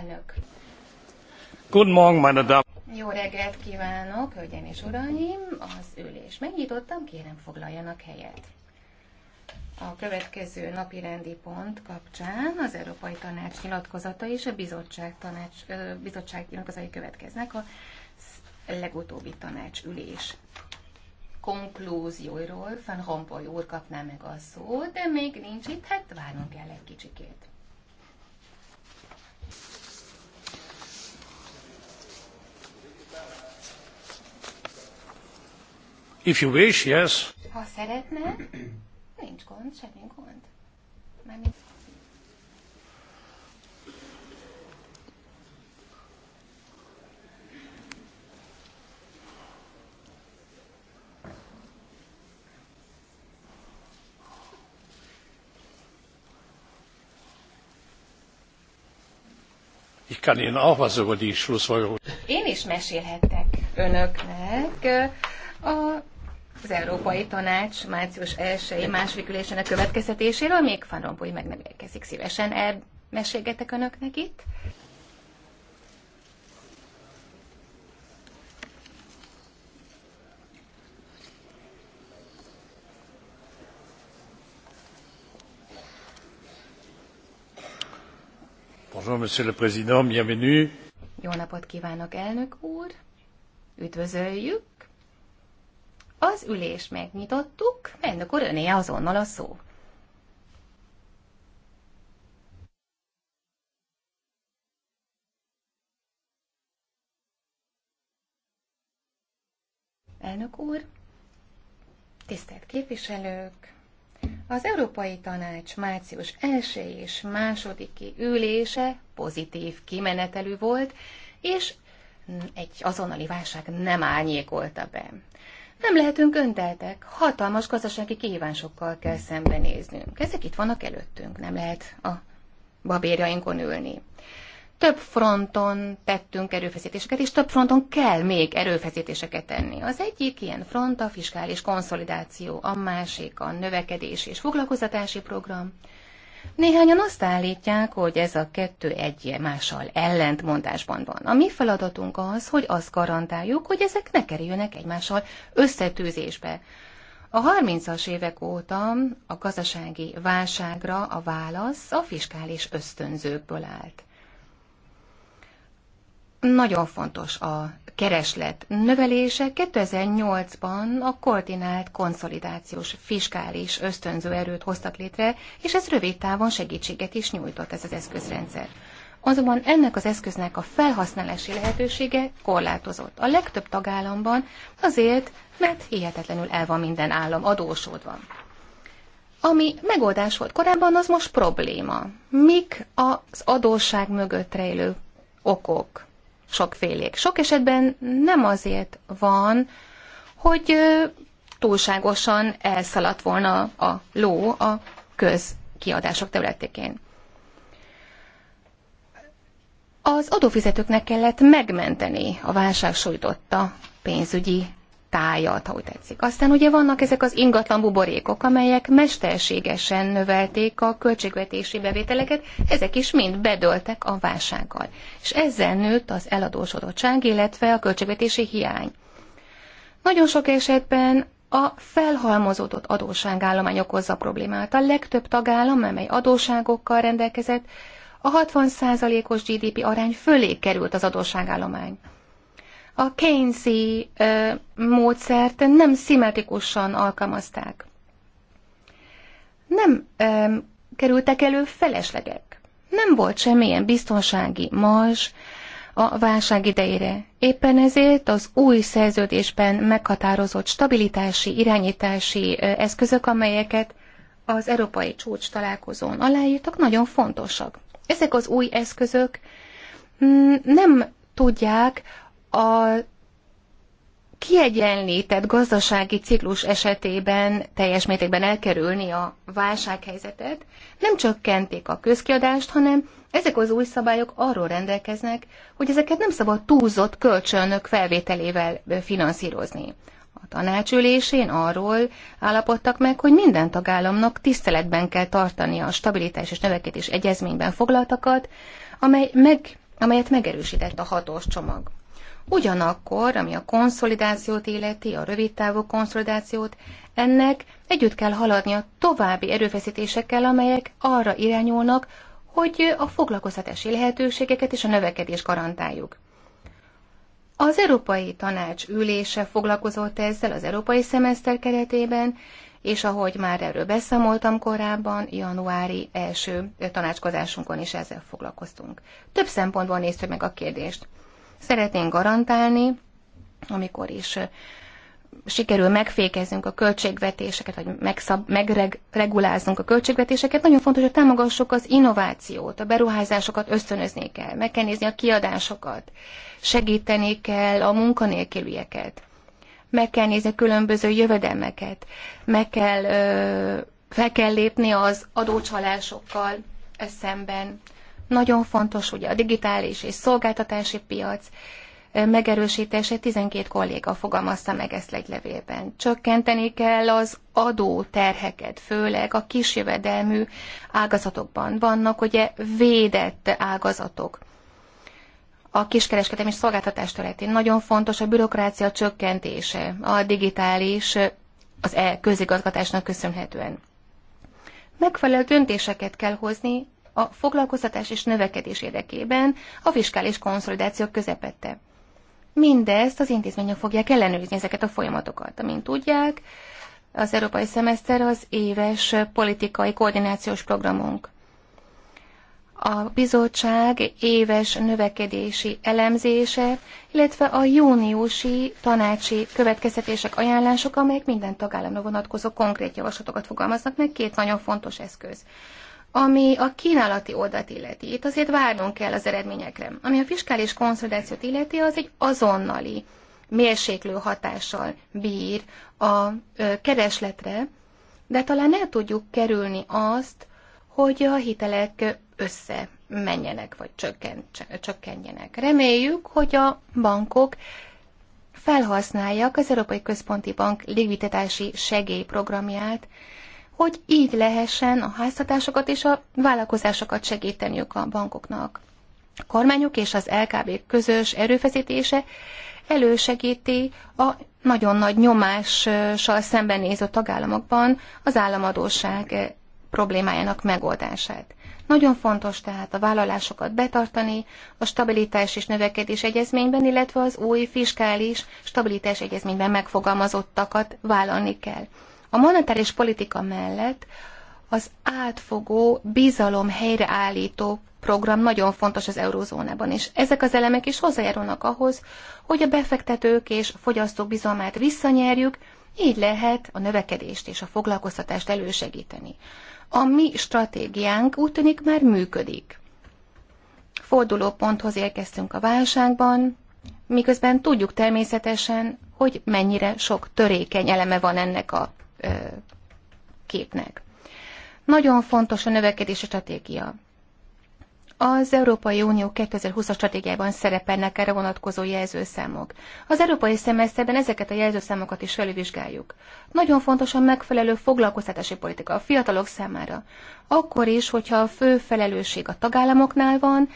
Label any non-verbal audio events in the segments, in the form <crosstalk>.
elnök. Good morning, meine Damen. Jó reggelt kívánok, hölgyeim és uraim! Az ülés megnyitottam, kérem foglaljanak helyet. A következő napi rendi pont kapcsán az Európai Tanács nyilatkozata és a bizottság, tanács, bizottság nyilatkozatai következnek a legutóbbi tanácsülés konklúzióiról Van Rompuy úr kapná meg a szót, de még nincs itt, hát várnunk kell egy kicsikét. If you wish, yes. Ha szeretne, nincs gond, semmi gond. Mármint... Ich kann Ihnen auch was über die Schlussfolgerung. Én is mesélhettek önöknek a az Európai Tanács március 1-i második ülésének következtetéséről, még Van Rompuy meg nem érkezik szívesen. Elmesélgetek er, önöknek itt. Bonjour, Monsieur le Président, bienvenue. Jó napot kívánok, elnök úr! Üdvözöljük! Az ülés megnyitottuk, elnök úr, öné azonnal a szó. Elnök úr, tisztelt képviselők, az Európai Tanács március 1 és 2 ülése pozitív kimenetelű volt, és egy azonnali válság nem árnyékolta be. Nem lehetünk önteltek, hatalmas gazdasági kihívásokkal kell szembenéznünk. Ezek itt vannak előttünk, nem lehet a babérjainkon ülni. Több fronton tettünk erőfeszítéseket, és több fronton kell még erőfeszítéseket tenni. Az egyik ilyen front a fiskális konszolidáció, a másik a növekedés és foglalkoztatási program, Néhányan azt állítják, hogy ez a kettő egy mással ellentmondásban van. A mi feladatunk az, hogy azt garantáljuk, hogy ezek ne kerüljenek egymással összetűzésbe. A 30-as évek óta a gazdasági válságra a válasz a fiskális ösztönzőkből állt. Nagyon fontos a kereslet növelése 2008-ban a koordinált konszolidációs fiskális ösztönző erőt hoztak létre, és ez rövid távon segítséget is nyújtott ez az eszközrendszer. Azonban ennek az eszköznek a felhasználási lehetősége korlátozott. A legtöbb tagállamban azért, mert hihetetlenül el van minden állam adósodva. Ami megoldás volt korábban, az most probléma. Mik az adósság mögött rejlő okok? sokfélék. Sok esetben nem azért van, hogy túlságosan elszaladt volna a ló a közkiadások területén. Az adófizetőknek kellett megmenteni a válság sújtotta pénzügyi tájat, ahogy tetszik. Aztán ugye vannak ezek az ingatlan buborékok, amelyek mesterségesen növelték a költségvetési bevételeket, ezek is mind bedöltek a válsággal. És ezzel nőtt az eladósodottság, illetve a költségvetési hiány. Nagyon sok esetben a felhalmozódott adósságállomány okozza problémát. A legtöbb tagállam, amely adóságokkal rendelkezett, a 60%-os GDP arány fölé került az adósságállomány a Keynesi módszert nem szimmetrikusan alkalmazták. Nem kerültek elő feleslegek. Nem volt semmilyen biztonsági mars a válság idejére. Éppen ezért az új szerződésben meghatározott stabilitási, irányítási eszközök, amelyeket az európai csúcs találkozón aláírtak, nagyon fontosak. Ezek az új eszközök mm, nem tudják a kiegyenlített gazdasági ciklus esetében teljes mértékben elkerülni a válsághelyzetet, nem csökkentik a közkiadást, hanem ezek az új szabályok arról rendelkeznek, hogy ezeket nem szabad túlzott kölcsönök felvételével finanszírozni. A tanácsülésén arról állapodtak meg, hogy minden tagállamnak tiszteletben kell tartani a stabilitás és növekedés egyezményben foglaltakat, amely meg, amelyet megerősített a hatós csomag. Ugyanakkor, ami a konszolidációt illeti, a rövidtávú konszolidációt, ennek együtt kell haladnia további erőfeszítésekkel, amelyek arra irányulnak, hogy a foglalkoztatási lehetőségeket és a növekedést garantáljuk. Az Európai Tanács ülése foglalkozott ezzel az Európai Szemeszter keretében, és ahogy már erről beszámoltam korábban, januári első tanácskozásunkon is ezzel foglalkoztunk. Több szempontból néztük meg a kérdést. Szeretnénk garantálni, amikor is sikerül megfékeznünk a költségvetéseket, vagy megszab, megregulázunk a költségvetéseket, nagyon fontos, hogy támogassuk az innovációt, a beruházásokat ösztönözni kell, meg kell nézni a kiadásokat, segíteni kell a munkanélkülieket, meg kell nézni a különböző jövedelmeket, meg kell, fel kell lépni az adócsalásokkal szemben, nagyon fontos ugye a digitális és szolgáltatási piac megerősítése, 12 kolléga fogalmazta meg ezt egy levélben. Csökkenteni kell az adóterheket, főleg a kisjövedelmű ágazatokban. Vannak ugye védett ágazatok a kiskereskedelmi szolgáltatás területén. Nagyon fontos a bürokrácia csökkentése, a digitális, az e-közigazgatásnak köszönhetően. Megfelelő döntéseket kell hozni a foglalkoztatás és növekedés érdekében a fiskális konszolidáció közepette. Mindezt az intézmények fogják ellenőrizni ezeket a folyamatokat. Amint tudják, az európai szemeszter az éves politikai koordinációs programunk. A bizottság éves növekedési elemzése, illetve a júniusi tanácsi következtetések, ajánlások, amelyek minden tagállamra vonatkozó konkrét javaslatokat fogalmaznak meg, két nagyon fontos eszköz. Ami a kínálati oldalt illeti, itt azért várnunk kell az eredményekre. Ami a fiskális konszolidációt illeti, az egy azonnali mérséklő hatással bír a keresletre, de talán el tudjuk kerülni azt, hogy a hitelek össze menjenek, vagy csökkenjenek. Reméljük, hogy a bankok felhasználják az Európai Központi Bank likviditási segélyprogramját, hogy így lehessen a háztatásokat és a vállalkozásokat segíteniük a bankoknak. A kormányok és az LKB közös erőfeszítése elősegíti a nagyon nagy nyomással szembenéző tagállamokban az államadóság eh, problémájának megoldását. Nagyon fontos tehát a vállalásokat betartani, a stabilitás és növekedés egyezményben, illetve az új fiskális stabilitás egyezményben megfogalmazottakat vállalni kell. A monetáris politika mellett az átfogó bizalom helyreállító program nagyon fontos az eurózónában, és ezek az elemek is hozzájárulnak ahhoz, hogy a befektetők és fogyasztók bizalmát visszanyerjük, így lehet a növekedést és a foglalkoztatást elősegíteni. A mi stratégiánk úgy tűnik már működik. Fordulóponthoz érkeztünk a válságban, miközben tudjuk természetesen, hogy mennyire sok törékeny eleme van ennek a képnek. Nagyon fontos a növekedési stratégia. Az Európai Unió 2020-as stratégiában szerepelnek erre vonatkozó jelzőszámok. Az európai szemeszterben ezeket a jelzőszámokat is felülvizsgáljuk. Nagyon fontos a megfelelő foglalkoztatási politika a fiatalok számára. Akkor is, hogyha a fő felelősség a tagállamoknál van,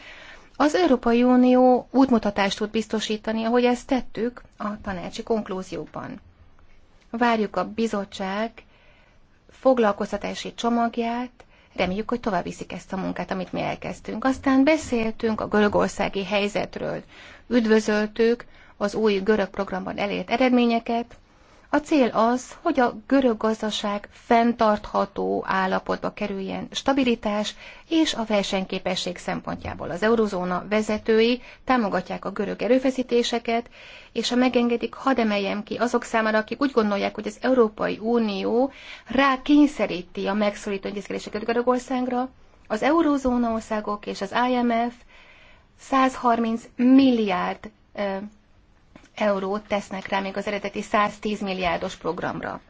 az Európai Unió útmutatást tud biztosítani, ahogy ezt tettük a tanácsi konklúzióban. Várjuk a bizottság foglalkoztatási csomagját, reméljük, hogy tovább viszik ezt a munkát, amit mi elkezdtünk. Aztán beszéltünk a görögországi helyzetről, üdvözöltük az új görög programban elért eredményeket, a cél az, hogy a görög gazdaság fenntartható állapotba kerüljen stabilitás és a versenyképesség szempontjából. Az eurozóna vezetői támogatják a görög erőfeszítéseket, és ha megengedik, hadd emeljem ki azok számára, akik úgy gondolják, hogy az Európai Unió rá kényszeríti a megszorító intézkedéseket Görögországra, az eurozóna országok és az IMF 130 milliárd eurót tesznek rá még az eredeti 110 milliárdos programra.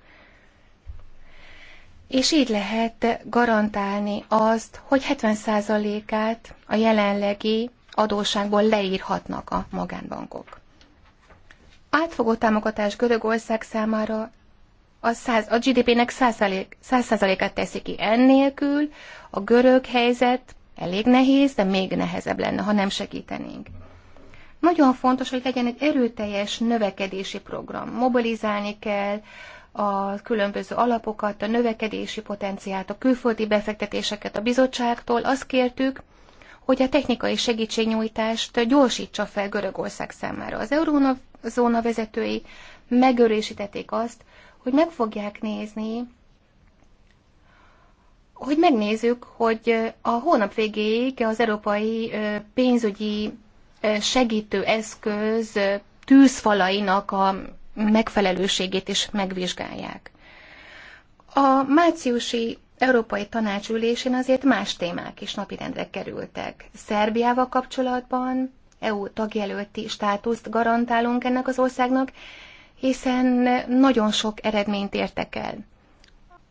És így lehet garantálni azt, hogy 70%-át a jelenlegi adósságból leírhatnak a magánbankok. Átfogó támogatás Görögország számára a, száz, a GDP-nek 100%-át teszi ki. Ennélkül a görög helyzet elég nehéz, de még nehezebb lenne, ha nem segítenénk. Nagyon fontos, hogy legyen egy erőteljes növekedési program. Mobilizálni kell a különböző alapokat, a növekedési potenciált, a külföldi befektetéseket a bizottságtól. Azt kértük, hogy a technikai segítségnyújtást gyorsítsa fel Görögország számára. Az eurózóna vezetői megörősítették azt, hogy meg fogják nézni, hogy megnézzük, hogy a hónap végéig az európai pénzügyi segítő eszköz tűzfalainak a megfelelőségét is megvizsgálják. A márciusi Európai Tanácsülésén azért más témák is napirendre kerültek. Szerbiával kapcsolatban EU tagjelölti státuszt garantálunk ennek az országnak, hiszen nagyon sok eredményt értek el.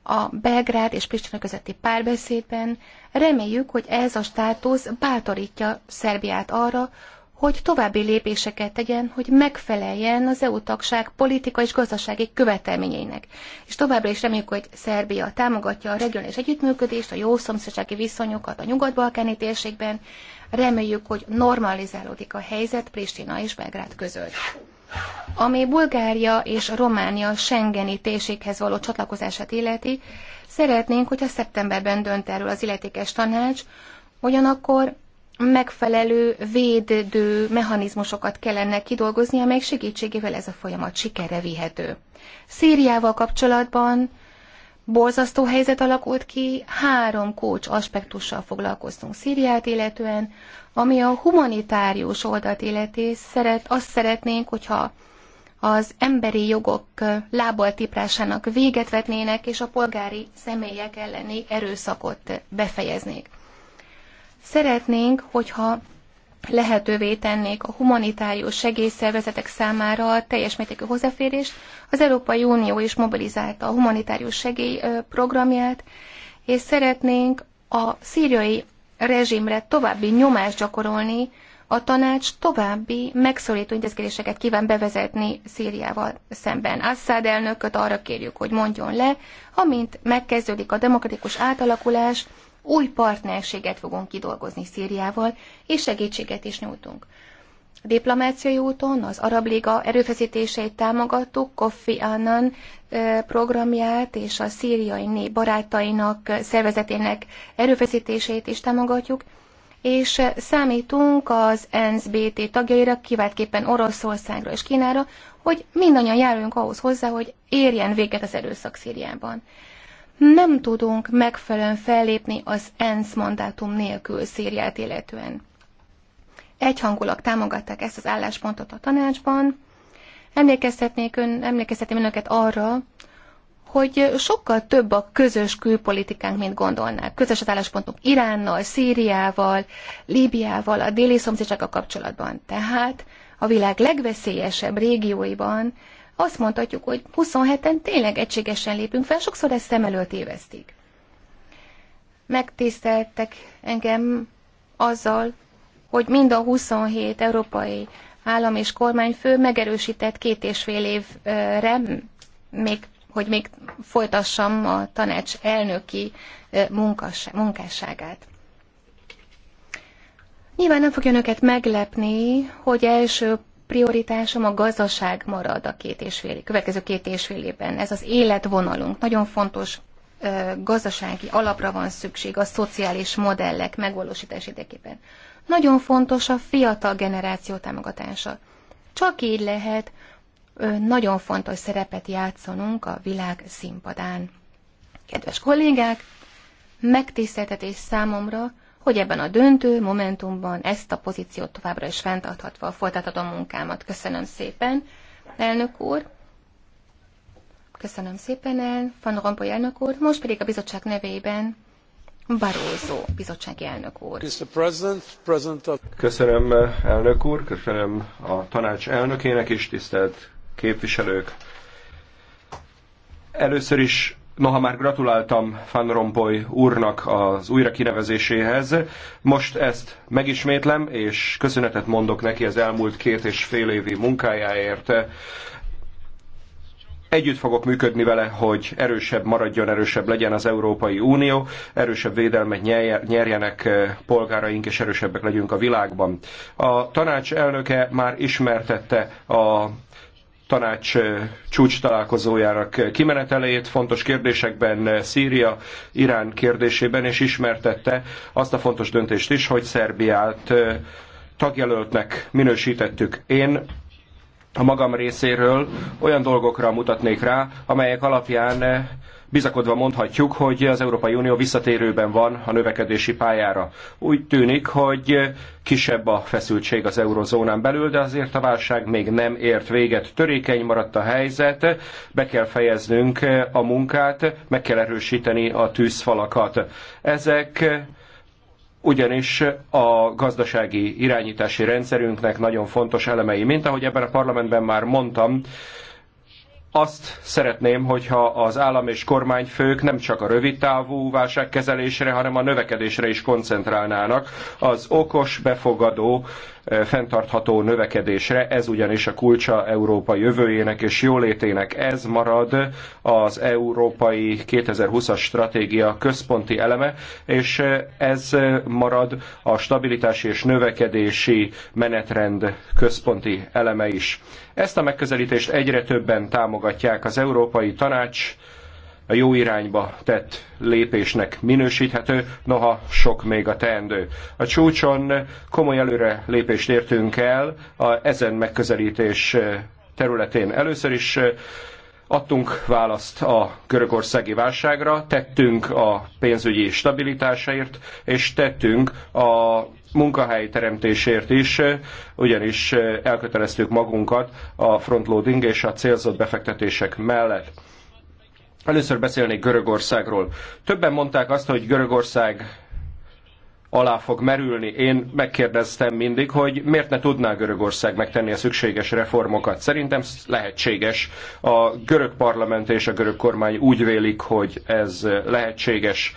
A Belgrád és Pristina közötti párbeszédben reméljük, hogy ez a státusz bátorítja Szerbiát arra, hogy további lépéseket tegyen, hogy megfeleljen az EU tagság politika és gazdasági követelményeinek. És továbbra is reméljük, hogy Szerbia támogatja a regionális együttműködést, a jó szomszédsági viszonyokat a nyugat-balkáni térségben. Reméljük, hogy normalizálódik a helyzet Pristina és Belgrád között. Ami Bulgária és Románia Schengeni térséghez való csatlakozását illeti, szeretnénk, hogyha szeptemberben dönt erről az illetékes tanács, ugyanakkor megfelelő védő mechanizmusokat kellene kidolgozni, amelyek segítségével ez a folyamat sikerre vihető. Szíriával kapcsolatban borzasztó helyzet alakult ki, három kócs aspektussal foglalkoztunk Szíriát illetően, ami a humanitárius oldalt illeti, szeret, azt szeretnénk, hogyha az emberi jogok lábaltiprásának véget vetnének, és a polgári személyek elleni erőszakot befejeznék. Szeretnénk, hogyha lehetővé tennék a humanitárius segélyszervezetek számára a teljes mértékű hozzáférést. Az Európai Unió is mobilizálta a humanitárius segélyprogramját, és szeretnénk a szíriai rezsimre további nyomást gyakorolni, a tanács további megszorító intézkedéseket kíván bevezetni Szíriával szemben. Assad elnököt arra kérjük, hogy mondjon le, amint megkezdődik a demokratikus átalakulás, új partnerséget fogunk kidolgozni Szíriával, és segítséget is nyújtunk. A diplomáciai úton az Arab Liga erőfeszítéseit támogattuk, Kofi Annan programját és a szíriai nép barátainak szervezetének erőfeszítéseit is támogatjuk, és számítunk az ENSZ BT tagjaira, kiváltképpen Oroszországra és Kínára, hogy mindannyian járuljunk ahhoz hozzá, hogy érjen véget az erőszak Szíriában nem tudunk megfelelően fellépni az ENSZ mandátum nélkül szériát illetően. Egyhangulag támogatták ezt az álláspontot a tanácsban. Emlékeztetnék ön, emlékeztetném önöket arra, hogy sokkal több a közös külpolitikánk, mint gondolnák. Közös az álláspontunk Iránnal, Szíriával, Líbiával, a déli szomszédsággal kapcsolatban. Tehát a világ legveszélyesebb régióiban azt mondhatjuk, hogy 27-en tényleg egységesen lépünk fel, sokszor ezt szem előtt évezték. Megtiszteltek engem azzal, hogy mind a 27 európai állam és kormányfő megerősített két és fél évre, még, hogy még folytassam a tanács elnöki munkásságát. Nyilván nem fogja önöket meglepni, hogy első prioritásom a gazdaság marad a két és fél, következő két és fél évben. Ez az életvonalunk. Nagyon fontos gazdasági alapra van szükség a szociális modellek megvalósítás érdekében. Nagyon fontos a fiatal generáció támogatása. Csak így lehet nagyon fontos szerepet játszanunk a világ színpadán. Kedves kollégák, megtiszteltetés számomra, hogy ebben a döntő momentumban ezt a pozíciót továbbra is fenntarthatva folytathatom munkámat. Köszönöm szépen, elnök úr! Köszönöm szépen el, Van Rompuy elnök úr, most pedig a bizottság nevében Barózó bizottsági elnök úr. Köszönöm, elnök úr, köszönöm a tanács elnökének is, tisztelt képviselők. Először is Noha már gratuláltam Van Rompuy úrnak az újra kinevezéséhez, most ezt megismétlem, és köszönetet mondok neki az elmúlt két és fél évi munkájáért. Együtt fogok működni vele, hogy erősebb maradjon, erősebb legyen az Európai Unió, erősebb védelmet nyerjenek eh, polgáraink, és erősebbek legyünk a világban. A tanács elnöke már ismertette a tanács eh, csúcs találkozójának kimenetelét, fontos kérdésekben eh, Szíria, Irán kérdésében, és ismertette azt a fontos döntést is, hogy Szerbiát eh, tagjelöltnek minősítettük. Én a magam részéről olyan dolgokra mutatnék rá, amelyek alapján bizakodva mondhatjuk, hogy az Európai Unió visszatérőben van a növekedési pályára. Úgy tűnik, hogy kisebb a feszültség az eurozónán belül, de azért a válság még nem ért véget. Törékeny maradt a helyzet, be kell fejeznünk a munkát, meg kell erősíteni a tűzfalakat. Ezek ugyanis a gazdasági irányítási rendszerünknek nagyon fontos elemei. Mint ahogy ebben a parlamentben már mondtam, azt szeretném, hogyha az állam és kormányfők nem csak a rövidtávú válságkezelésre, hanem a növekedésre is koncentrálnának. Az okos, befogadó fenntartható növekedésre. Ez ugyanis a kulcsa Európa jövőjének és jólétének. Ez marad az Európai 2020-as stratégia központi eleme, és ez marad a stabilitási és növekedési menetrend központi eleme is. Ezt a megközelítést egyre többen támogatják az Európai Tanács, a jó irányba tett lépésnek minősíthető, noha sok még a teendő. A csúcson komoly előre lépést értünk el a ezen megközelítés területén. Először is adtunk választ a görögországi válságra, tettünk a pénzügyi stabilitásért, és tettünk a munkahely teremtésért is, ugyanis elköteleztük magunkat a frontloading és a célzott befektetések mellett. Először beszélnék Görögországról. Többen mondták azt, hogy Görögország alá fog merülni. Én megkérdeztem mindig, hogy miért ne tudná Görögország megtenni a szükséges reformokat. Szerintem lehetséges. A görög parlament és a görög kormány úgy vélik, hogy ez lehetséges.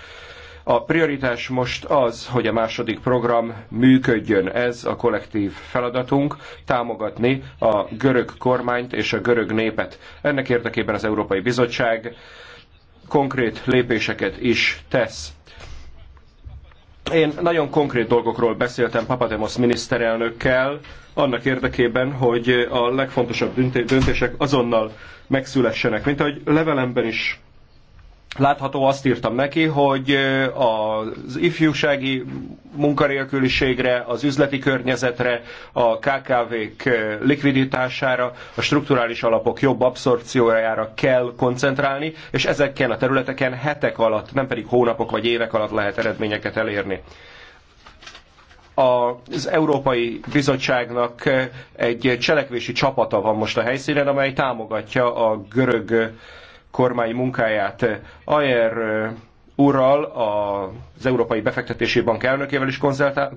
A prioritás most az, hogy a második program működjön. Ez a kollektív feladatunk, támogatni a görög kormányt és a görög népet. Ennek érdekében az Európai Bizottság konkrét lépéseket is tesz. Én nagyon konkrét dolgokról beszéltem Papademos miniszterelnökkel, annak érdekében, hogy a legfontosabb döntések azonnal megszülessenek. Mint ahogy levelemben is látható, azt írtam neki, hogy az ifjúsági munkanélküliségre, az üzleti környezetre, a KKV-k likviditására, a strukturális alapok jobb abszorpciójára kell koncentrálni, és ezeken a területeken hetek alatt, nem pedig hónapok vagy évek alatt lehet eredményeket elérni az Európai Bizottságnak egy cselekvési csapata van most a helyszínen, amely támogatja a görög kormány munkáját. Ayer úrral, az Európai Befektetési Bank elnökével is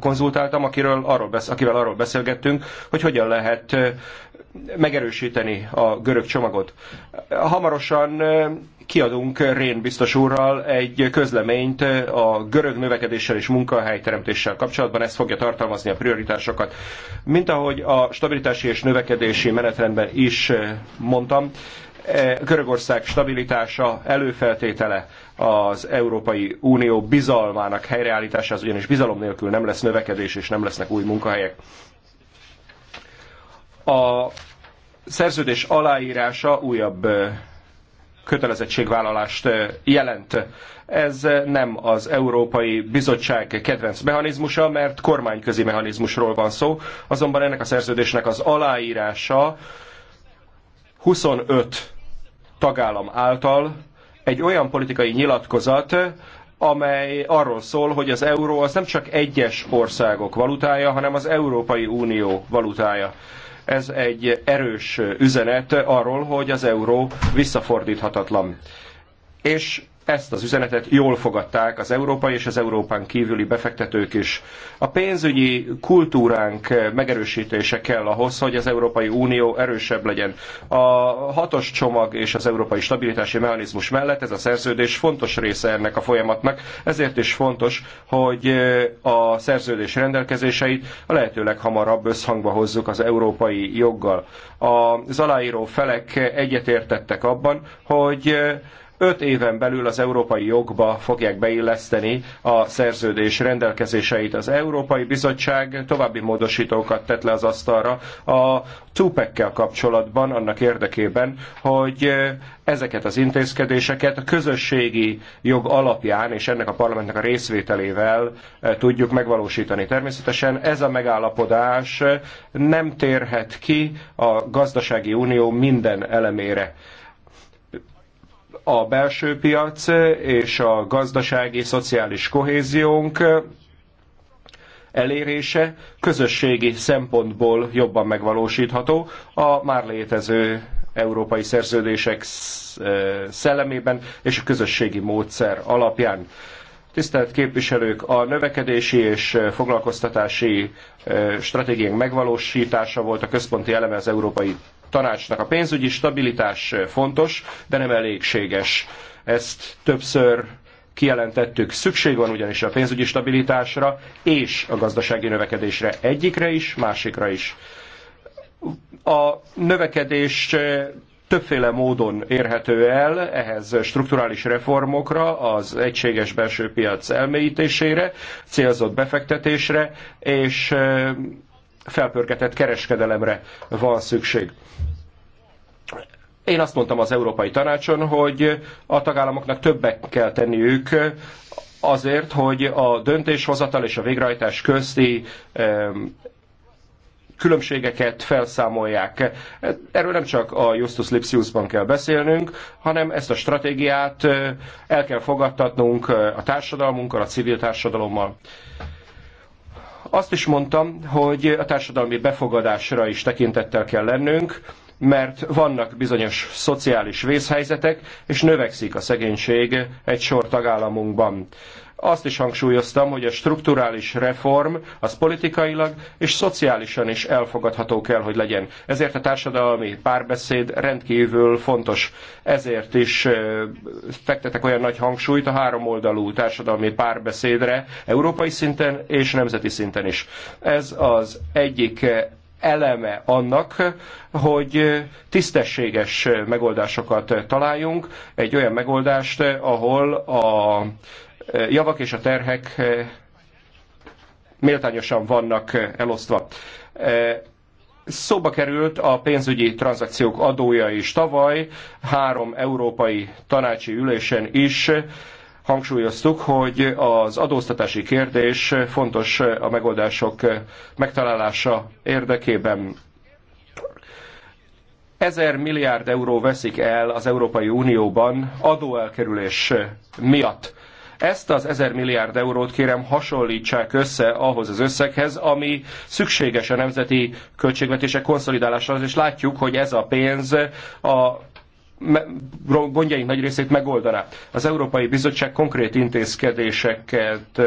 konzultáltam, akiről arról besz, akivel arról beszélgettünk, hogy hogyan lehet megerősíteni a görög csomagot. Hamarosan kiadunk Rén biztos úrral egy közleményt a görög növekedéssel és munkahelyteremtéssel kapcsolatban, ez fogja tartalmazni a prioritásokat. Mint ahogy a stabilitási és növekedési menetrendben is mondtam, E, Görögország stabilitása előfeltétele az Európai Unió bizalmának helyreállítása, az ugyanis bizalom nélkül nem lesz növekedés és nem lesznek új munkahelyek. A szerződés aláírása újabb e, kötelezettségvállalást e, jelent. Ez nem az Európai Bizottság kedvenc mechanizmusa, mert kormányközi mechanizmusról van szó, azonban ennek a szerződésnek az aláírása 25 tagállam által egy olyan politikai nyilatkozat, amely arról szól, hogy az euró az nem csak egyes országok valutája, hanem az Európai Unió valutája. Ez egy erős üzenet arról, hogy az euró visszafordíthatatlan. És ezt az üzenetet jól fogadták az európai és az Európán kívüli befektetők is. A pénzügyi kultúránk megerősítése kell ahhoz, hogy az Európai Unió erősebb legyen. A hatos csomag és az európai stabilitási mechanizmus mellett ez a szerződés fontos része ennek a folyamatnak, ezért is fontos, hogy a szerződés rendelkezéseit a lehető leghamarabb összhangba hozzuk az európai joggal. Az aláíró felek egyetértettek abban, hogy öt éven belül az európai jogba fogják beilleszteni a szerződés rendelkezéseit. Az Európai Bizottság további módosítókat tett le az asztalra a tupec kapcsolatban annak érdekében, hogy eh, ezeket az intézkedéseket a közösségi jog alapján és ennek a parlamentnek a részvételével eh, tudjuk megvalósítani. Természetesen ez a megállapodás eh, nem térhet ki a gazdasági unió minden elemére a belső piac és a gazdasági, szociális kohéziónk elérése közösségi szempontból jobban megvalósítható a már létező európai szerződések szellemében és a közösségi módszer alapján. Tisztelt képviselők, a növekedési és foglalkoztatási stratégiánk megvalósítása volt a központi eleme az európai tanácsnak. A pénzügyi stabilitás fontos, de nem elégséges. Ezt többször kijelentettük, szükség van ugyanis a pénzügyi stabilitásra és a gazdasági növekedésre egyikre is, másikra is. A növekedés többféle módon érhető el, ehhez strukturális reformokra, az egységes belső piac elmélyítésére, célzott befektetésre, és felpörgetett kereskedelemre van szükség. Én azt mondtam az Európai Tanácson, hogy a tagállamoknak többek kell tenniük azért, hogy a döntéshozatal és a végrehajtás közti különbségeket felszámolják. Erről nem csak a Justus Lipsiusban kell beszélnünk, hanem ezt a stratégiát eh, el kell fogadtatnunk eh, a társadalmunkkal, a civil társadalommal. Azt is mondtam, hogy a társadalmi befogadásra is tekintettel kell lennünk, mert vannak bizonyos szociális vészhelyzetek, és növekszik a szegénység egy sor tagállamunkban azt is hangsúlyoztam, hogy a strukturális reform az politikailag és szociálisan is elfogadható kell, hogy legyen. Ezért a társadalmi párbeszéd rendkívül fontos. Ezért is fektetek olyan nagy hangsúlyt a háromoldalú társadalmi párbeszédre európai szinten és nemzeti szinten is. Ez az egyik eleme annak, hogy tisztességes megoldásokat találjunk, egy olyan megoldást, ahol a Eh, javak és a terhek eh, méltányosan vannak eh, elosztva. Szóba került a pénzügyi tranzakciók adója is tavaly, három európai tanácsi ülésen is hangsúlyoztuk, hogy az adóztatási kérdés fontos a megoldások megtalálása érdekében. Ezer milliárd euró veszik el az Európai Unióban adóelkerülés miatt. Ezt az ezer milliárd eurót kérem hasonlítsák össze ahhoz az összeghez, ami szükséges a nemzeti költségvetések konszolidálásához, és látjuk, hogy ez a pénz a gondjaink nagy részét megoldaná. Az Európai Bizottság konkrét intézkedéseket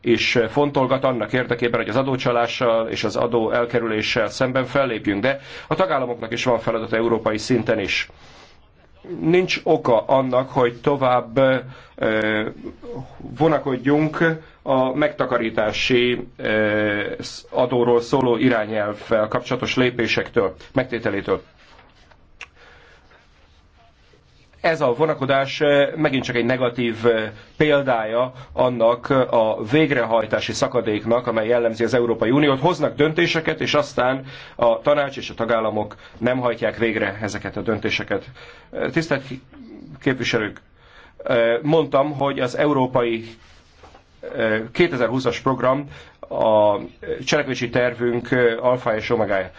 is fontolgat annak érdekében, hogy az adócsalással és az adó elkerüléssel szemben fellépjünk, de a tagállamoknak is van feladat európai szinten is nincs oka annak, hogy tovább vonakodjunk a megtakarítási adóról szóló irányelvvel kapcsolatos lépésektől, megtételétől ez a vonakodás eh, megint csak egy negatív eh, példája annak eh, a végrehajtási szakadéknak, amely jellemzi az Európai Uniót. Hoznak döntéseket, és aztán a tanács és a tagállamok nem hajtják végre ezeket a döntéseket. Tisztelt képviselők, mondtam, hogy az európai 2020-as program a cselekvési tervünk alfa és omegája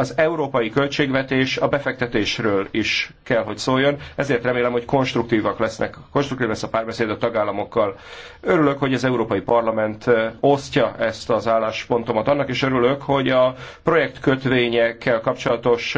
az európai költségvetés a befektetésről is kell, hogy szóljon, ezért remélem, hogy konstruktívak lesznek, konstruktív lesz a párbeszéd a tagállamokkal. Örülök, hogy az Európai Parlament osztja ezt az álláspontomat. Annak is örülök, hogy a projektkötvényekkel kapcsolatos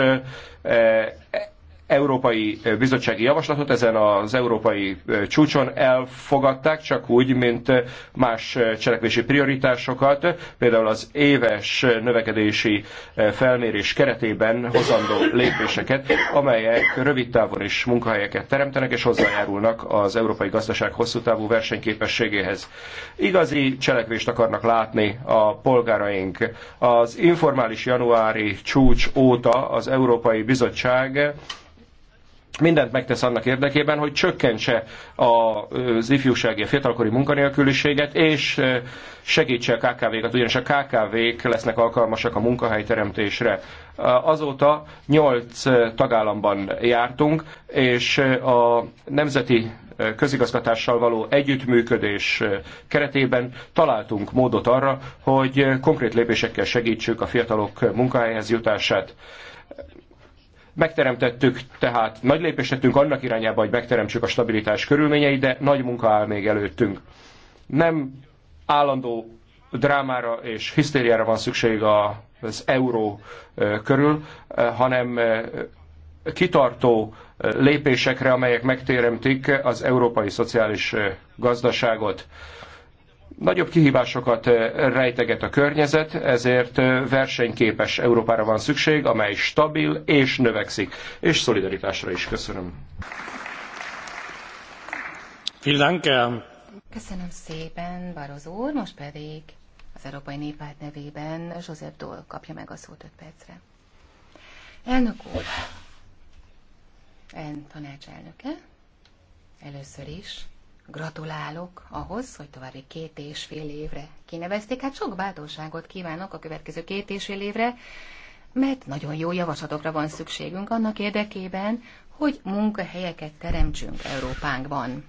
Európai Bizottsági Javaslatot ezen az európai csúcson elfogadták, csak úgy, mint más cselekvési prioritásokat, például az éves növekedési felmérés keretében hozandó lépéseket, amelyek rövid távon is munkahelyeket teremtenek és hozzájárulnak az európai gazdaság hosszú távú versenyképességéhez. Igazi cselekvést akarnak látni a polgáraink. Az informális januári csúcs óta az Európai Bizottság mindent megtesz annak érdekében, hogy csökkentse az ifjúsági, a fiatalkori munkanélküliséget, és segítse a KKV-kat, ugyanis a KKV-k lesznek alkalmasak a munkahelyteremtésre. Azóta 8 tagállamban jártunk, és a nemzeti közigazgatással való együttműködés keretében találtunk módot arra, hogy konkrét lépésekkel segítsük a fiatalok munkahelyhez jutását. Megteremtettük, tehát nagy lépést tettünk annak irányába, hogy megteremtsük a stabilitás körülményeit, de nagy munka áll még előttünk. Nem állandó drámára és hisztériára van szükség az euró körül, hanem kitartó lépésekre, amelyek megteremtik az európai szociális gazdaságot. Nagyobb kihívásokat rejteget a környezet, ezért versenyképes Európára van szükség, amely stabil és növekszik. És szolidaritásra is köszönöm. Köszönöm szépen, Barozó úr, most pedig az Európai Néppárt nevében József Dól kapja meg a szót 5 percre. Elnök úr, tanács elnöke először is Gratulálok ahhoz, hogy további két és fél évre kinevezték. Hát sok bátorságot kívánok a következő két és fél évre, mert nagyon jó javaslatokra van szükségünk annak érdekében, hogy munkahelyeket teremtsünk Európánkban.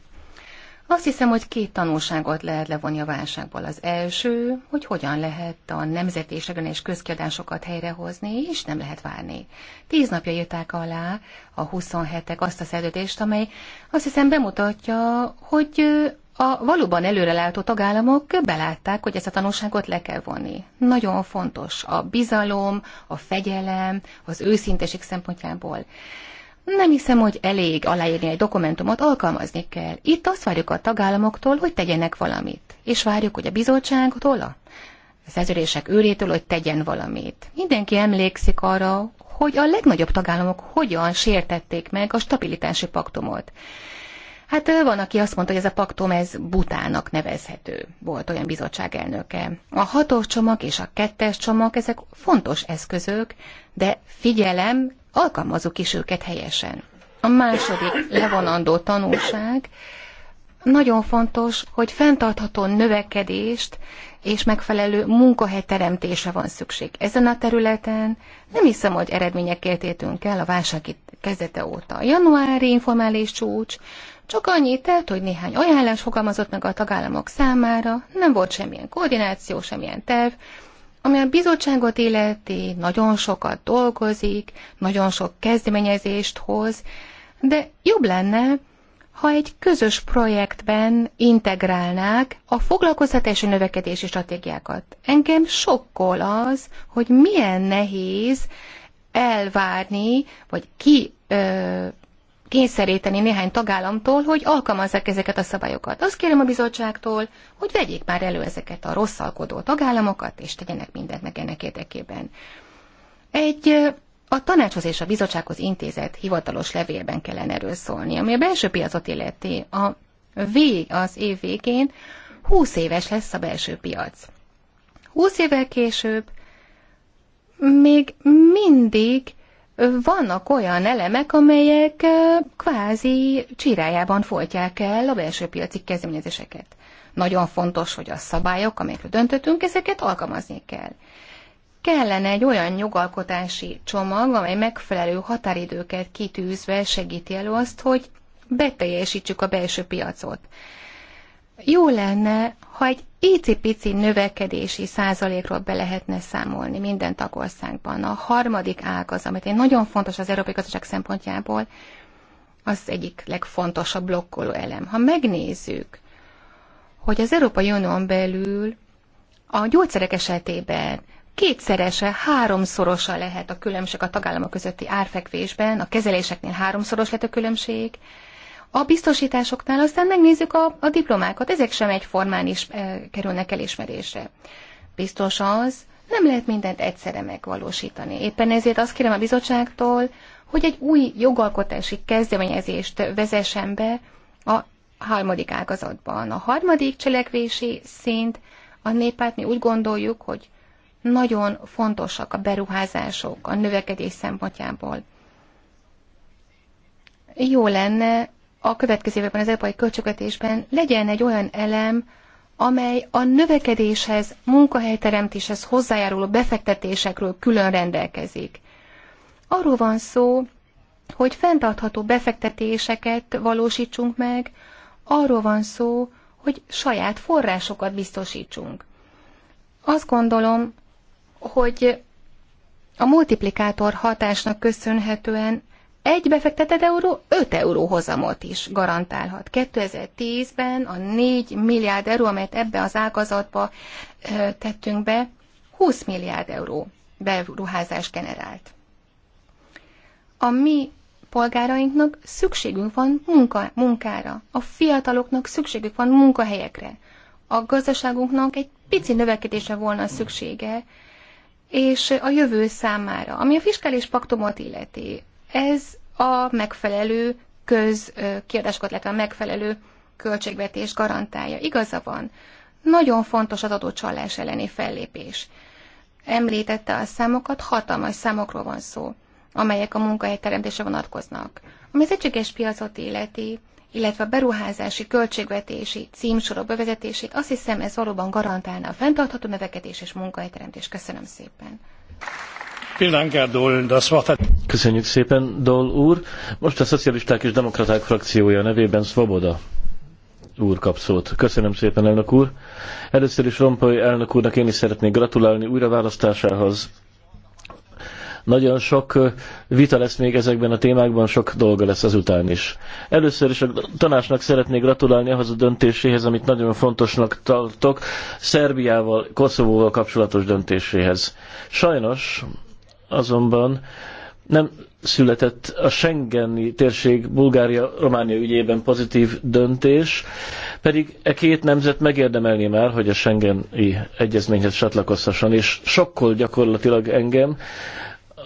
Azt hiszem, hogy két tanulságot lehet levonni a válságból. Az első, hogy hogyan lehet a nemzeti és közkiadásokat helyrehozni, és nem lehet várni. Tíz napja írták alá a 27-ek azt a szerződést, amely azt hiszem bemutatja, hogy a valóban előrelátó tagállamok belátták, hogy ezt a tanulságot le kell vonni. Nagyon fontos a bizalom, a fegyelem, az őszinteség szempontjából. Nem hiszem, hogy elég aláírni egy dokumentumot, alkalmazni kell. Itt azt várjuk a tagállamoktól, hogy tegyenek valamit. És várjuk, hogy a bizottságtól, a szerződések őrétől, hogy tegyen valamit. Mindenki emlékszik arra, hogy a legnagyobb tagállamok hogyan sértették meg a stabilitási paktumot. Hát van, aki azt mondta, hogy ez a paktum, ez butának nevezhető. Volt olyan bizottság elnöke. A hatos csomag és a kettes csomag, ezek fontos eszközök, de figyelem, alkalmazzuk is őket helyesen. A második levonandó tanulság, nagyon fontos, hogy fenntartható növekedést és megfelelő munkahely teremtése van szükség. Ezen a területen nem hiszem, hogy eredményekért értünk el a válság kezdete óta. Januári informális csúcs, csak annyit telt, hogy néhány ajánlás fogalmazott meg a tagállamok számára, nem volt semmilyen koordináció, semmilyen terv, ami a bizottságot illeti, nagyon sokat dolgozik, nagyon sok kezdeményezést hoz, de jobb lenne, ha egy közös projektben integrálnák a foglalkoztatási növekedési stratégiákat. Engem sokkol az, hogy milyen nehéz elvárni, vagy ki ö, kényszeríteni néhány tagállamtól, hogy alkalmazzák ezeket a szabályokat. Azt kérem a bizottságtól, hogy vegyék már elő ezeket a rosszalkodó tagállamokat, és tegyenek mindent meg ennek érdekében. Egy a tanácshoz és a bizottsághoz intézett hivatalos levélben kellene erről szólni, ami a belső piacot illeti a vég az év végén 20 éves lesz a belső piac. 20 évvel később még mindig vannak olyan elemek, amelyek kvázi csirájában folytják el a belső piaci kezdeményezéseket. Nagyon fontos, hogy a szabályok, amelyekről döntöttünk, ezeket alkalmazni kell. Kellene egy olyan jogalkotási csomag, amely megfelelő határidőket kitűzve segíti elő azt, hogy beteljesítsük a belső piacot jó lenne, ha egy icipici növekedési százalékról be lehetne számolni minden tagországban. A harmadik ágaz, amit én nagyon fontos az európai gazdaság szempontjából, az egyik legfontosabb blokkoló elem. Ha megnézzük, hogy az Európai Unión belül a gyógyszerek esetében kétszerese, háromszorosa lehet a különbség a tagállamok közötti árfekvésben, a kezeléseknél háromszoros lett a különbség, a biztosításoknál aztán megnézzük a, a diplomákat, ezek sem egyformán is e, kerülnek elismerésre. Biztos az, nem lehet mindent egyszerre megvalósítani. Éppen ezért azt kérem a bizottságtól, hogy egy új jogalkotási kezdeményezést vezessen be a harmadik ágazatban. A harmadik cselekvési szint a népát mi úgy gondoljuk, hogy nagyon fontosak a beruházások a növekedés szempontjából. Jó lenne a következő évben az európai költségvetésben legyen egy olyan elem, amely a növekedéshez, munkahelyteremtéshez hozzájáruló befektetésekről külön rendelkezik. Arról van szó, hogy fenntartható befektetéseket valósítsunk meg, arról van szó, hogy saját forrásokat biztosítsunk. Azt gondolom, hogy a multiplikátor hatásnak köszönhetően egy befektetett euró 5 euró hozamot is garantálhat. 2010-ben a 4 milliárd euró, amelyet ebbe az ágazatba tettünk be, 20 milliárd euró beruházás generált. A mi polgárainknak szükségünk van munka, munkára, a fiataloknak szükségük van munkahelyekre, a gazdaságunknak egy pici növekedése volna szüksége, és a jövő számára, ami a fiskális paktumot illeti, ez a megfelelő közkiadásokat, illetve a megfelelő költségvetés garantálja. Igaza van. Nagyon fontos az adócsalás elleni fellépés. Említette a számokat, hatalmas számokról van szó, amelyek a munkahelyteremtésre vonatkoznak. Ami az egységes piacot illeti, illetve a beruházási, költségvetési címsorok bevezetését, azt hiszem ez valóban garantálna a fenntartható növekedés és munkahelyteremtés. Köszönöm szépen! Köszönjük szépen, Dol úr. Most a Szocialisták és Demokraták frakciója nevében Svoboda úr kap szót. Köszönöm szépen, elnök úr. Először is Rompoy elnök úrnak én is szeretnék gratulálni újraválasztásához. Nagyon sok vita lesz még ezekben a témákban, sok dolga lesz azután is. Először is a tanácsnak szeretnék gratulálni ahhoz a döntéséhez, amit nagyon fontosnak tartok, Szerbiával, Koszovóval kapcsolatos döntéséhez. Sajnos azonban nem született a Schengeni térség Bulgária-Románia ügyében pozitív döntés, pedig e két nemzet megérdemelni már, hogy a Schengeni egyezményhez csatlakozhasson, és sokkal gyakorlatilag engem,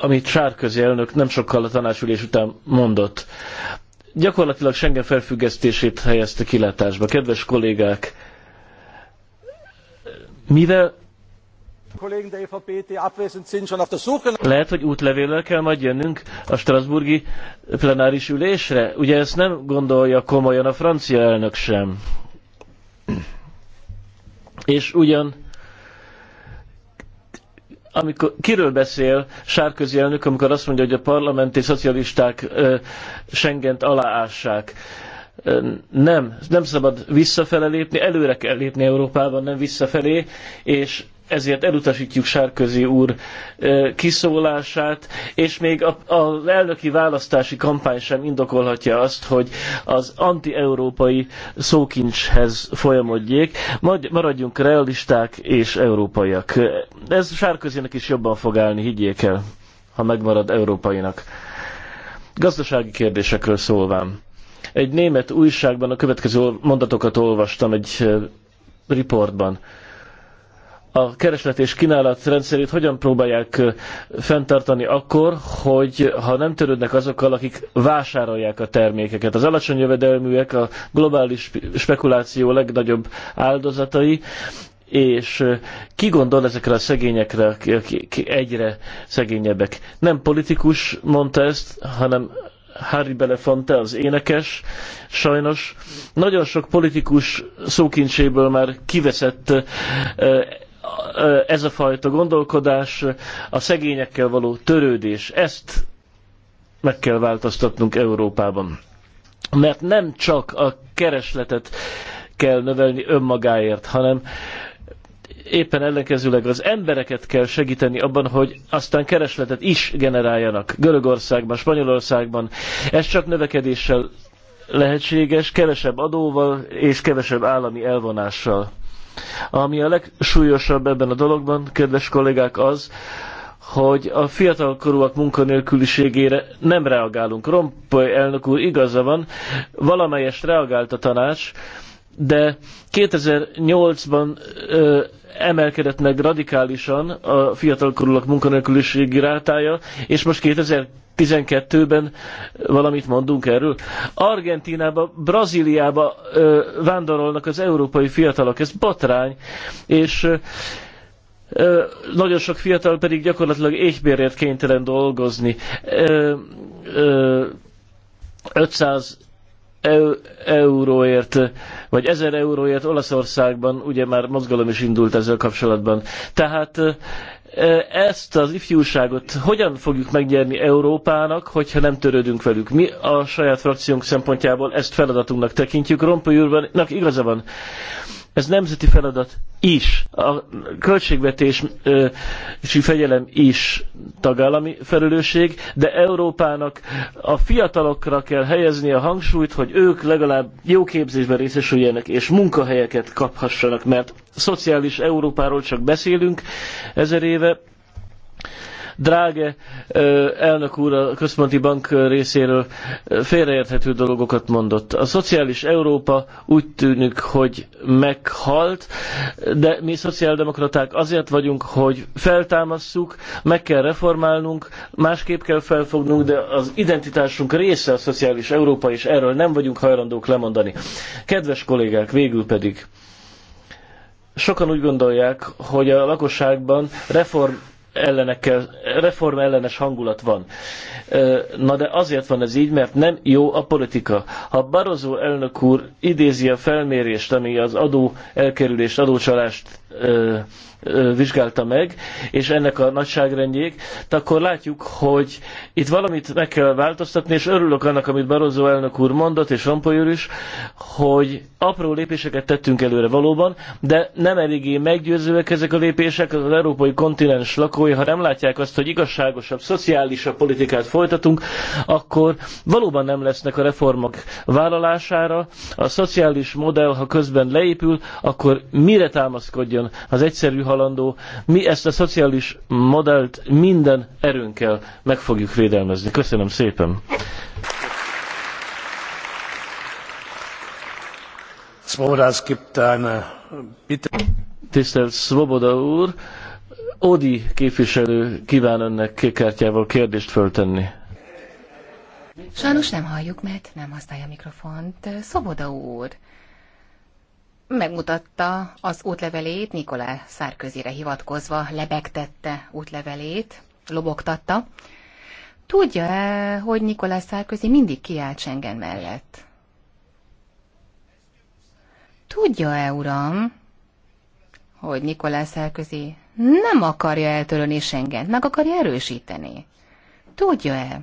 amit Sárközi elnök nem sokkal a tanácsülés után mondott. Gyakorlatilag Schengen felfüggesztését helyezte kilátásba. Kedves kollégák, mivel E Lehet, hogy útlevéllel kell majd jönnünk a Strasburgi plenáris ülésre? Ugye ezt nem gondolja komolyan a francia elnök sem. És ugyan amikor kiről beszél Sárközi elnök, amikor azt mondja, hogy a parlamenti szocialisták ö, Schengent aláássák. Nem, nem szabad visszafele lépni, előre kell lépni Európában, nem visszafelé, és ezért elutasítjuk Sárközi úr kiszólását, és még az elnöki választási kampány sem indokolhatja azt, hogy az anti-európai szókincshez folyamodjék. Maradjunk realisták és európaiak. Ez Sárközinek is jobban fog állni, higgyék el, ha megmarad európainak. Gazdasági kérdésekről szólván. Egy német újságban a következő mondatokat olvastam egy riportban a kereslet és kínálat rendszerét hogyan próbálják fenntartani akkor, hogy ha nem törődnek azokkal, akik vásárolják a termékeket. Az alacsony jövedelműek a globális spekuláció legnagyobb áldozatai, és ki gondol ezekre a szegényekre, akik egyre szegényebbek? Nem politikus mondta ezt, hanem Harry Belafonte, az énekes, sajnos nagyon sok politikus szókincséből már kiveszett ez a fajta gondolkodás, a szegényekkel való törődés, ezt meg kell változtatnunk Európában. Mert nem csak a keresletet kell növelni önmagáért, hanem éppen ellenkezőleg az embereket kell segíteni abban, hogy aztán keresletet is generáljanak Görögországban, Spanyolországban. Ez csak növekedéssel lehetséges, kevesebb adóval és kevesebb állami elvonással. Ami a legsúlyosabb ebben a dologban, kedves kollégák, az, hogy a fiatalkorúak munkanélküliségére nem reagálunk. Rompoy elnök úr igaza van, valamelyest reagált a tanács, de 2008-ban emelkedett meg radikálisan a fiatalkorúak munkanélküliségi rátája, és most 12-ben valamit mondunk erről. Argentinába, Brazíliába ö, vándorolnak az európai fiatalok, ez botrány, és ö, ö, nagyon sok fiatal pedig gyakorlatilag éhbérért kénytelen dolgozni. Ö, ö, 500 euróért, vagy 1000 euróért Olaszországban ugye már mozgalom is indult ezzel kapcsolatban. Tehát ezt az ifjúságot hogyan fogjuk megnyerni Európának, hogyha nem törődünk velük? Mi a saját frakciónk szempontjából ezt feladatunknak tekintjük. Rompuy úrnak igaza van. Ez nemzeti feladat is, a költségvetési fegyelem is tagállami felelősség, de Európának a fiatalokra kell helyezni a hangsúlyt, hogy ők legalább jó képzésben részesüljenek és munkahelyeket kaphassanak, mert szociális Európáról csak beszélünk ezer éve, Dráge elnök úr a központi bank részéről félreérthető dolgokat mondott. A szociális Európa úgy tűnik, hogy meghalt, de mi szociáldemokraták azért vagyunk, hogy feltámasszuk, meg kell reformálnunk, másképp kell felfognunk, de az identitásunk része a szociális Európa, és erről nem vagyunk hajlandók lemondani. Kedves kollégák, végül pedig sokan úgy gondolják, hogy a lakosságban reform ellenekkel, reform ellenes hangulat van. Na de azért van ez így, mert nem jó a politika. Ha Barozó elnök úr idézi a felmérést, ami az adó elkerülést, adócsalást vizsgálta meg, és ennek a nagyságrendjék, akkor látjuk, hogy itt valamit meg kell változtatni, és örülök annak, amit Barozó elnök úr mondott, és Rompoly úr is, hogy apró lépéseket tettünk előre valóban, de nem eléggé meggyőzőek ezek a lépések, az európai kontinens lakói, ha nem látják azt, hogy igazságosabb, szociálisabb politikát folytatunk, akkor valóban nem lesznek a reformok vállalására, a szociális modell, ha közben leépül, akkor mire támaszkodjon az egyszerű halandó. Mi ezt a szociális modellt minden erőnkkel meg fogjuk védelmezni. Köszönöm szépen! Tisztelt Svoboda úr, Odi képviselő kíván önnek kékártyával kérdést föltenni. Sajnos nem halljuk, mert nem használja a mikrofont. Szoboda úr, megmutatta az útlevelét, Nikolá Szárközire hivatkozva lebegtette útlevelét, lobogtatta. Tudja, -e, hogy Nikolá Szárközi mindig kiállt Schengen mellett? Tudja-e, uram, hogy Nikolá Szárközi nem akarja eltörölni Schengen, meg akarja erősíteni? Tudja-e,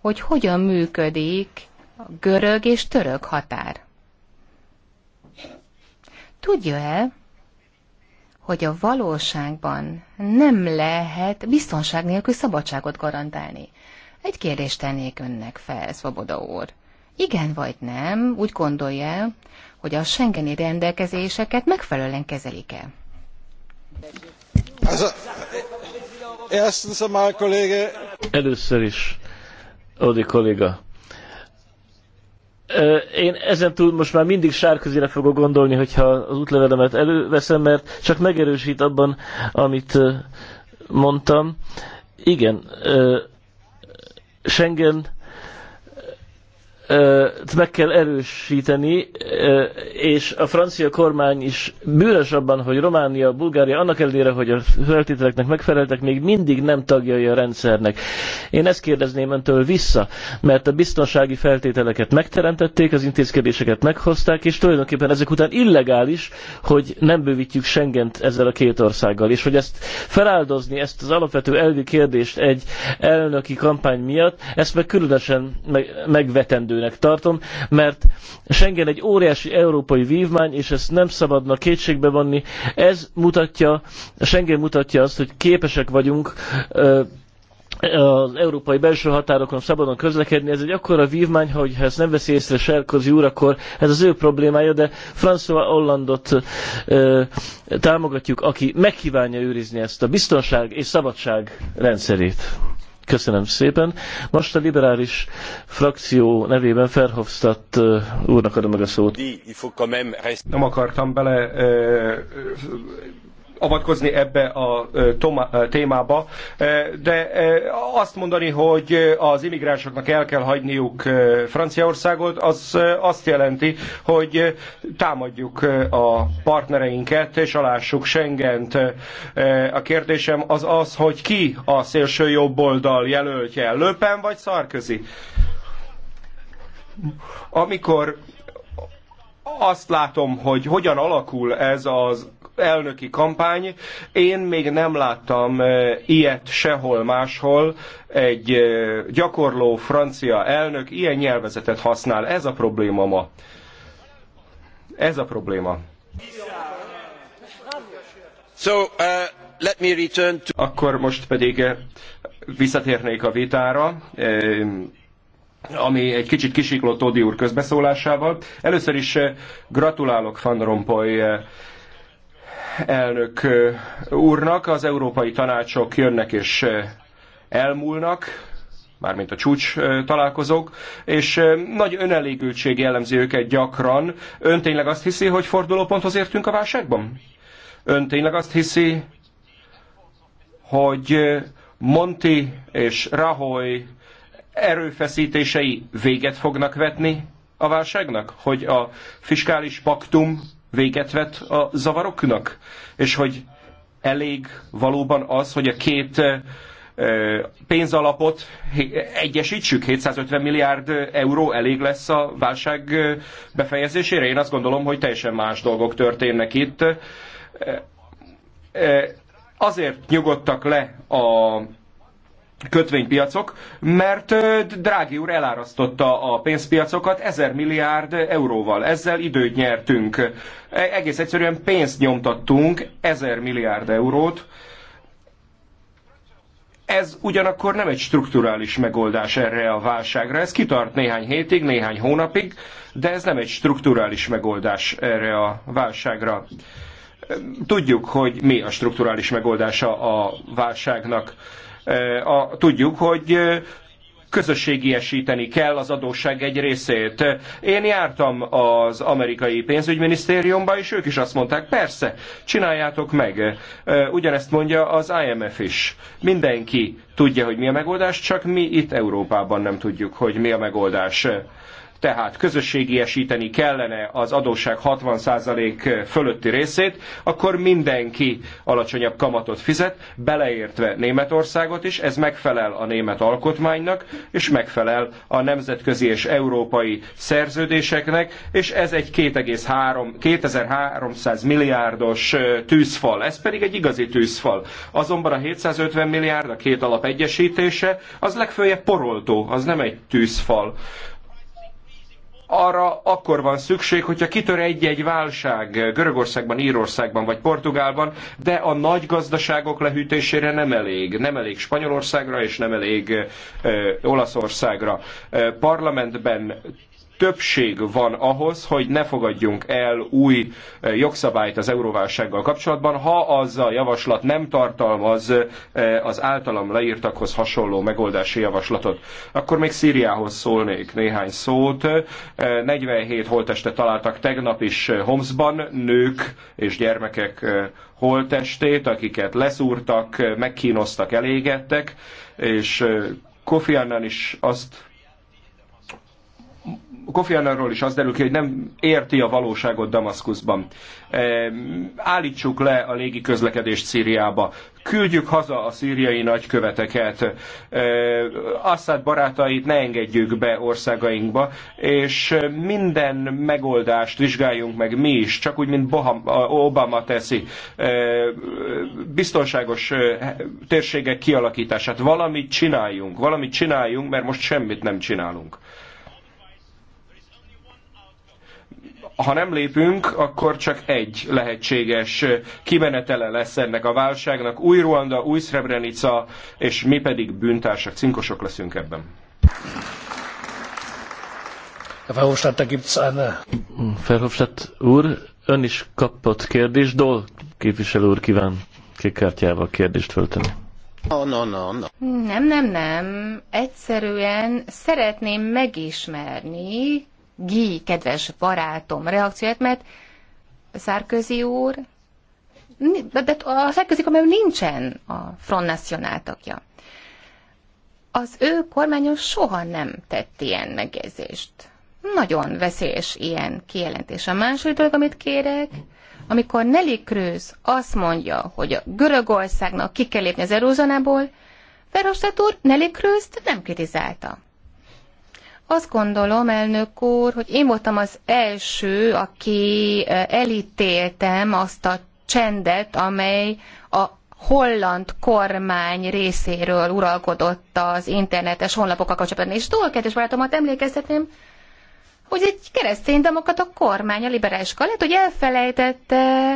hogy hogyan működik a görög és török határ? Tudja-e, hogy a valóságban nem lehet biztonság nélkül szabadságot garantálni? Egy kérdést tennék önnek fel, Szoboda úr. Igen vagy nem, úgy gondolja, hogy a Schengeni rendelkezéseket megfelelően kezelik-e? Először is, Odi kolléga, én ezen túl most már mindig sárközire fogok gondolni, hogyha az útlevelemet előveszem, mert csak megerősít abban, amit mondtam. Igen, Schengen meg kell erősíteni, és a francia kormány is bűnös abban, hogy Románia, Bulgária annak ellenére, hogy a feltételeknek megfeleltek, még mindig nem tagjai a rendszernek. Én ezt kérdezném öntől vissza, mert a biztonsági feltételeket megteremtették, az intézkedéseket meghozták, és tulajdonképpen ezek után illegális, hogy nem bővítjük Schengent ezzel a két országgal, és hogy ezt feláldozni, ezt az alapvető elvi kérdést egy elnöki kampány miatt, ezt meg különösen megvetendő elegendőnek tartom, mert Schengen egy óriási európai vívmány, és ezt nem szabadna kétségbe vonni. Ez mutatja, Schengen mutatja azt, hogy képesek vagyunk az európai belső határokon szabadon közlekedni, ez egy akkora vívmány, hogy ha ezt nem veszi észre Serkozy úr, akkor ez az ő problémája, de François Hollandot ö, támogatjuk, aki megkívánja őrizni ezt a biztonság és szabadság rendszerét. Köszönöm szépen. Most a liberális frakció nevében Ferhofstadt úrnak adom meg a szót. Nem akartam bele avatkozni ebbe a témába, de azt mondani, hogy az immigránsoknak el kell hagyniuk Franciaországot, az azt jelenti, hogy támadjuk a partnereinket és alássuk Schengent. A kérdésem az az, hogy ki a szélső oldal jelöltje, Löpen vagy Szarközi? Amikor azt látom, hogy hogyan alakul ez az elnöki kampány. Én még nem láttam ilyet sehol máshol. Egy gyakorló francia elnök ilyen nyelvezetet használ. Ez a probléma ma. Ez a probléma. So, uh, let me return to... Akkor most pedig visszatérnék a vitára ami egy kicsit kisiklott Odi úr közbeszólásával. Először is gratulálok Van Rompuy elnök úrnak. Az európai tanácsok jönnek és elmúlnak, mármint a csúcs találkozók, és nagy önelégültség jellemzi őket gyakran. Ön tényleg azt hiszi, hogy fordulóponthoz értünk a válságban? Ön tényleg azt hiszi, hogy Monti és Rahoy erőfeszítései véget fognak vetni a válságnak? Hogy a fiskális paktum véget vet a zavaroknak, és hogy elég valóban az, hogy a két eh, eh, pénzalapot egyesítsük, 750 milliárd eh, euró elég lesz a válság befejezésére. Én azt gondolom, hogy teljesen más dolgok történnek itt. Azért nyugodtak le a kötvénypiacok, mert Drági úr elárasztotta a pénzpiacokat 1000 milliárd euróval. Ezzel időt nyertünk. E, egész egyszerűen pénzt nyomtattunk, 1000 milliárd eurót. Ez ugyanakkor nem egy strukturális megoldás erre a válságra. Ez kitart néhány hétig, néhány hónapig, de ez nem egy strukturális megoldás erre a válságra. Tudjuk, hogy mi a strukturális megoldása a válságnak Eh, a, tudjuk, hogy eh, közösségiesíteni kell az adósság egy részét. Én jártam az amerikai pénzügyminisztériumba, és ők is azt mondták, persze, csináljátok meg. Eh, ugyanezt mondja az IMF is. Mindenki tudja, hogy mi a megoldás, csak mi itt Európában nem tudjuk, hogy mi a megoldás tehát közösségiesíteni kellene az adósság 60% fölötti részét, akkor mindenki alacsonyabb kamatot fizet, beleértve Németországot is, ez megfelel a német alkotmánynak, és megfelel a nemzetközi és európai szerződéseknek, és ez egy 2300 milliárdos tűzfal, ez pedig egy igazi tűzfal. Azonban a 750 milliárd, a két alap egyesítése, az legfőjebb poroltó, az nem egy tűzfal arra akkor van szükség, hogyha kitör egy-egy válság Görögországban, Írországban vagy Portugálban, de a nagy gazdaságok lehűtésére nem elég. Nem elég Spanyolországra és nem elég ö, Olaszországra. Ö, parlamentben többség van ahhoz, hogy ne fogadjunk el új eh, jogszabályt az euróválsággal kapcsolatban, ha az a javaslat nem tartalmaz eh, az általam leírtakhoz hasonló megoldási javaslatot. Akkor még Szíriához szólnék néhány szót. 47 eh, holteste találtak tegnap is Homszban, nők és gyermekek holtestét, akiket leszúrtak, megkínoztak, elégettek, és Kofi Annan is azt Kofi Annanról is az derül ki, hogy nem érti a valóságot Damaszkuszban. Állítsuk le a légi közlekedést Szíriába. Küldjük haza a szíriai nagyköveteket. Assad barátait ne engedjük be országainkba, és minden megoldást vizsgáljunk meg mi is, csak úgy, mint Obama teszi. Biztonságos eh, térségek kialakítását. Valamit csináljunk, valamit csináljunk, mert most semmit nem csinálunk. ha nem lépünk, akkor csak egy lehetséges kimenetele lesz ennek a válságnak. Új Ruanda, új Srebrenica, és mi pedig bűntársak, cinkosok leszünk ebben. Verhofstadt úr, ön is kapott kérdést. Dol képviselő úr kíván kékkártyával kérdést fölteni. No, no, no, no. Nem, nem, nem. Egyszerűen szeretném megismerni Guy, kedves barátom reakcióját, mert Szárközi úr, de a Szárközi kormány nincsen a Front National tagja. Az ő kormányon soha nem tett ilyen megjegyzést. Nagyon veszélyes ilyen kijelentés. A második dolog, amit kérek, amikor Nelly Krőz azt mondja, hogy a Görögországnak ki kell lépni az Erózanából, Verhofstadt úr Nelly Krőzt nem kritizálta. Azt gondolom, elnök úr, hogy én voltam az első, aki eh, elítéltem azt a csendet, amely a holland kormány részéről uralkodott az internetes honlapokkal kapcsolatban. És túl kedves barátomat emlékeztetném, hogy egy kereszténydemokrata kormány, a liberális lehet, hogy elfelejtette.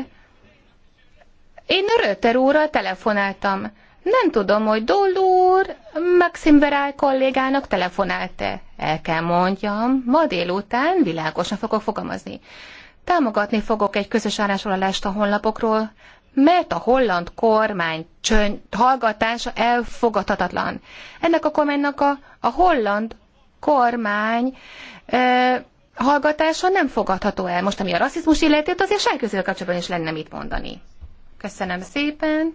Én Röter úrral telefonáltam. Nem tudom, hogy Doll úr Maxim Verály kollégának telefonált-e el kell mondjam, ma délután világosan fogok fogalmazni. Támogatni fogok egy közös állásolalást a honlapokról, mert a holland kormány csöny hallgatása elfogadhatatlan. Ennek a kormánynak a, a holland kormány e, hallgatása nem fogadható el. Most, ami a rasszizmus illeti, azért senki kapcsolatban is lenne mit mondani. Köszönöm szépen.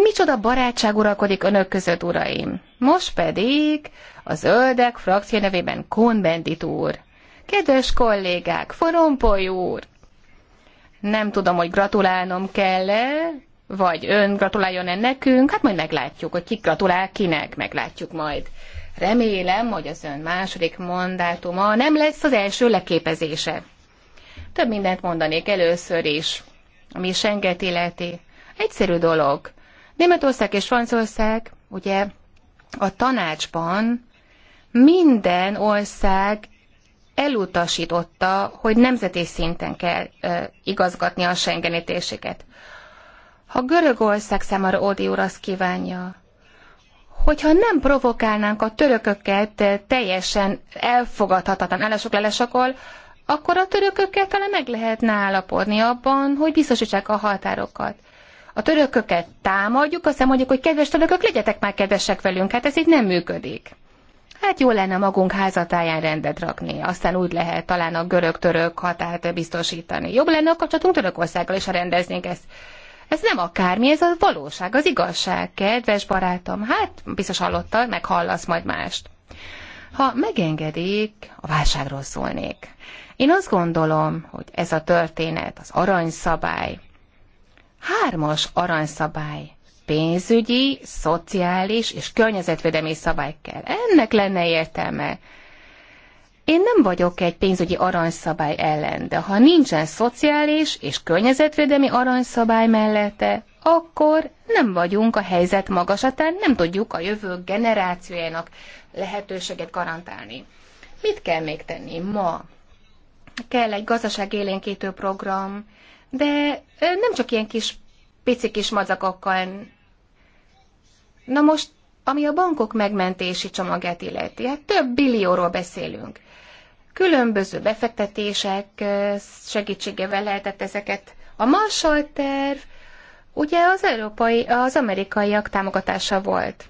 Micsoda barátság uralkodik önök között, uraim? Most pedig a zöldek frakció nevében Kohn-Bendit úr. Kedves kollégák, Forompoly úr! Nem tudom, hogy gratulálnom kell -e, vagy ön gratuláljon-e nekünk, hát majd meglátjuk, hogy ki gratulál kinek, meglátjuk majd. Remélem, hogy az ön második mandátuma nem lesz az első leképezése. Több mindent mondanék először is, ami senget illeti. Egyszerű dolog. Németország és Franciaország, ugye a tanácsban minden ország elutasította, hogy nemzeti szinten kell e, igazgatni a Schengeni térséget. Ha Görögország számára Ódi azt kívánja, hogyha nem provokálnánk a törököket teljesen elfogadhatatlan állásoklalásakor, akkor a törökökkel talán meg lehetne állapodni abban, hogy biztosítsák a határokat a törököket támadjuk, aztán mondjuk, hogy kedves törökök, legyetek már kedvesek velünk, hát ez így nem működik. Hát jó lenne magunk házatáján rendet rakni, aztán úgy lehet talán a görög-török határt biztosítani. Jobb lenne a kapcsolatunk Törökországgal is, ha rendeznénk ezt. Ez nem akármi, ez a valóság, az igazság, kedves barátom. Hát biztos hallotta, meg hallasz majd mást. Ha megengedik, a válságról szólnék. Én azt gondolom, hogy ez a történet, az aranyszabály, hármas aranyszabály pénzügyi, szociális és környezetvédelmi szabály kell. Ennek lenne értelme. Én nem vagyok egy pénzügyi aranyszabály ellen, de ha nincsen szociális és környezetvédelmi aranyszabály mellette, akkor nem vagyunk a helyzet magasatán, nem tudjuk a jövő generációjának lehetőséget garantálni. Mit kell még tenni ma? Kell egy gazdaságélénkítő program, de nem csak ilyen kis pici kis madzakokkal. Na most, ami a bankok megmentési csomagját illeti, hát több billióról beszélünk. Különböző befektetések segítségevel lehetett ezeket. A Marshall terv, ugye az európai, az amerikaiak támogatása volt.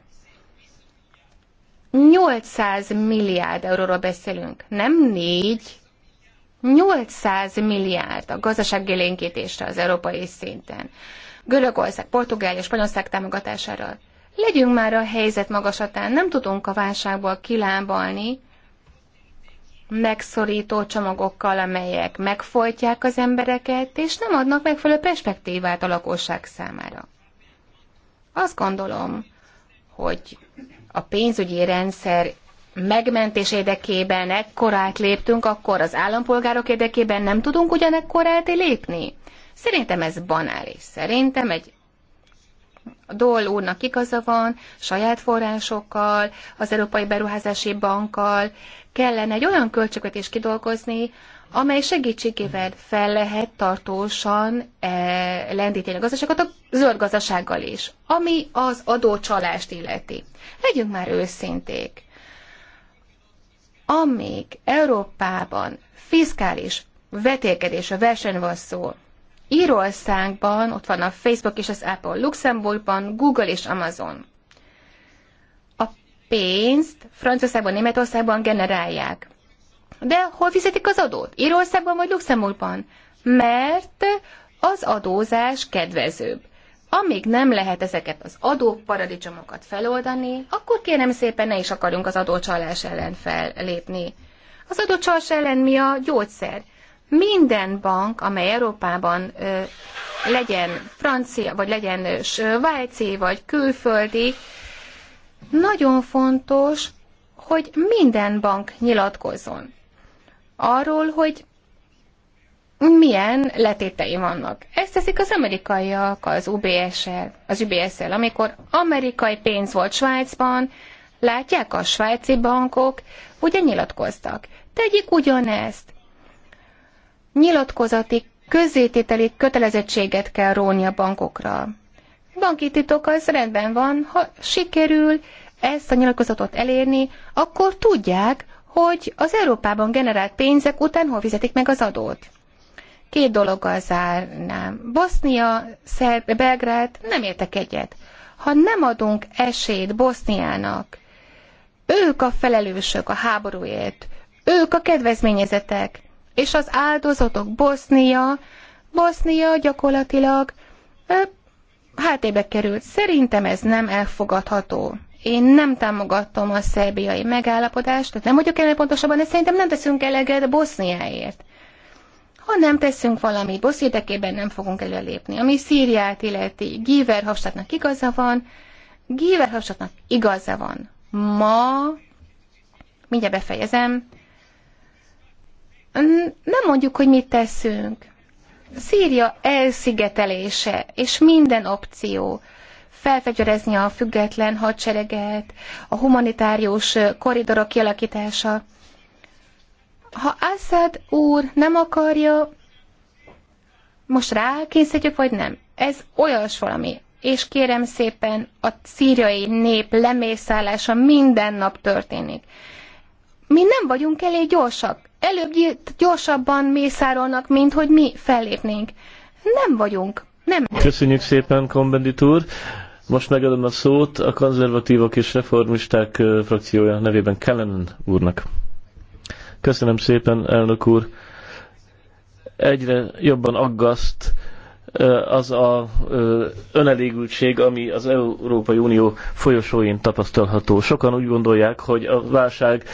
800 milliárd euróról beszélünk, nem 4, 800 milliárd a gazdaságélénkítésre az európai szinten. Görögország, Portugália, Spanyolország támogatására. Legyünk már a helyzet magasatán, nem tudunk a válságból kilábalni megszorító csomagokkal, amelyek megfojtják az embereket, és nem adnak megfelelő perspektívát a lakosság számára. Azt gondolom, hogy a pénzügyi rendszer megmentés érdekében ekkorát léptünk, akkor az állampolgárok érdekében nem tudunk ugyanekkorát lépni. Szerintem ez banális. Szerintem egy Dól úrnak igaza van, saját forrásokkal, az Európai Beruházási Bankkal kellene egy olyan költségvetést kidolgozni, amely segítségével fel lehet tartósan e, lendíteni a gazdaságot a zöld gazdasággal is, ami az adócsalást illeti. Legyünk már őszinték amíg Európában fiskális vetélkedés, a verseny van szó, Írországban, ott van a Facebook és az Apple, Luxemburgban, Google és Amazon. A pénzt Franciaországban, Németországban generálják. De hol fizetik az adót? Írországban vagy Luxemburgban? Mert az adózás kedvezőbb amíg nem lehet ezeket az adóparadicsomokat feloldani, akkor kérem szépen ne is akarjunk az adócsalás ellen fellépni. Az adócsalás ellen mi a gyógyszer? Minden bank, amely Európában ö, legyen francia, vagy legyen svájci, vagy külföldi, nagyon fontos, hogy minden bank nyilatkozzon arról, hogy milyen letétei vannak. Ezt teszik az amerikaiak az UBS-el, az UBS-el, amikor amerikai pénz volt Svájcban, látják a svájci bankok, ugye nyilatkoztak. Tegyük ugyanezt. Nyilatkozati közzétételi kötelezettséget kell róni a bankokra. Banki titok az rendben van, ha sikerül ezt a nyilatkozatot elérni, akkor tudják, hogy az Európában generált pénzek után hol fizetik meg az adót. Két dologgal zárnám. Bosznia, Szerb, Belgrád nem értek egyet. Ha nem adunk esélyt Boszniának, ők a felelősök a háborúért, ők a kedvezményezetek, és az áldozatok Bosznia, Bosznia gyakorlatilag hátébe került. Szerintem ez nem elfogadható. Én nem támogatom a szerbiai megállapodást, tehát nem vagyok ennél pontosabban, de szerintem nem teszünk eleget Boszniáért. Ha nem teszünk valamit, bossz érdekében nem fogunk előlépni. Ami Szíriát illeti, Giver Hofstadtnak igaza van, Giver Hofstadtnak igaza van. Ma, mindjárt befejezem, nem mondjuk, hogy mit teszünk. Szíria elszigetelése és minden opció, felfegyverezni a független hadsereget, a humanitárius koridorok kialakítása, ha Assad úr nem akarja, most rákészítjük, vagy nem? Ez olyas valami. És kérem szépen, a szíriai nép lemészállása minden nap történik. Mi nem vagyunk elég gyorsak. Előbb gyorsabban mészárolnak, mint hogy mi fellépnénk. Nem vagyunk. Nem. Köszönjük szépen, Kombendit úr. Most megadom a szót a konzervatívok és reformisták frakciója nevében Kellenen úrnak. Köszönöm szépen, elnök úr. Egyre jobban aggaszt az a önelégültség, ami az Európai Unió folyosóin tapasztalható. Sokan úgy gondolják, hogy a válság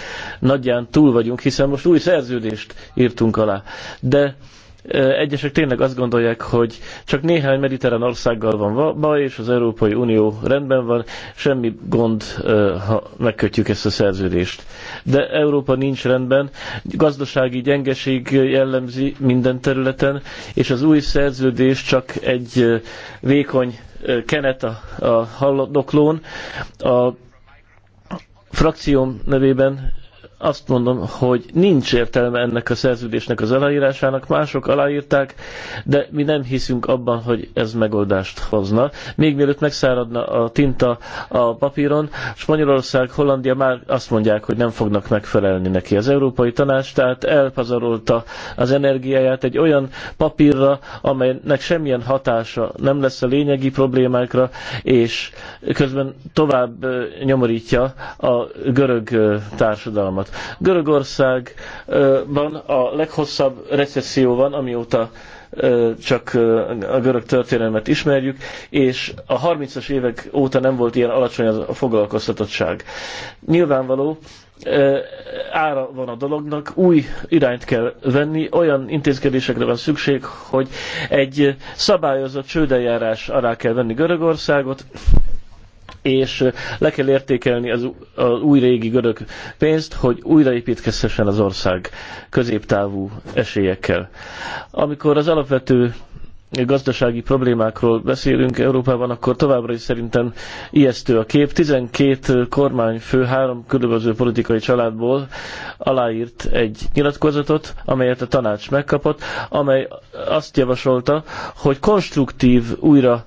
nagyján túl vagyunk, hiszen most új szerződést írtunk alá. De Egyesek tényleg azt gondolják, hogy csak néhány mediterrán országgal van baj, és az Európai Unió rendben van, semmi gond, ha megkötjük ezt a szerződést. De Európa nincs rendben, gazdasági gyengeség jellemzi minden területen, és az új szerződés csak egy vékony kenet a, a hallodoklón. A frakcióm nevében azt mondom, hogy nincs értelme ennek a szerződésnek az aláírásának, mások aláírták, de mi nem hiszünk abban, hogy ez megoldást hozna. Még mielőtt megszáradna a tinta a papíron, Spanyolország, Hollandia már azt mondják, hogy nem fognak megfelelni neki. Az Európai Tanács tehát elpazarolta az energiáját egy olyan papírra, amelynek semmilyen hatása nem lesz a lényegi problémákra, és közben tovább nyomorítja a görög társadalmat vannak. Görögországban a leghosszabb recesszió van, amióta csak a görög történelmet ismerjük, és a 30-as évek óta nem volt ilyen alacsony a foglalkoztatottság. Nyilvánvaló, ára van a dolognak, új irányt kell venni, olyan intézkedésekre van szükség, hogy egy szabályozott csődeljárás alá kell venni Görögországot, és le kell értékelni az, az új régi görög pénzt, hogy újraépítkezhessen az ország középtávú esélyekkel. Amikor az alapvető gazdasági problémákról beszélünk Európában, akkor továbbra is szerintem ijesztő a kép. 12 kormányfő három különböző politikai családból aláírt egy nyilatkozatot, amelyet a tanács megkapott, amely azt javasolta, hogy konstruktív újra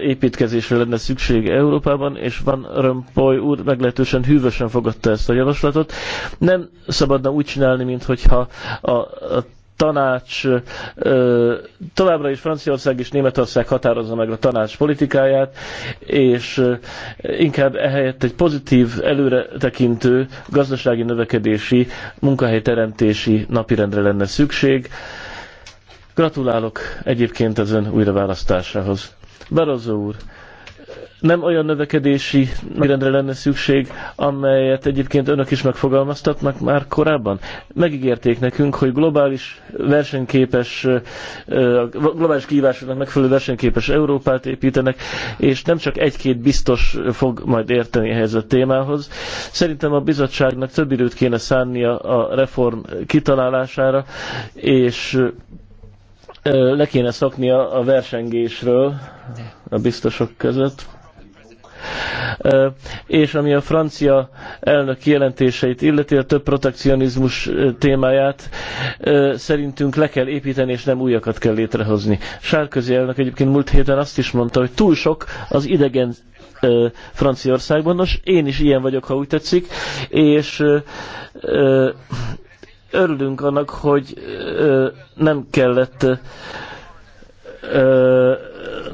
építkezésre lenne szükség Európában, és Van Rompuy úr meglehetősen hűvösen fogadta ezt a javaslatot. Nem szabadna úgy csinálni, mintha a, a tanács továbbra is Franciaország és Németország határozza meg a tanács politikáját, és inkább ehelyett egy pozitív, előretekintő gazdasági növekedési, munkahelyteremtési napirendre lenne szükség. Gratulálok egyébként az ön újraválasztásához. Barozó úr, nem olyan növekedési rendre lenne szükség, amelyet egyébként önök is megfogalmaztatnak már korábban. Megígérték nekünk, hogy globális versenyképes, globális kívásoknak megfelelő versenyképes Európát építenek, és nem csak egy-két biztos fog majd érteni ehhez a témához. Szerintem a bizottságnak több időt kéne szánnia a reform kitalálására, és le kéne szoknia a versengésről a biztosok között. És ami a francia elnök jelentéseit illeti, a több protekcionizmus témáját szerintünk le kell építeni, és nem újakat kell létrehozni. Sárközi elnök egyébként múlt héten azt is mondta, hogy túl sok az idegen Franciaországban. Nos, én is ilyen vagyok, ha úgy tetszik, és örülünk annak, hogy nem kellett ö,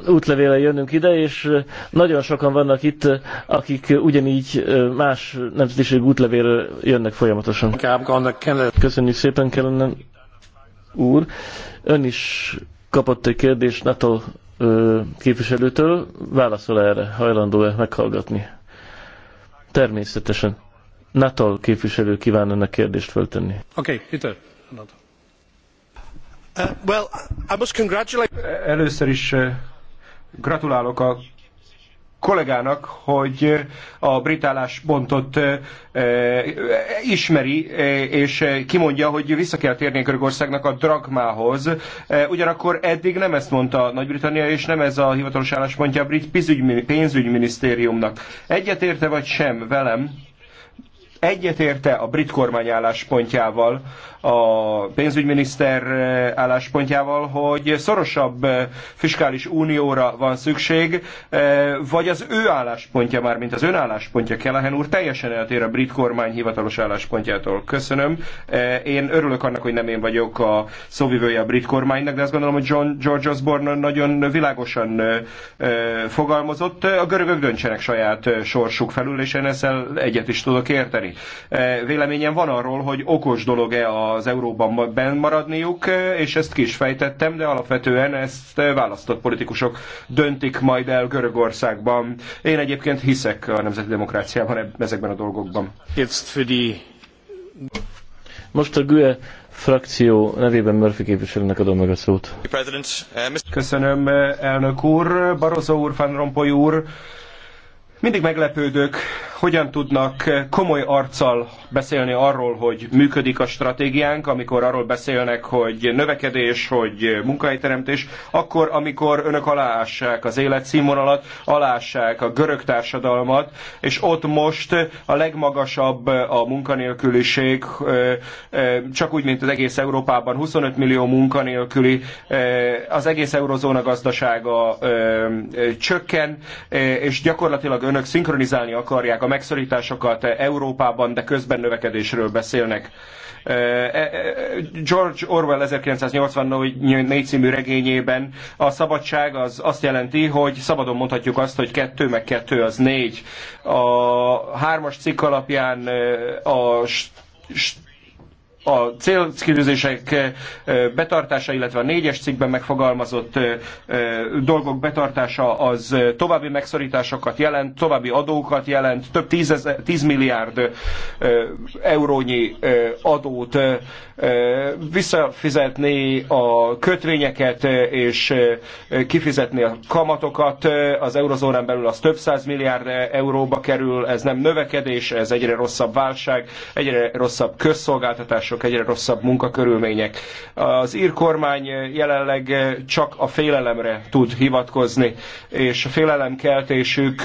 útlevéle jönnünk ide, és nagyon sokan vannak itt, akik ugyanígy más nemzetiség útlevélre jönnek folyamatosan. Köszönjük szépen, kellene úr. Ön is kapott egy kérdést NATO képviselőtől. Válaszol erre? Hajlandó-e meghallgatni? Természetesen. NATO képviselő kíván önnek kérdést föltenni. Oké, okay, Peter. NATO. Uh, e, először is uh, gratulálok a kollégának, hogy uh, a brit álláspontot ismeri, és kimondja, hogy vissza kell térni Görögországnak a dragmához. Ugyanakkor eddig nem ezt mondta Nagy-Britannia, és nem ez a hivatalos álláspontja a brit pénzügyminisztériumnak. Egyetérte vagy sem velem, egyetérte a brit kormány álláspontjával, a pénzügyminiszter eh, álláspontjával, hogy szorosabb eh, fiskális unióra van szükség, eh, vagy az ő álláspontja már, mint az ön álláspontja, Kelehen úr, teljesen eltér a brit kormány hivatalos álláspontjától. Köszönöm. Én örülök annak, hogy nem én vagyok a szóvivője a brit kormánynak, de azt gondolom, hogy John George Osborne nagyon világosan fogalmazott. A görögök döntsenek saját sorsuk felül, és én ezzel egyet is tudok érteni. Ferrari. E, véleményem van arról, hogy okos dolog-e az Euróban benn maradniuk, e, és ezt ki is fejtettem, de alapvetően ezt választott politikusok döntik majd el Görögországban. Én egyébként hiszek a nemzeti demokráciában ezekben a dolgokban. Most a GUE frakció nevében Murphy képviselőnek adom meg a szót. Uh, Köszönöm, e, elnök úr, Barozó úr, Van Rompuy úr. Mindig meglepődök hogyan tudnak komoly arccal beszélni arról, hogy működik a stratégiánk, amikor arról beszélnek, hogy növekedés, hogy munkahelyteremtés, akkor, amikor önök aláássák az életszínvonalat, aláássák a görög társadalmat, és ott most a legmagasabb a munkanélküliség, csak úgy, mint az egész Európában, 25 millió munkanélküli, az egész eurozóna gazdasága csökken, és gyakorlatilag önök szinkronizálni akarják a megszorításokat Európában, de közben növekedésről beszélnek. E, e, George Orwell 1984 című regényében a szabadság az azt jelenti, hogy szabadon mondhatjuk azt, hogy kettő meg kettő az négy. A hármas cikk alapján a a célkitűzések eh, betartása, illetve a négyes cikkben megfogalmazott eh, eh, dolgok betartása az további megszorításokat jelent, további adókat jelent, több tízmilliárd eurónyi adót visszafizetni a kötvényeket és kifizetni a kamatokat. Az eurozónán belül az több száz milliárd euróba kerül, ez nem növekedés, ez egyre rosszabb válság, egyre rosszabb közszolgáltatások, munkások, egyre rosszabb munkakörülmények. Az ír kormány jelenleg csak a félelemre tud hivatkozni, és a félelemkeltésük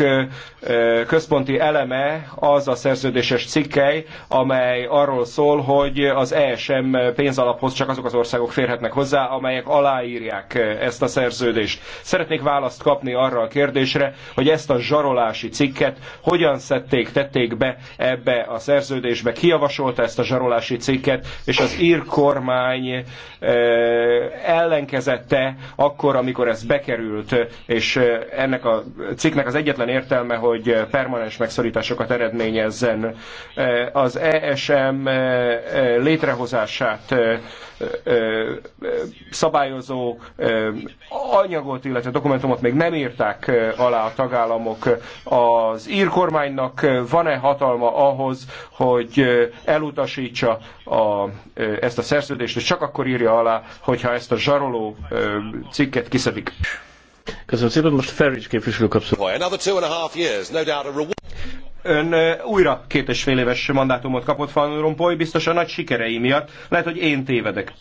központi eleme az a szerződéses cikkely, amely arról szól, hogy az ESM pénzalaphoz csak azok az országok férhetnek hozzá, amelyek aláírják ezt a szerződést. Szeretnék választ kapni arra a kérdésre, hogy ezt a zsarolási cikket hogyan szedték, tették be ebbe a szerződésbe, ki javasolta ezt a zsarolási cikket, és az ír kormány eh, ellenkezette akkor, amikor ez bekerült, és eh, ennek a cikknek az egyetlen értelme, hogy permanens megszorításokat eredményezzen. Eh, az ESM létrehozását szabályozó anyagot, illetve dokumentumot még nem írták alá a tagállamok. Az ír kormánynak van-e hatalma ahhoz, hogy elutasítsa a, ezt a szerződést, és csak akkor írja alá, hogyha ezt a zsaroló cikket kiszedik? Köszönöm szépen, most Ferrics képviselő kapszol. Ön újra két és fél éves mandátumot kapott Van Rompuy, biztos a nagy sikerei miatt. Lehet, hogy én tévedek.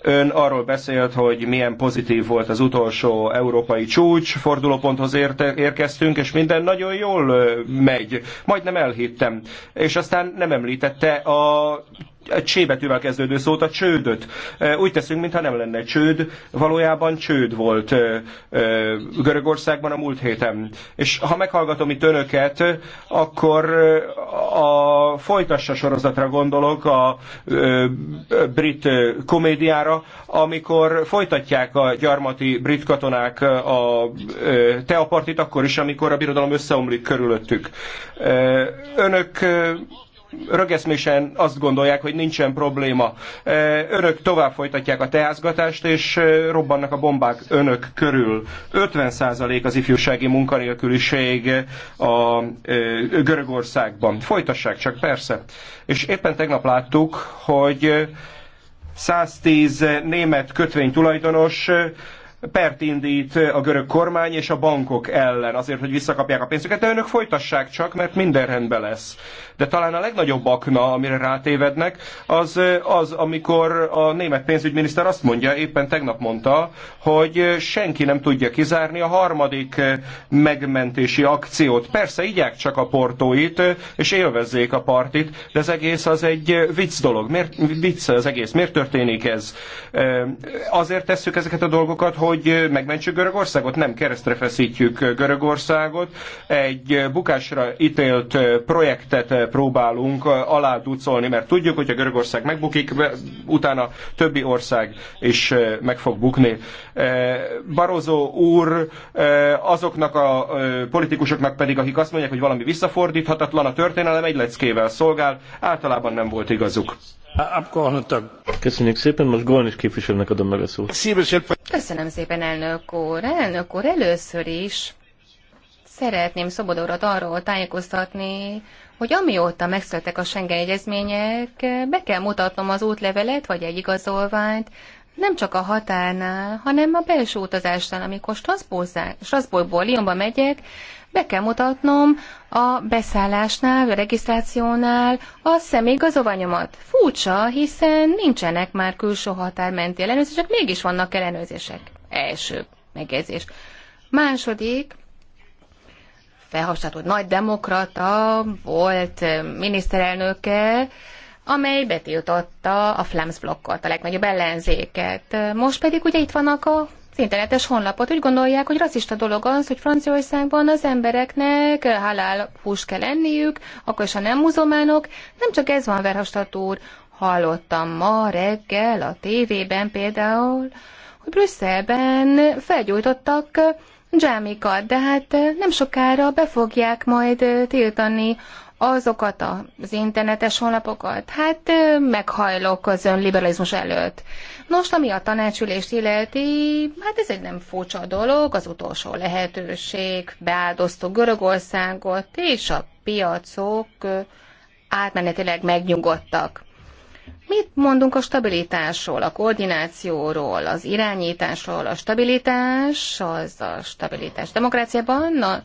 Ön arról beszélt, hogy milyen pozitív volt az utolsó európai csúcs, fordulóponthoz érte, érkeztünk, és minden nagyon jól megy. Majdnem elhittem. És aztán nem említette a csébetűvel kezdődő szót, a csődöt. Úgy teszünk, mintha nem lenne csőd, valójában csőd volt Görögországban a múlt héten. És ha meghallgatom itt önöket, akkor a folytassa sorozatra gondolok, a brit komédiára, amikor folytatják a gyarmati brit katonák a teapartit, akkor is, amikor a birodalom összeomlik körülöttük. Önök rögeszmésen azt gondolják, hogy nincsen probléma. E, önök tovább folytatják a teázgatást, és e, robbannak a bombák önök körül. 50% az ifjúsági munkanélküliség a e, Görögországban. Folytassák csak, persze. És éppen tegnap láttuk, hogy 110 német kötvénytulajdonos pert indít a görög kormány és a bankok ellen azért, hogy visszakapják a pénzüket, de önök folytassák csak, mert minden rendben lesz. De talán a legnagyobb akna, amire rátévednek, az, az amikor a német pénzügyminiszter azt mondja, éppen tegnap mondta, hogy senki nem tudja kizárni a harmadik megmentési akciót. Persze, igyák csak a portóit, és élvezzék a partit, de az egész az egy vicc dolog. Miért, vicc az egész. Miért történik ez? Azért tesszük ezeket a dolgokat, hogy hogy megmentsük Görögországot, nem keresztre feszítjük Görögországot. Egy bukásra ítélt projektet próbálunk aláducolni, mert tudjuk, hogy a Görögország megbukik, utána többi ország is meg fog bukni. Barozó úr azoknak a politikusoknak pedig, akik azt mondják, hogy valami visszafordíthatatlan, a történelem egy leckével szolgál, általában nem volt igazuk. Köszönjük szépen, most Golnis képviselőnek adom meg a szót. Köszönöm szépen, elnök úr. Elnök úr, először is szeretném Szobodorat arról tájékoztatni, hogy amióta megszülettek a Schengen egyezmények, be kell mutatnom az útlevelet vagy egy igazolványt, nem csak a határnál, hanem a belső utazásnál, amikor Strasbourgból Lyonba megyek, be kell mutatnom a beszállásnál, a regisztrációnál a személyigazolványomat. Furcsa, hiszen nincsenek már külső határ menti ellenőrzések, mégis vannak ellenőrzések. Első megjegyzés. Második, felhasználó nagy demokrata volt miniszterelnöke, amely betiltotta a Flams blokkot, a legnagyobb ellenzéket. Most pedig ugye itt vannak a az internetes honlapot. Úgy gondolják, hogy rasszista dolog az, hogy Franciaországban az embereknek halál hús kell enniük, akkor is a nem muzulmánok. Nem csak ez van, Verhastat úr. Hallottam ma reggel a tévében például, hogy Brüsszelben felgyújtottak dzsámikat, de hát eh, nem sokára be fogják majd eh, tiltani azokat az internetes honlapokat, hát meghajlok az ön liberalizmus előtt. Nos, ami a tanácsülést illeti, hát ez egy nem furcsa dolog, az utolsó lehetőség, beáldoztuk Görögországot, és a piacok átmenetileg megnyugodtak. Mit mondunk a stabilitásról, a koordinációról, az irányításról? A stabilitás, az a stabilitás demokráciában, na,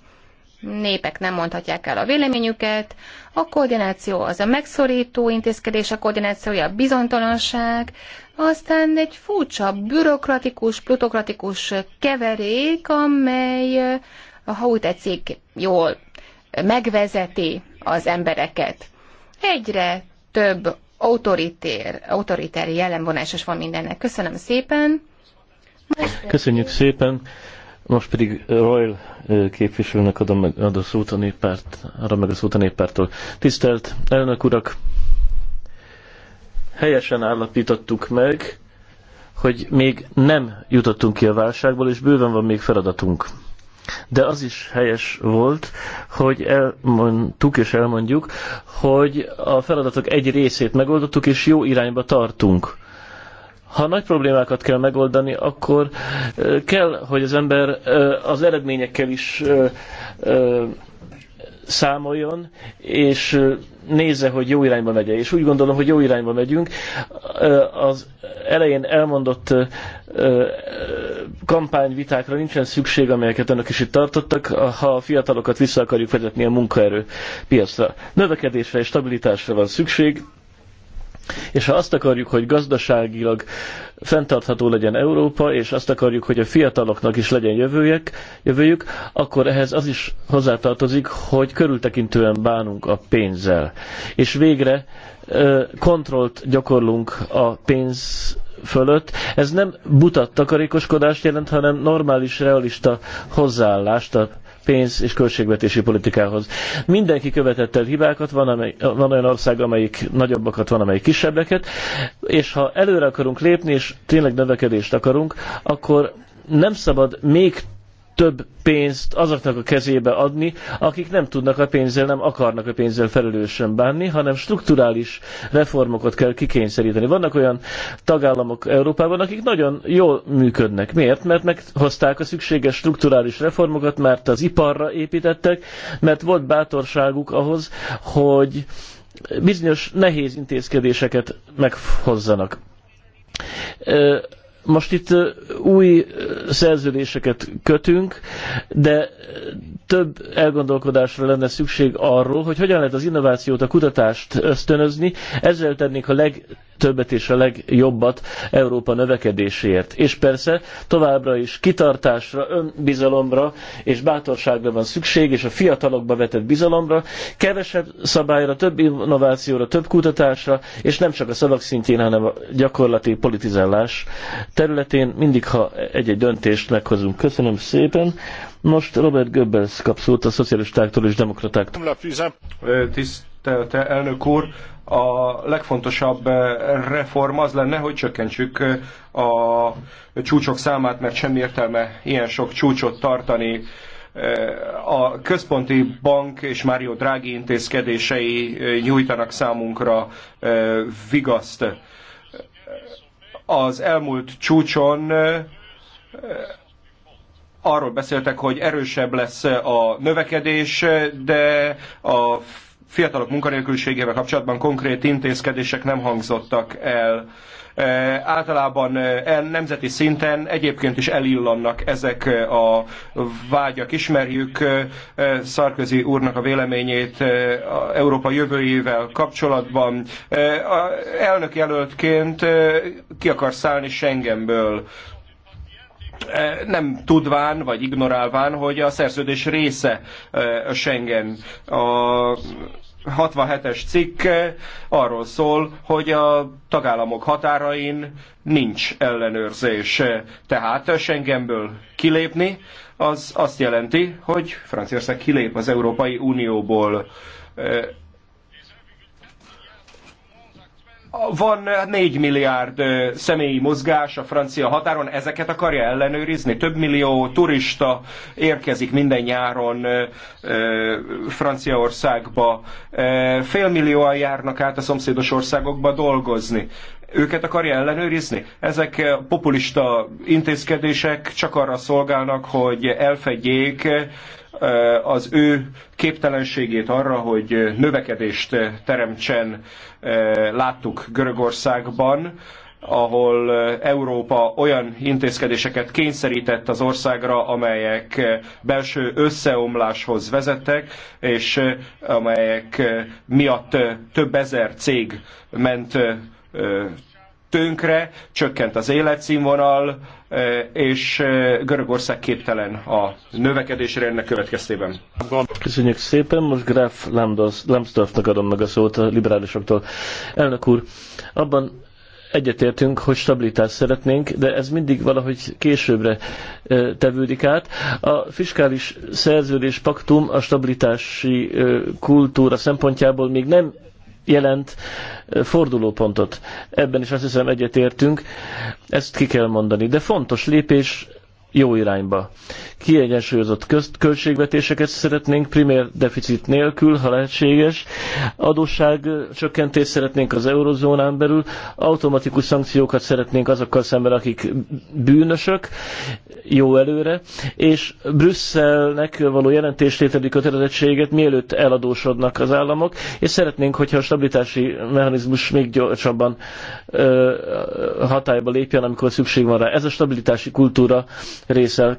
népek nem mondhatják el a véleményüket, a koordináció az a megszorító intézkedés, a koordinációja a bizonytalanság, aztán egy furcsa bürokratikus, plutokratikus keverék, amely, eh, ha úgy tetszik, jól megvezeti az embereket. Egyre több autoritér, autoritári jellemvonásos van mindennek. Köszönöm szépen! Köszönjük szépen! Most pedig Royal képviselőnek adom meg ad a szót a néppárt, meg a szót a néppártól. Tisztelt elnök urak! Helyesen állapítottuk meg, hogy még nem jutottunk ki a válságból, és bőven van még feladatunk. De az is helyes volt, hogy elmondtuk és elmondjuk, hogy a feladatok egy részét megoldottuk, és jó irányba tartunk ha nagy problémákat kell megoldani, akkor kell, hogy az ember az eredményekkel is számoljon, és nézze, hogy jó irányba megy És úgy gondolom, hogy jó irányba megyünk. Az elején elmondott kampányvitákra nincsen szükség, amelyeket önök is itt tartottak, ha a fiatalokat vissza akarjuk vezetni a munkaerő piacra. Növekedésre és stabilitásra van szükség, és ha azt akarjuk, hogy gazdaságilag fenntartható legyen Európa, és azt akarjuk, hogy a fiataloknak is legyen jövőjük, jövőjük akkor ehhez az is hozzátartozik, hogy körültekintően bánunk a pénzzel. És végre kontrollt gyakorlunk a pénz fölött. Ez nem buta takarékoskodást jelent, hanem normális, realista hozzáállást a pénz és költségvetési politikához. Mindenki követett el hibákat, van, amely, van olyan ország, amelyik nagyobbakat, van amelyik kisebbeket, és ha előre akarunk lépni, és tényleg növekedést akarunk, akkor nem szabad még több pénzt azoknak a kezébe adni, akik nem tudnak a pénzzel, nem akarnak a pénzzel felelősen bánni, hanem strukturális reformokat kell kikényszeríteni. Vannak olyan tagállamok Európában, akik nagyon jól működnek. Miért? Mert meghozták a szükséges strukturális reformokat, mert az iparra építettek, mert volt bátorságuk ahhoz, hogy bizonyos nehéz intézkedéseket meghozzanak most itt új szerződéseket kötünk, de több elgondolkodásra lenne szükség arról, hogy hogyan lehet az innovációt, a kutatást ösztönözni. Ezzel tennék a leg többet és a legjobbat Európa növekedéséért. És persze továbbra is kitartásra, önbizalomra és bátorságra van szükség, és a fiatalokba vetett bizalomra, kevesebb szabályra, több innovációra, több kutatásra, és nem csak a szavak szintjén, hanem a gyakorlati politizálás területén, mindig ha egy-egy döntést meghozunk. Köszönöm szépen. Most Robert Goebbels kap szót a szocialistáktól és demokratáktól. Tisztelte elnök úr, a legfontosabb eh, reform az lenne, hogy csökkentsük eh, a csúcsok számát, mert semmi értelme ilyen sok csúcsot tartani. Eh, a központi bank és Mário Draghi intézkedései nyújtanak számunkra vigaszt. Az elmúlt csúcson arról beszéltek, hogy erősebb lesz a növekedés, de a fiatalok munkanélküliségével kapcsolatban konkrét intézkedések nem hangzottak el. E, általában e, e nemzeti szinten egyébként is elillannak ezek e, a vágyak. Ismerjük Szarközi úrnak a véleményét a Európa jövőjével kapcsolatban. A elnök jelöltként ki akar szállni Schengenből Eh, nem tudván vagy ignorálván, hogy a szerződés része eh, a Schengen. A 67-es cikk eh, arról szól, hogy a tagállamok határain nincs ellenőrzés. Tehát Schengenből kilépni az azt jelenti, hogy Franciaország kilép az Európai Unióból van 4 hát milliárd személyi mozgás a francia határon, ezeket akarja ellenőrizni? Több millió turista érkezik minden nyáron Franciaországba, félmillióan járnak át a szomszédos országokba dolgozni. Őket akarja ellenőrizni? Ezek populista intézkedések csak arra szolgálnak, hogy elfedjék az ő képtelenségét arra, hogy növekedést teremtsen, láttuk Görögországban, ahol Európa olyan intézkedéseket kényszerített az országra, amelyek belső összeomláshoz vezettek, és amelyek miatt több ezer cég ment tönkre, csökkent az életszínvonal, Eh, és eh, Görögország képtelen a növekedésre ennek következtében. Köszönjük szépen, most Graf Lambsdorffnak adom meg a szót a liberálisoktól. Elnök úr, abban egyetértünk, hogy stabilitást szeretnénk, de ez mindig valahogy későbbre eh, tevődik át. A fiskális szerződés paktum a stabilitási kultúra szempontjából még nem jelent fordulópontot. Ebben is azt hiszem egyetértünk, ezt ki kell mondani. De fontos lépés jó irányba. Kiegyensúlyozott közt költségvetéseket szeretnénk, primér deficit nélkül, ha lehetséges. Adósság csökkentést szeretnénk az eurozónán belül, automatikus szankciókat szeretnénk azokkal szemben, akik bűnösök, jó előre, és Brüsszelnek való jelentéslételi kötelezettséget mielőtt eladósodnak az államok, és szeretnénk, hogyha a stabilitási mechanizmus még gyorsabban ö, hatályba lépjen, amikor szükség van rá. Ez a stabilitási kultúra részsel,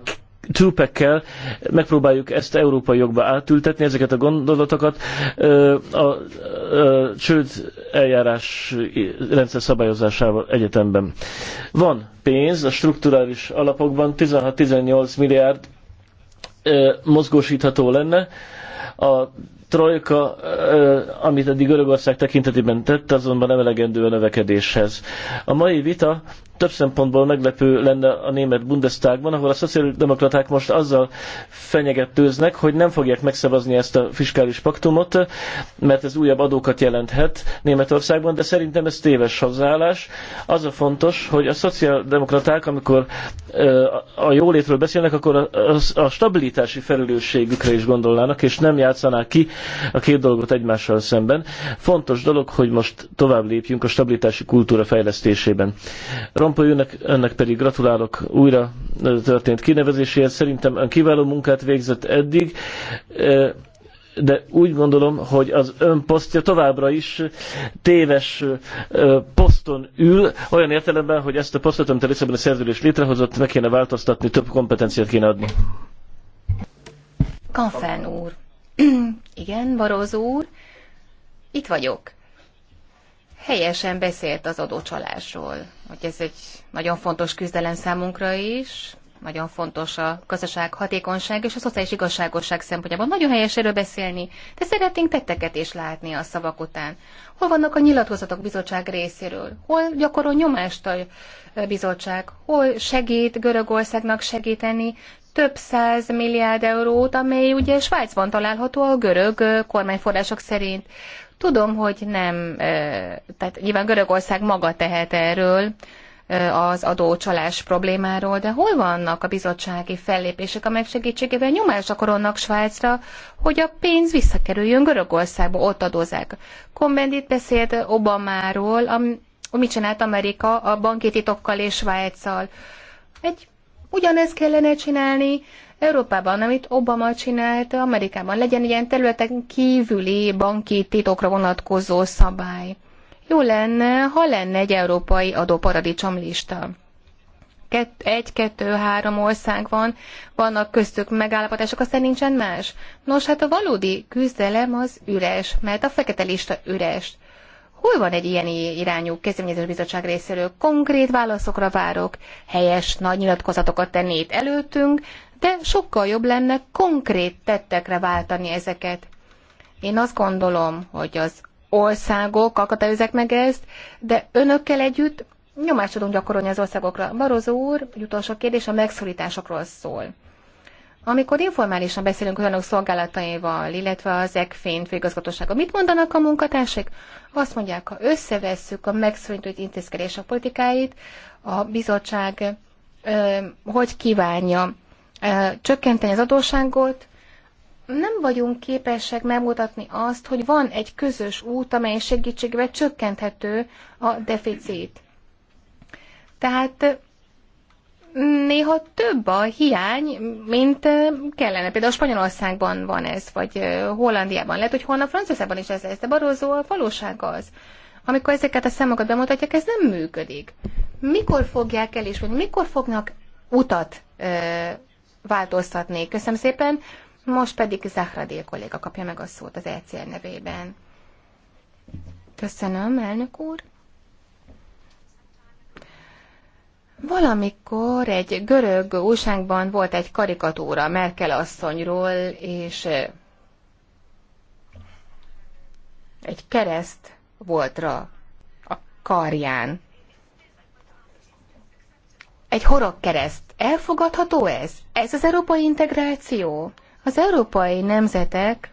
Trupekkel megpróbáljuk ezt európai jogba átültetni, ezeket a gondolatokat a, a, a csőd eljárás rendszer szabályozásával egyetemben. Van pénz a strukturális alapokban, 16-18 milliárd mozgósítható lenne. A trojka, amit eddig Görögország tekintetében tett, azonban nem elegendő a növekedéshez. A mai vita több szempontból meglepő lenne a német Bundestagban, ahol a szociáldemokraták most azzal fenyegetőznek, hogy nem fogják megszavazni ezt a fiskális paktumot, mert ez újabb adókat jelenthet Németországban, de szerintem ez téves hozzáállás. Az a fontos, hogy a szociáldemokraták, amikor a jólétről beszélnek, akkor a stabilitási felelősségükre is gondolnának, és nem játszanák ki a két dolgot egymással szemben. Fontos dolog, hogy most tovább lépjünk a stabilitási kultúra fejlesztésében. Rompolőnek, ennek pedig gratulálok újra történt kinevezéséhez. Szerintem ön kiváló munkát végzett eddig, e, de úgy gondolom, hogy az ön posztja továbbra is téves e, poszton ül, olyan értelemben, hogy ezt a posztot, amit a a szerződés létrehozott, meg kéne változtatni, több kompetenciát kéne adni. Kanfán úr. <clears throat> Igen, Barózó úr. Itt vagyok helyesen beszélt az adócsalásról, hogy ez egy nagyon fontos küzdelem számunkra is, nagyon fontos a gazdaság hatékonyság és a szociális igazságosság szempontjából. Nagyon helyes erről beszélni, de szeretnénk tetteket is látni a szavak után. Hol vannak a nyilatkozatok bizottság részéről? Hol gyakorol nyomást a bizottság? Hol segít Görögországnak segíteni több száz milliárd eurót, amely ugye Svájcban található a görög kormányforrások szerint. Tudom, hogy nem, tehát nyilván Görögország maga tehet erről az adócsalás problémáról, de hol vannak a bizottsági fellépések, amelyek segítségével nyomást gyakorolnak Svájcra, hogy a pénz visszakerüljön Görögországba, ott adózák. Kombendit beszélt Obamáról, am, mit csinált Amerika a banki titokkal és Svájccal. Egy ugyanezt kellene csinálni, Európában, amit Obama csinált, Amerikában legyen ilyen területen kívüli banki titokra vonatkozó szabály. Jó lenne, ha lenne egy európai adóparadicsom lista. egy, kettő, három ország van, vannak köztük megállapodások, aztán nincsen más. Nos, hát a valódi küzdelem az üres, mert a fekete lista üres. Hol van egy ilyen irányú kezdeményezés bizottság részéről? Konkrét válaszokra várok, helyes nagy nyilatkozatokat tenni itt előttünk, de sokkal jobb lenne konkrét tettekre váltani ezeket. Én azt gondolom, hogy az országok akadályozzák meg ezt, de önökkel együtt nyomást tudunk gyakorolni az országokra. Barozó úr, egy utolsó kérdés a megszorításokról szól. Amikor informálisan beszélünk olyanok szolgálataival, illetve az ECFIN főigazgatósága, mit mondanak a munkatársak? Azt mondják, ha összevesszük a megszorított intézkedések politikáit, a bizottság hogy kívánja csökkenteni az adósságot, nem vagyunk képesek megmutatni azt, hogy van egy közös út, amely segítségével csökkenthető a deficit. Tehát néha több a hiány, mint kellene. Például Spanyolországban van ez, vagy Hollandiában. Lehet, hogy holnap Franciaországban is ez lesz, de Barózó a valóság az. Amikor ezeket a számokat bemutatják, ez nem működik. Mikor fogják el is, hogy mikor fognak utat ö, változtatni? Köszönöm szépen. Most pedig Zahradil kolléga kapja meg a szót az ECR nevében. Köszönöm, elnök úr. Valamikor egy görög újságban volt egy karikatúra Merkel asszonyról, és egy kereszt volt rá a karján. Egy horog kereszt. Elfogadható ez? Ez az európai integráció? Az európai nemzetek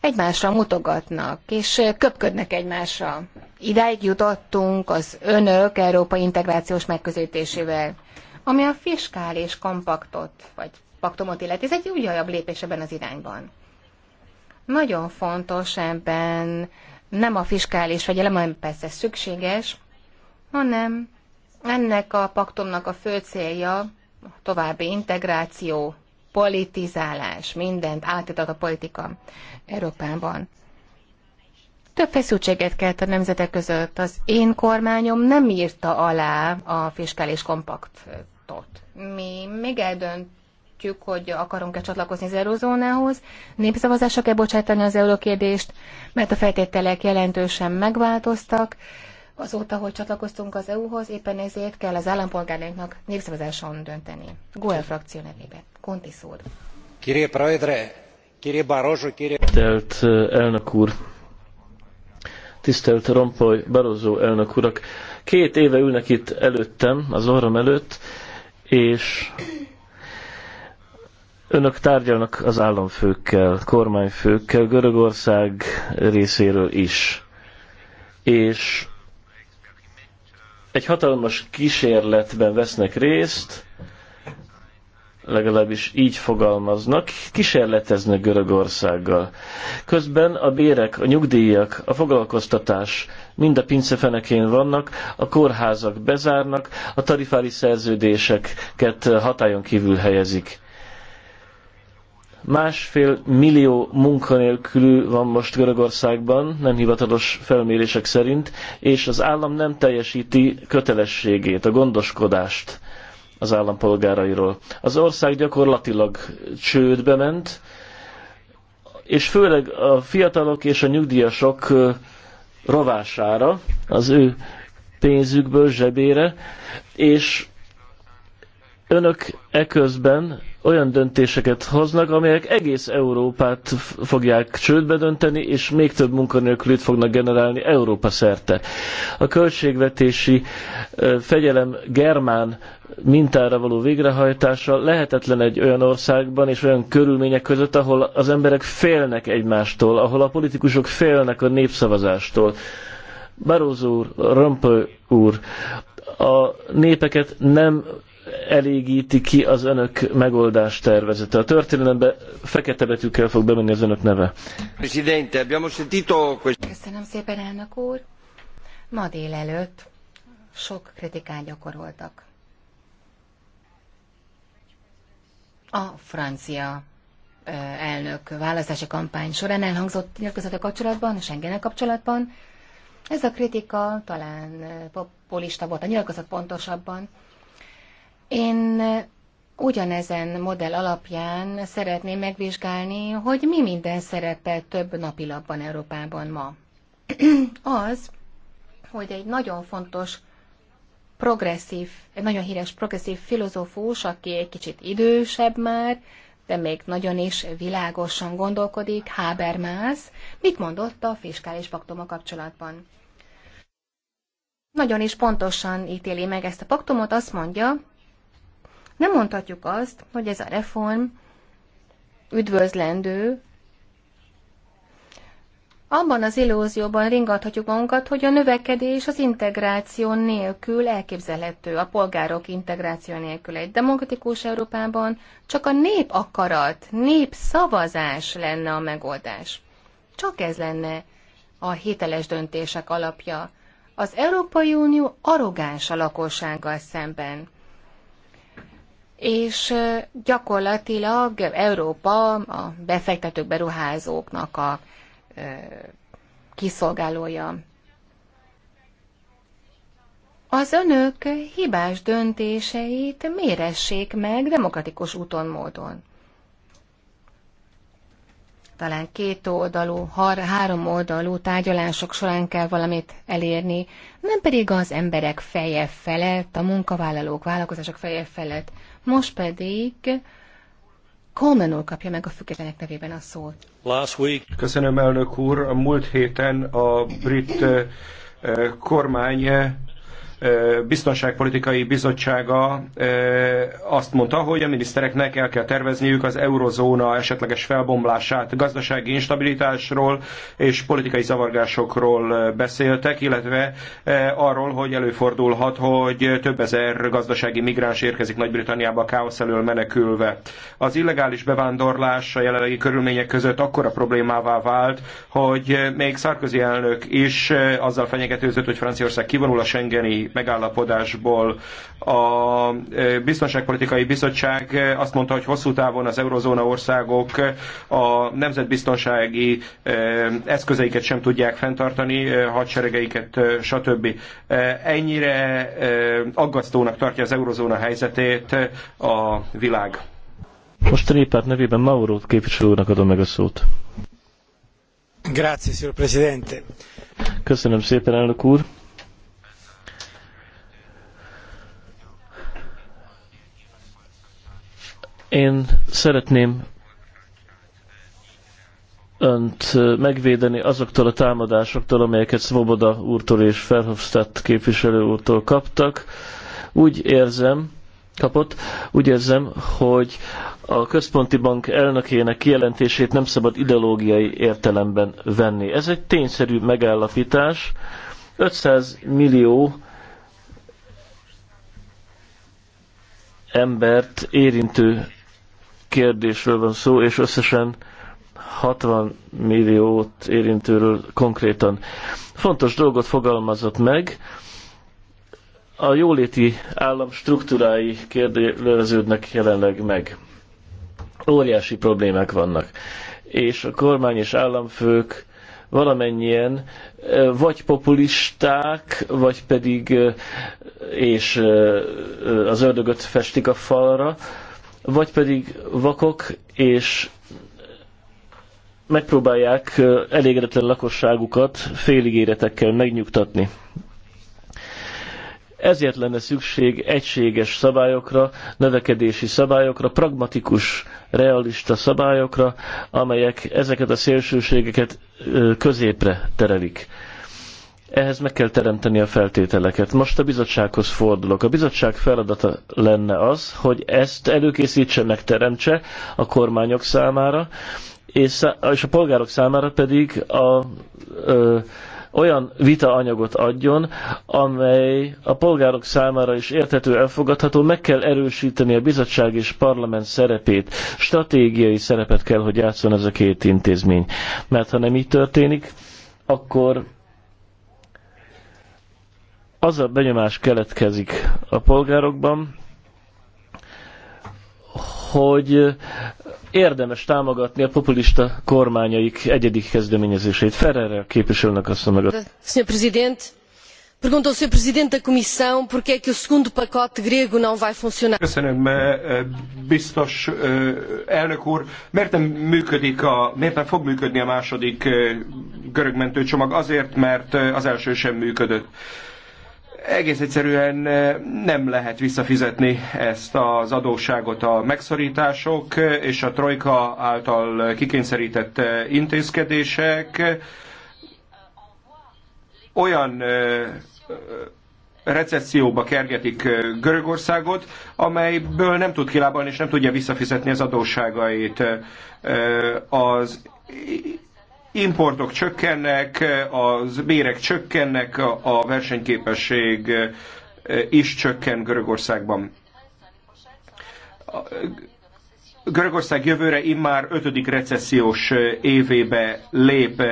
egymásra mutogatnak, és köpködnek egymásra. Idáig jutottunk az önök európai integrációs megközelítésével, ami a fiskális kompaktot, vagy paktumot illeti. Ez egy újabb lépés ebben az irányban. Nagyon fontos ebben nem a fiskális fegyelem, ami persze szükséges, hanem ennek a paktumnak a fő célja a további integráció, politizálás, mindent átított a politika Európában. Több feszültséget kelt a nemzetek között. Az én kormányom nem írta alá a fiskális kompaktot. Mi még eldöntjük, hogy akarunk-e csatlakozni az eurozónához, népszavazásra kell bocsátani az eurókérdést, mert a feltételek jelentősen megváltoztak. Azóta, hogy csatlakoztunk az EU-hoz, éppen ezért kell az állampolgárnak népszavazáson dönteni. GOEL frakció nevében. Konti úr. Kérje Praedre, kérje Barroso, kérje... Telt eh, elnök úr, tisztelt Rompoy Barozó elnök urak. Két éve ülnek itt előttem, az orrom előtt, és önök tárgyalnak az államfőkkel, kormányfőkkel, Görögország részéről is. És egy hatalmas kísérletben vesznek részt, legalábbis így fogalmaznak, kísérleteznek Görögországgal. Közben a bérek, a nyugdíjak, a foglalkoztatás mind a pincefenekén vannak, a kórházak bezárnak, a tarifári szerződéseket hatályon kívül helyezik. Másfél millió munkanélkülű van most Görögországban, nem hivatalos felmérések szerint, és az állam nem teljesíti kötelességét, a gondoskodást az állampolgárairól. Az ország gyakorlatilag csődbe ment, és főleg a fiatalok és a nyugdíjasok rovására, az ő pénzükből, zsebére, és önök eközben olyan döntéseket hoznak, amelyek egész Európát fogják csődbe dönteni, és még több munkanélkülit fognak generálni Európa szerte. A költségvetési fegyelem germán mintára való végrehajtása lehetetlen egy olyan országban és olyan körülmények között, ahol az emberek félnek egymástól, ahol a politikusok félnek a népszavazástól. Barózó úr, Römpö úr, a népeket nem elégíti ki az önök megoldás tervezete. A történelembe fekete betűkkel fog bemenni az önök neve. Köszönöm szépen, elnök úr. Ma délelőtt sok kritikát gyakoroltak. A francia elnök választási kampány során elhangzott nyilatkozata kapcsolatban, Schengennel kapcsolatban. Ez a kritika talán populista volt, a nyilatkozat pontosabban. Én ugyanezen modell alapján szeretném megvizsgálni, hogy mi minden szerepel több napilapban Európában ma. <clears throat> Az, hogy egy nagyon fontos progresszív, egy nagyon híres progresszív filozófus, aki egy kicsit idősebb már, de még nagyon is világosan gondolkodik, Habermas, mit mondott a fiskális paktuma kapcsolatban. Nagyon is pontosan ítéli meg ezt a paktumot, azt mondja, nem mondhatjuk azt, hogy ez a reform üdvözlendő, abban az illúzióban ringathatjuk magunkat, hogy a növekedés az integráció nélkül elképzelhető, a polgárok integráció nélkül. Egy demokratikus Európában csak a nép akarat, nép szavazás lenne a megoldás. Csak ez lenne a hiteles döntések alapja. Az Európai Unió arrogáns a lakossággal szemben és gyakorlatilag Európa a befektetők, beruházóknak a kiszolgálója. Az önök hibás döntéseit méressék meg demokratikus úton, módon. Talán két oldalú, har, három oldalú tárgyalások során kell valamit elérni, nem pedig az emberek feje felett, a munkavállalók, vállalkozások feje felett most pedig Coleman kapja meg a függetlenek nevében a szót. Last week. Köszönöm, elnök úr. A múlt héten a brit eh, eh, kormány eh, Biztonságpolitikai Bizottsága azt mondta, hogy a minisztereknek el kell tervezniük az eurozóna esetleges felbomlását. Gazdasági instabilitásról és politikai zavargásokról beszéltek, illetve arról, hogy előfordulhat, hogy több ezer gazdasági migráns érkezik Nagy-Britanniába káosz elől menekülve. Az illegális bevándorlás a jelenlegi körülmények között akkora problémává vált, hogy még Sarkozy elnök is azzal fenyegetőzött, hogy Franciaország kivonul a Schengeni megállapodásból. A e, Biztonságpolitikai Bizottság azt mondta, hogy hosszú távon az eurozóna országok a nemzetbiztonsági e, eszközeiket sem tudják fenntartani, e, hadseregeiket, stb. Ennyire aggasztónak tartja az eurozóna helyzetét a világ. Most a néppárt nevében Mauro képviselőnek adom meg a szót. Grazie, signor Presidente. Köszönöm szépen, elnök úr. Én szeretném önt megvédeni azoktól a támadásoktól, amelyeket Svoboda úrtól és Verhofstadt képviselő úrtól kaptak. Úgy érzem, kapott, úgy érzem, hogy a központi bank elnökének kijelentését nem szabad ideológiai értelemben venni. Ez egy tényszerű megállapítás. 500 millió embert érintő kérdésről van szó, és összesen 60 milliót érintőről konkrétan. Fontos dolgot fogalmazott meg, a jóléti állam struktúrái kérdőleződnek jelenleg meg. Óriási problémák vannak, és a kormány és államfők valamennyien vagy populisták, vagy pedig és az ördögöt festik a falra, vagy pedig vakok, és megpróbálják elégedetlen lakosságukat féligéretekkel megnyugtatni. Ezért lenne szükség egységes szabályokra, növekedési szabályokra, pragmatikus, realista szabályokra, amelyek ezeket a szélsőségeket középre terelik. Ehhez meg kell teremteni a feltételeket. Most a bizottsághoz fordulok. A bizottság feladata lenne az, hogy ezt előkészítse, megteremtse a kormányok számára, és a polgárok számára pedig a, ö, olyan vita anyagot adjon, amely a polgárok számára is érthető, elfogadható, meg kell erősíteni a bizottság és parlament szerepét, stratégiai szerepet kell, hogy játszon ez a két intézmény. Mert ha nem így történik, akkor az a benyomás keletkezik a polgárokban, hogy érdemes támogatni a populista kormányaik egyedi kezdeményezését. Ferrerre képviselnek azt mondja. Sr. President, pergunta ao Sr. Presidente da Comissão porque é que o segundo pacote grego não vai funcionar. Köszönöm, eh, eh, biztos eh, elnök úr. Miért nem, működik a, miért nem fog működni a második görögmentőcsomag? Azért, mert az első sem működött egész egyszerűen nem lehet visszafizetni ezt az adósságot a megszorítások és a trojka által kikényszerített intézkedések olyan recesszióba kergetik Görögországot, amelyből nem tud kilábalni és nem tudja visszafizetni az adósságait. Az importok csökkennek, az bérek csökkennek, a versenyképesség is csökken Görögországban. Görögország jövőre immár ötödik recessziós évébe lép.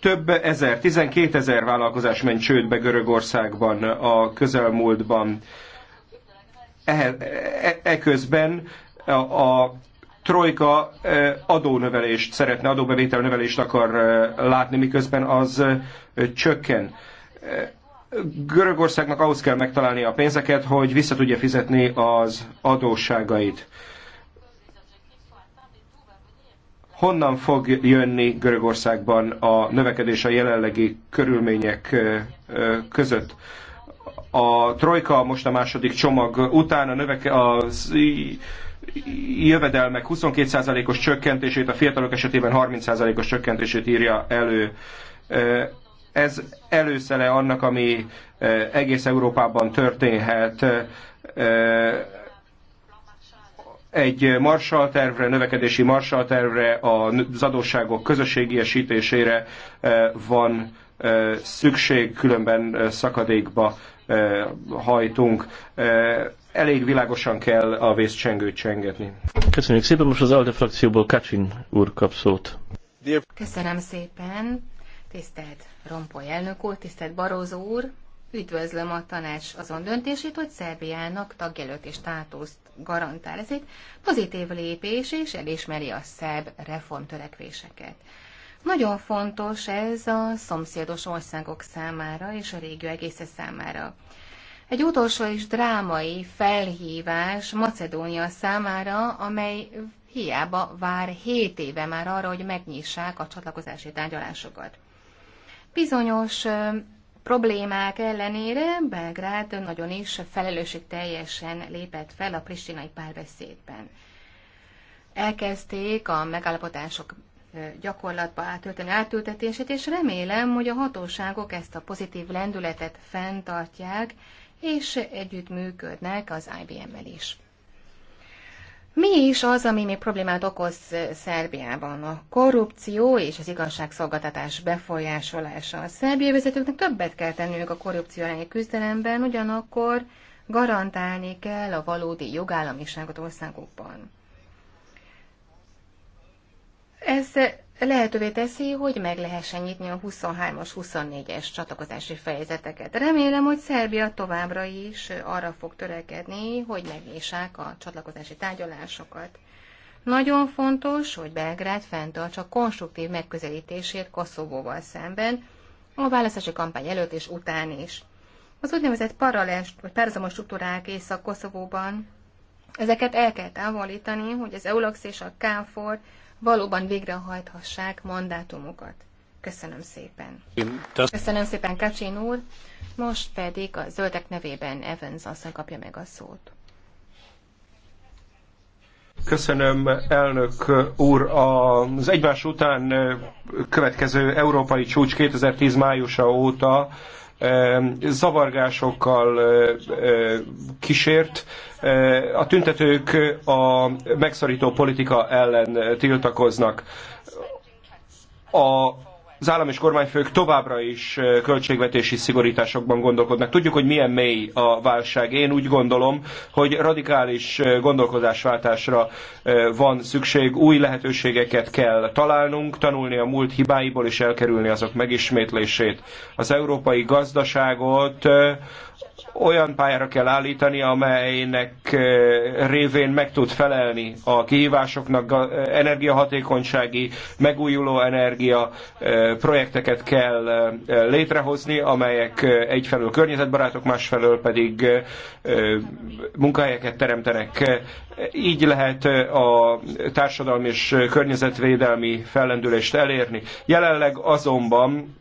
Több ezer, 12 ezer vállalkozás ment csődbe Görögországban a közelmúltban. Eközben a, a trojka e, adónövelést szeretne, adóbevétel növelést akar e, látni, miközben az e, csökken. Görögországnak ahhoz kell megtalálni a pénzeket, hogy vissza tudja fizetni az adósságait. Honnan fog jönni Görögországban a növekedés a jelenlegi körülmények között? A trojka most a második csomag után a, növeke, az jövedelmek 22%-os csökkentését, a fiatalok esetében 30%-os csökkentését írja elő. Ez előszele annak, ami egész Európában történhet egy marsaltervre, növekedési marsaltervre, az adósságok közösségiesítésére van szükség, különben szakadékba hajtunk elég világosan kell a vészcsengőt csengetni. Köszönjük szépen, most az ALDE frakcióból Kacsin úr kap szót. Köszönöm szépen, tisztelt Rompoly elnök úr, tisztelt Barózó úr, üdvözlöm a tanács azon döntését, hogy Szerbiának és státuszt garantál. Ez egy pozitív lépés, és elismeri a szerb reformtörekvéseket. Nagyon fontos ez a szomszédos országok számára és a régió egésze számára. Egy utolsó és drámai felhívás Macedónia számára, amely hiába vár hét éve már arra, hogy megnyissák a csatlakozási tárgyalásokat. Bizonyos problémák ellenére Belgrád nagyon is teljesen lépett fel a pristinai párbeszédben. Elkezdték a megállapodások gyakorlatba átölteni átültetését, és remélem, hogy a hatóságok ezt a pozitív lendületet fenntartják, és együttműködnek az IBM-mel is. Mi is az, ami még problémát okoz Szerbiában? A korrupció és az igazságszolgáltatás befolyásolása. A szerbiai vezetőknek többet kell tenniük a korrupció elleni küzdelemben, ugyanakkor garantálni kell a valódi jogállamiságot országokban. Ez lehetővé teszi, hogy meg lehessen nyitni a 23-as, 24-es csatlakozási fejezeteket. Remélem, hogy Szerbia továbbra is arra fog törekedni, hogy megnyissák a csatlakozási tárgyalásokat. Nagyon fontos, hogy Belgrád fenntartsa konstruktív megközelítését Koszovóval szemben, a választási kampány előtt és után is. Az úgynevezett paralel vagy párhuzamos struktúrák észak-Koszovóban, ezeket el kell távolítani, hogy az EULAX és a KFOR valóban végrehajthassák mandátumukat. Köszönöm szépen. Köszönöm szépen, Kacsin úr. Most pedig a zöldek nevében Evans asszony kapja meg a szót. Köszönöm, elnök úr. Az egymás után következő európai csúcs 2010 májusa óta zavargásokkal kísért. A tüntetők a megszorító politika ellen tiltakoznak. A az állam és kormányfők továbbra is költségvetési szigorításokban gondolkodnak. Tudjuk, hogy milyen mély a válság. Én úgy gondolom, hogy radikális gondolkodásváltásra van szükség, új lehetőségeket kell találnunk, tanulni a múlt hibáiból és elkerülni azok megismétlését. Az európai gazdaságot olyan pályára kell állítani, amelynek révén meg tud felelni a kihívásoknak, energiahatékonysági, megújuló energia projekteket kell létrehozni, amelyek egyfelől környezetbarátok, másfelől pedig munkahelyeket teremtenek. Így lehet a társadalmi és környezetvédelmi fellendülést elérni. Jelenleg azonban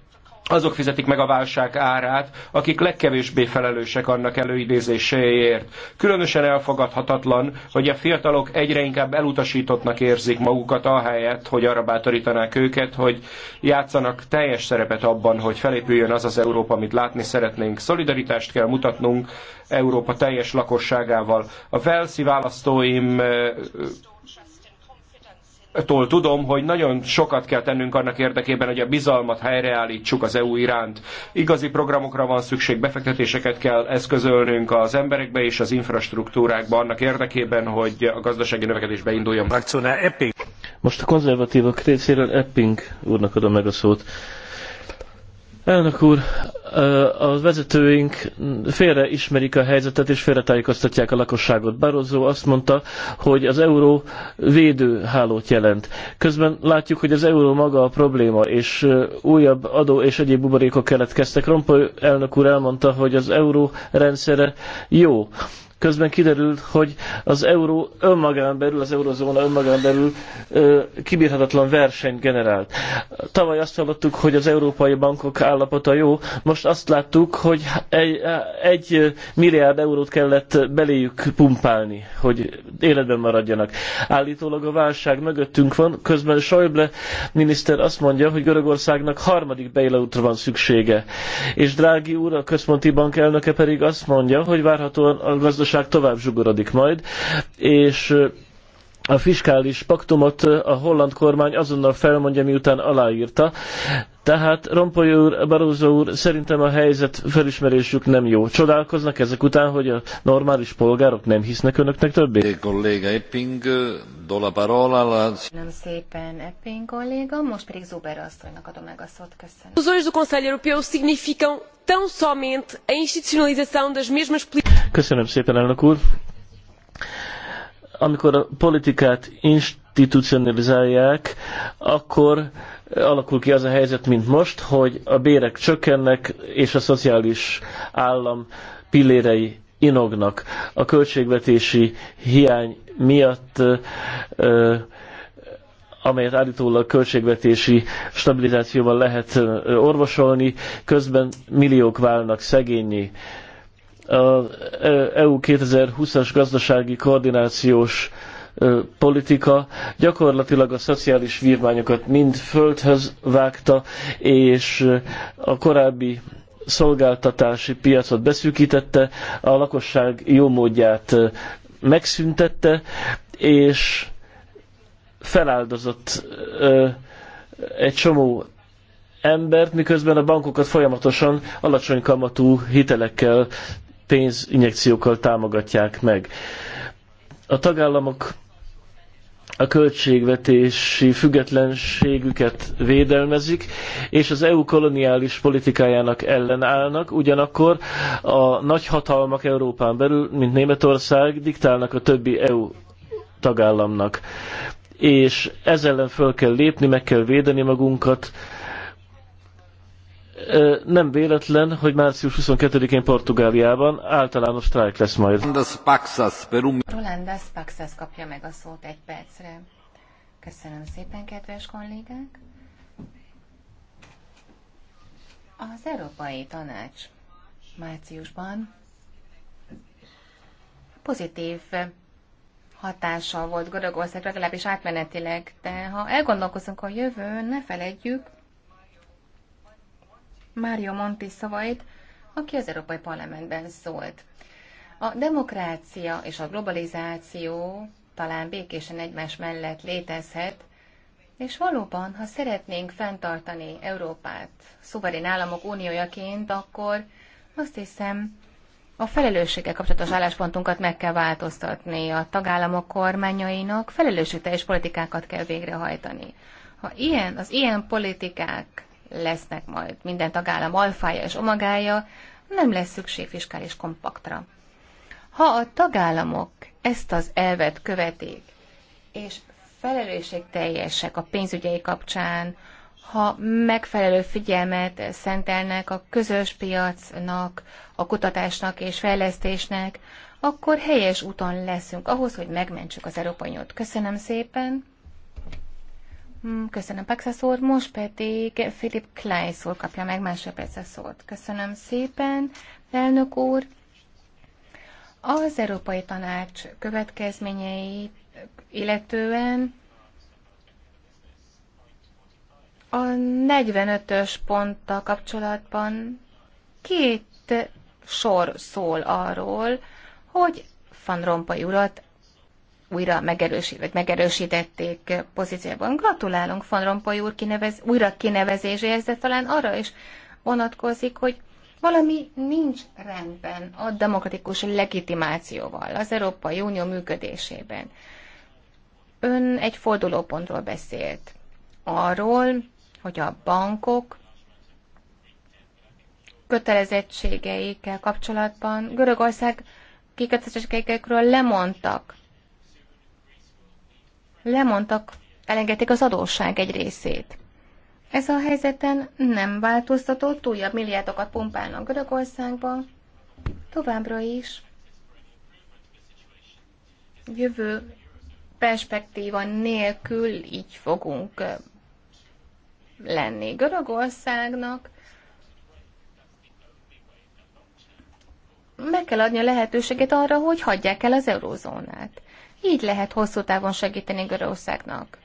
azok fizetik meg a válság árát, akik legkevésbé felelősek annak előidézéséért. Különösen elfogadhatatlan, hogy a fiatalok egyre inkább elutasítottnak érzik magukat ahelyett, hogy arra bátorítanák őket, hogy játszanak teljes szerepet abban, hogy felépüljön az az Európa, amit látni szeretnénk. Szolidaritást kell mutatnunk Európa teljes lakosságával. A Velszi választóim tól tudom, hogy nagyon sokat kell tennünk annak érdekében, hogy a bizalmat helyreállítsuk az EU iránt. Igazi programokra van szükség, befektetéseket kell eszközölnünk az emberekbe és az infrastruktúrákba annak érdekében, hogy a gazdasági növekedés beinduljon. Most a konzervatívok részéről Epping úrnak adom meg a szót. Elnök úr, a vezetőink félre ismerik a helyzetet és félretájékoztatják a lakosságot. Barroso azt mondta, hogy az euró védőhálót jelent. Közben látjuk, hogy az euró maga a probléma, és újabb adó és egyéb buborékok keletkeztek. Rompoy elnök úr elmondta, hogy az euró rendszere jó. Közben kiderült, hogy az euró önmagán belül, az eurozóna önmagán belül ö, kibírhatatlan versenyt generált. Tavaly azt hallottuk, hogy az európai bankok állapota jó, most azt láttuk, hogy egy, egy milliárd eurót kellett beléjük pumpálni, hogy életben maradjanak. Állítólag a válság mögöttünk van, közben Schäuble miniszter azt mondja, hogy Görögországnak harmadik bailoutra van szüksége. És Drági úr, a központi bank elnöke pedig azt mondja, hogy várhatóan a gazdaság gazdaság tovább zsugorodik majd, és a fiskális paktumot a holland kormány azonnal felmondja, miután aláírta. Tehát Rompoly úr, Barózó úr, szerintem a helyzet felismerésük nem jó. Csodálkoznak ezek után, hogy a normális polgárok nem hisznek önöknek többé? Kolléga Epping, dola parola. Nem szépen, Epping kolléga, most pedig Zuber asszonynak adom meg a szót, köszönöm. Az olhos do Conselho Europeu significam tão somente a institucionalização das mesmas políticas. Köszönöm szépen, elnök úr amikor a politikát institucionalizálják, akkor alakul ki az a helyzet, mint most, hogy a bérek csökkennek, és a szociális állam pillérei inognak. A költségvetési hiány miatt ö, amelyet állítólag költségvetési stabilizációval lehet orvosolni, közben milliók válnak szegényé az EU 2020-as gazdasági koordinációs e, politika gyakorlatilag a szociális vívmányokat mind földhöz vágta, és a korábbi szolgáltatási piacot beszűkítette, a lakosság jó módját e, megszüntette, és feláldozott e, egy csomó embert, miközben a bankokat folyamatosan alacsony kamatú hitelekkel pénzinjekciókkal támogatják meg. A tagállamok a költségvetési függetlenségüket védelmezik, és az EU koloniális politikájának ellen állnak. ugyanakkor a nagyhatalmak Európán belül, mint Németország, diktálnak a többi EU tagállamnak. És ezzel ellen föl kell lépni, meg kell védeni magunkat, nem véletlen, hogy március 22-én Portugáliában általános sztrájk lesz majd. Rolandas Paxas kapja meg a szót egy percre. Köszönöm szépen, kedves kollégák! Az Európai Tanács márciusban pozitív hatással volt Görögország, legalábbis átmenetileg, de ha elgondolkozunk a jövőn, ne felejtjük, Mário Monti szavait, aki az Európai Parlamentben szólt. A demokrácia és a globalizáció talán békésen egymás mellett létezhet, és valóban, ha szeretnénk fenntartani Európát szuverén államok uniójaként, akkor azt hiszem, a felelősséggel kapcsolatos álláspontunkat meg kell változtatni. A tagállamok kormányainak felelősségteljes politikákat kell végrehajtani. Ha ilyen, az ilyen politikák lesznek majd minden tagállam alfája és omagája, nem lesz szükség fiskális kompaktra. Ha a tagállamok ezt az elvet követik, és felelősségteljesek a pénzügyei kapcsán, ha megfelelő figyelmet szentelnek a közös piacnak, a kutatásnak és fejlesztésnek, akkor helyes úton leszünk ahhoz, hogy megmentsük az Európai Uniót. Köszönöm szépen! Mm, köszönöm, Paxas úr. Most pedig Filip Kleisz úr kapja meg másodperces szót. Köszönöm szépen, elnök úr. Az Európai Tanács következményei illetően a 45-ös ponttal kapcsolatban két sor szól arról, hogy Van Rompuy urat újra megerősít, vagy megerősítették pozícióban. Gratulálunk Van Rompuy úr kinevez, újra kinevezéséhez, de talán arra is vonatkozik, hogy valami nincs rendben a demokratikus legitimációval, az Európai Unió működésében. Ön egy fordulópontról beszélt. Arról, hogy a bankok kötelezettségeikkel kapcsolatban Görögország kikötelezettségeikről lemondtak lemondtak, elengedték az adósság egy részét. Ez a helyzeten nem változtatott, újabb milliárdokat pumpálnak Görögországba, továbbra is jövő perspektíva nélkül így fogunk lenni. Görögországnak meg kell adni a lehetőséget arra, hogy hagyják el az eurózónát. Így lehet hosszú távon segíteni Görögországnak.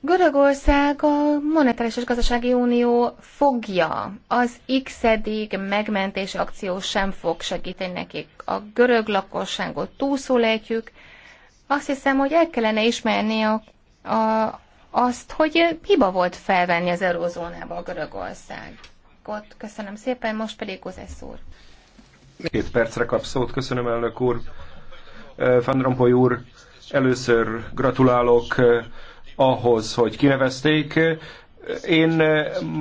Görögország a monetáris és gazdasági unió fogja, az x megmentés akció sem fog segíteni nekik. A görög lakosságot túlszólítjük. Azt hiszem, hogy el kellene ismerni a, a, azt, hogy hiba volt felvenni az eurózónába a Görögországot. Köszönöm szépen, most pedig Gozesz úr. Két percre kap szót, köszönöm elnök úr. Van Rompuy úr, először gratulálok eh, ahhoz, hogy kinevezték én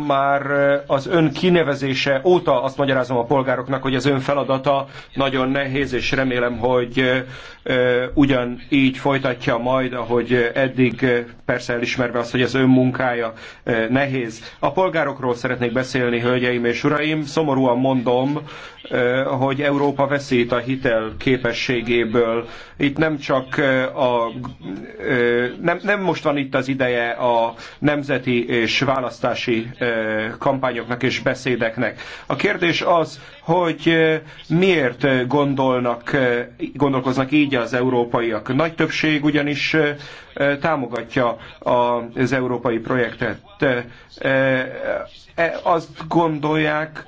már az ön kinevezése óta azt magyarázom a polgároknak, hogy az ön feladata nagyon nehéz, és remélem, hogy ugyan így folytatja majd, ahogy eddig persze elismerve azt, hogy az ön munkája nehéz. A polgárokról szeretnék beszélni, hölgyeim és uraim. Szomorúan mondom, hogy Európa veszít a hitel képességéből. Itt nem csak a... Nem, nem most van itt az ideje a nemzeti és és választási kampányoknak és beszédeknek. A kérdés az, hogy miért gondolnak, gondolkoznak így az európaiak. Nagy többség ugyanis támogatja az európai projektet. E, azt gondolják,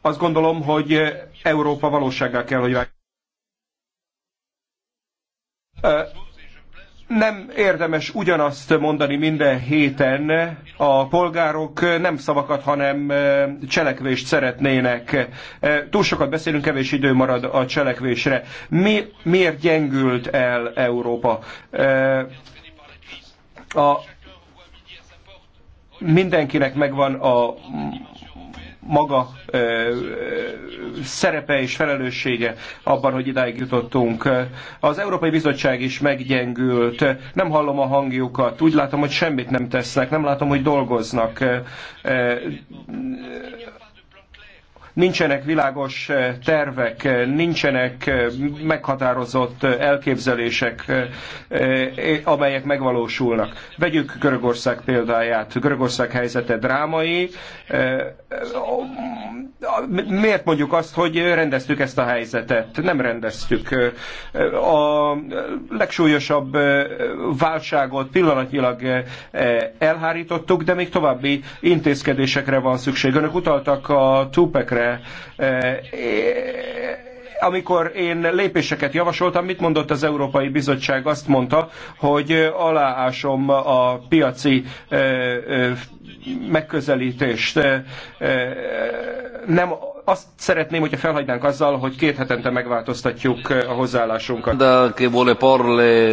azt gondolom, hogy Európa valósággá kell, hogy nem érdemes ugyanazt mondani minden héten. A polgárok nem szavakat, hanem cselekvést szeretnének. Túl sokat beszélünk, kevés idő marad a cselekvésre. Mi, miért gyengült el Európa? A, mindenkinek megvan a maga szerepe és felelőssége abban, hogy idáig jutottunk. Az Európai Bizottság is meggyengült, nem hallom a hangjukat, úgy látom, hogy semmit nem tesznek, nem látom, hogy dolgoznak nincsenek világos eh, tervek, eh, nincsenek eh, meghatározott elképzelések, amelyek megvalósulnak. Vegyük Görögország példáját. Görögország helyzete drámai. Miért mondjuk azt, hogy rendeztük ezt a helyzetet? Nem rendeztük. A legsúlyosabb válságot pillanatnyilag elhárítottuk, de még további intézkedésekre van szükség. Önök utaltak a túpekre évre. E, amikor én lépéseket javasoltam, mit mondott az Európai Bizottság? Azt mondta, hogy aláásom a piaci e, e, megközelítést. Nem azt szeretném, hogyha felhagynánk azzal, hogy két hetente megváltoztatjuk a hozzáállásunkat. De che vuole porle...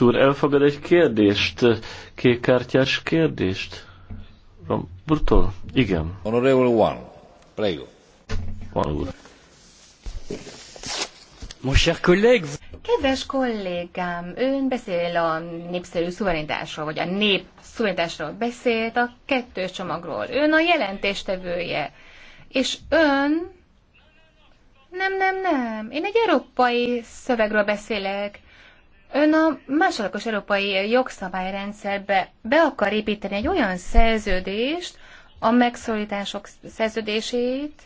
úr, elfogad egy kérdést, kékkártyás kérdést? Burtól? Igen. Honorable One, prego. Kedves kollégám, ön beszél a népszerű szuverenitásról, vagy a nép szuverenitásról beszélt, a kettős csomagról. Ön a jelentéstevője, és ön... Nem, nem, nem. Én egy európai szövegről beszélek. Ön a másodlagos európai jogszabályrendszerbe be akar építeni egy olyan szerződést, a megszorítások szerződését,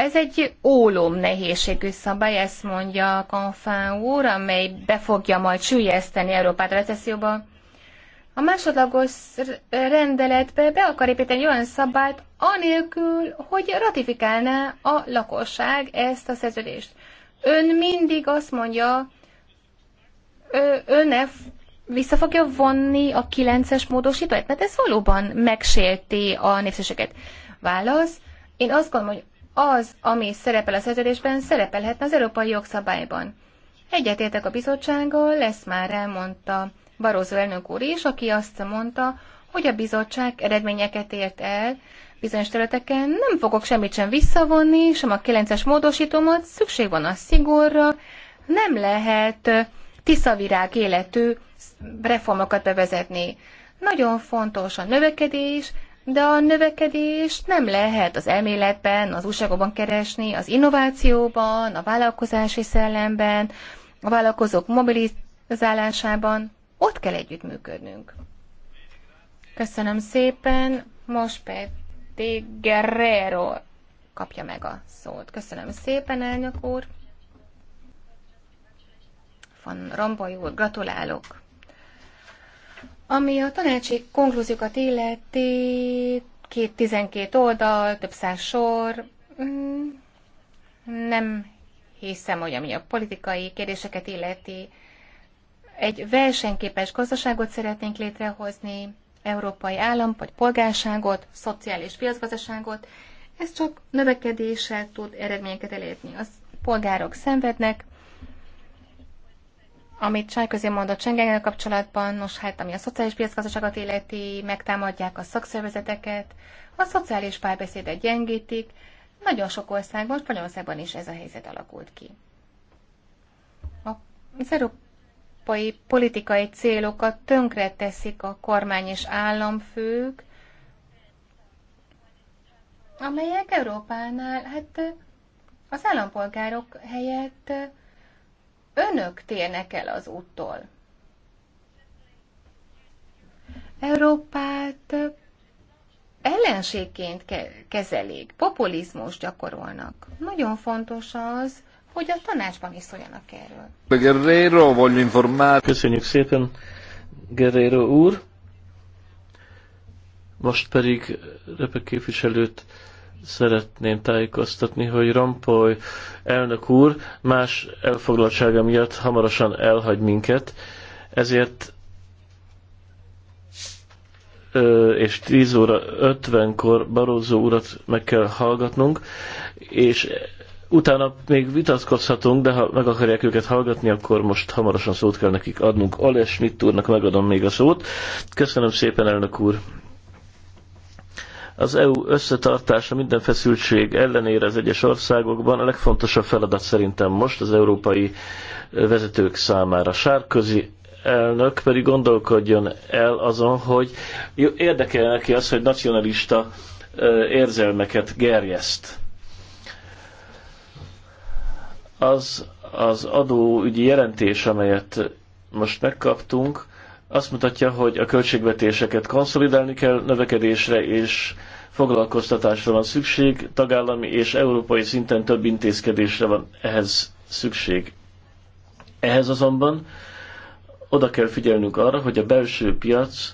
ez egy ólom nehézségű szabály, ezt mondja Kanfán úr, amely be fogja majd sűjeszteni Európát recesszióba. A másodlagos rendeletbe be akar építeni olyan szabályt, anélkül, hogy ratifikálná a lakosság ezt a szerződést. Ön mindig azt mondja, ön vissza fogja vonni a kilences es mert ez valóban megsérti a népszerűséget. Válasz, én azt gondolom, hogy az, ami szerepel a szerződésben, szerepelhetne az európai jogszabályban. Egyetértek a bizottsággal, lesz már elmondta Barozó elnök úr is, aki azt mondta, hogy a bizottság eredményeket ért el bizonyos területeken, nem fogok semmit sem visszavonni, sem a 9-es módosítomat, szükség van a szigorra, nem lehet tiszavirág életű reformokat bevezetni. Nagyon fontos a növekedés, de a növekedést nem lehet az elméletben, az újságokban keresni, az innovációban, a vállalkozási szellemben, a vállalkozók mobilizálásában. Ott kell együttműködnünk. Köszönöm szépen, most pedig Guerrero kapja meg a szót. Köszönöm szépen, elnök úr. Van Romboy úr, gratulálok ami a tanácsi konklúziókat illeti, két tizenkét oldal, több száz sor, mm, nem hiszem, hogy ami a politikai kérdéseket illeti, egy versenyképes gazdaságot szeretnénk létrehozni, európai állam vagy polgárságot, szociális piacgazdaságot, ez csak növekedéssel tud eredményeket elérni. Az polgárok szenvednek, amit Sárközi mondott Schengen-el kapcsolatban, nos hát ami a szociális piacgazdaságot illeti, megtámadják a szakszervezeteket, a szociális párbeszédet gyengítik, nagyon sok országban, Spanyolországban is ez a helyzet alakult ki. Az európai politikai célokat tönkre teszik a kormány és államfők, amelyek Európánál, hát az állampolgárok helyett önök térnek el az úttól. Európát ellenségként kezelik, populizmus gyakorolnak. Nagyon fontos az, hogy a tanácsban is szóljanak erről. Guerrero, voglio informare. Köszönjük szépen, Guerrero úr. Most pedig repek képviselőt szeretném tájékoztatni, hogy Rampoly elnök úr más elfoglaltsága miatt hamarosan elhagy minket, ezért és 10 óra 50-kor Barózó urat meg kell hallgatnunk, és utána még vitatkozhatunk, de ha meg akarják őket hallgatni, akkor most hamarosan szót kell nekik adnunk. Ales Schmidt úrnak megadom még a szót. Köszönöm szépen, elnök úr! Az EU összetartása minden feszültség ellenére az egyes országokban a legfontosabb feladat szerintem most az európai vezetők számára. Sárközi elnök pedig gondolkodjon el azon, hogy érdekel neki az, hogy nacionalista érzelmeket gerjeszt. Az az adóügyi jelentés, amelyet most megkaptunk, azt mutatja, hogy a költségvetéseket konszolidálni kell, növekedésre és foglalkoztatásra van szükség, tagállami és európai szinten több intézkedésre van ehhez szükség. Ehhez azonban oda kell figyelnünk arra, hogy a belső piac,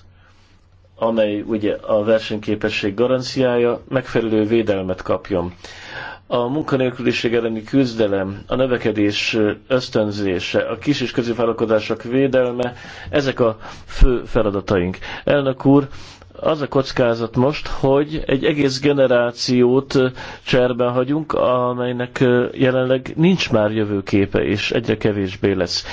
amely ugye a versenyképesség garanciája, megfelelő védelmet kapjon a munkanélküliség elleni küzdelem, a növekedés ösztönzése, a kis és középvállalkozások védelme, ezek a fő feladataink. Elnök úr, az a kockázat most, hogy egy egész generációt cserben hagyunk, amelynek jelenleg nincs már jövőképe, és egyre kevésbé lesz.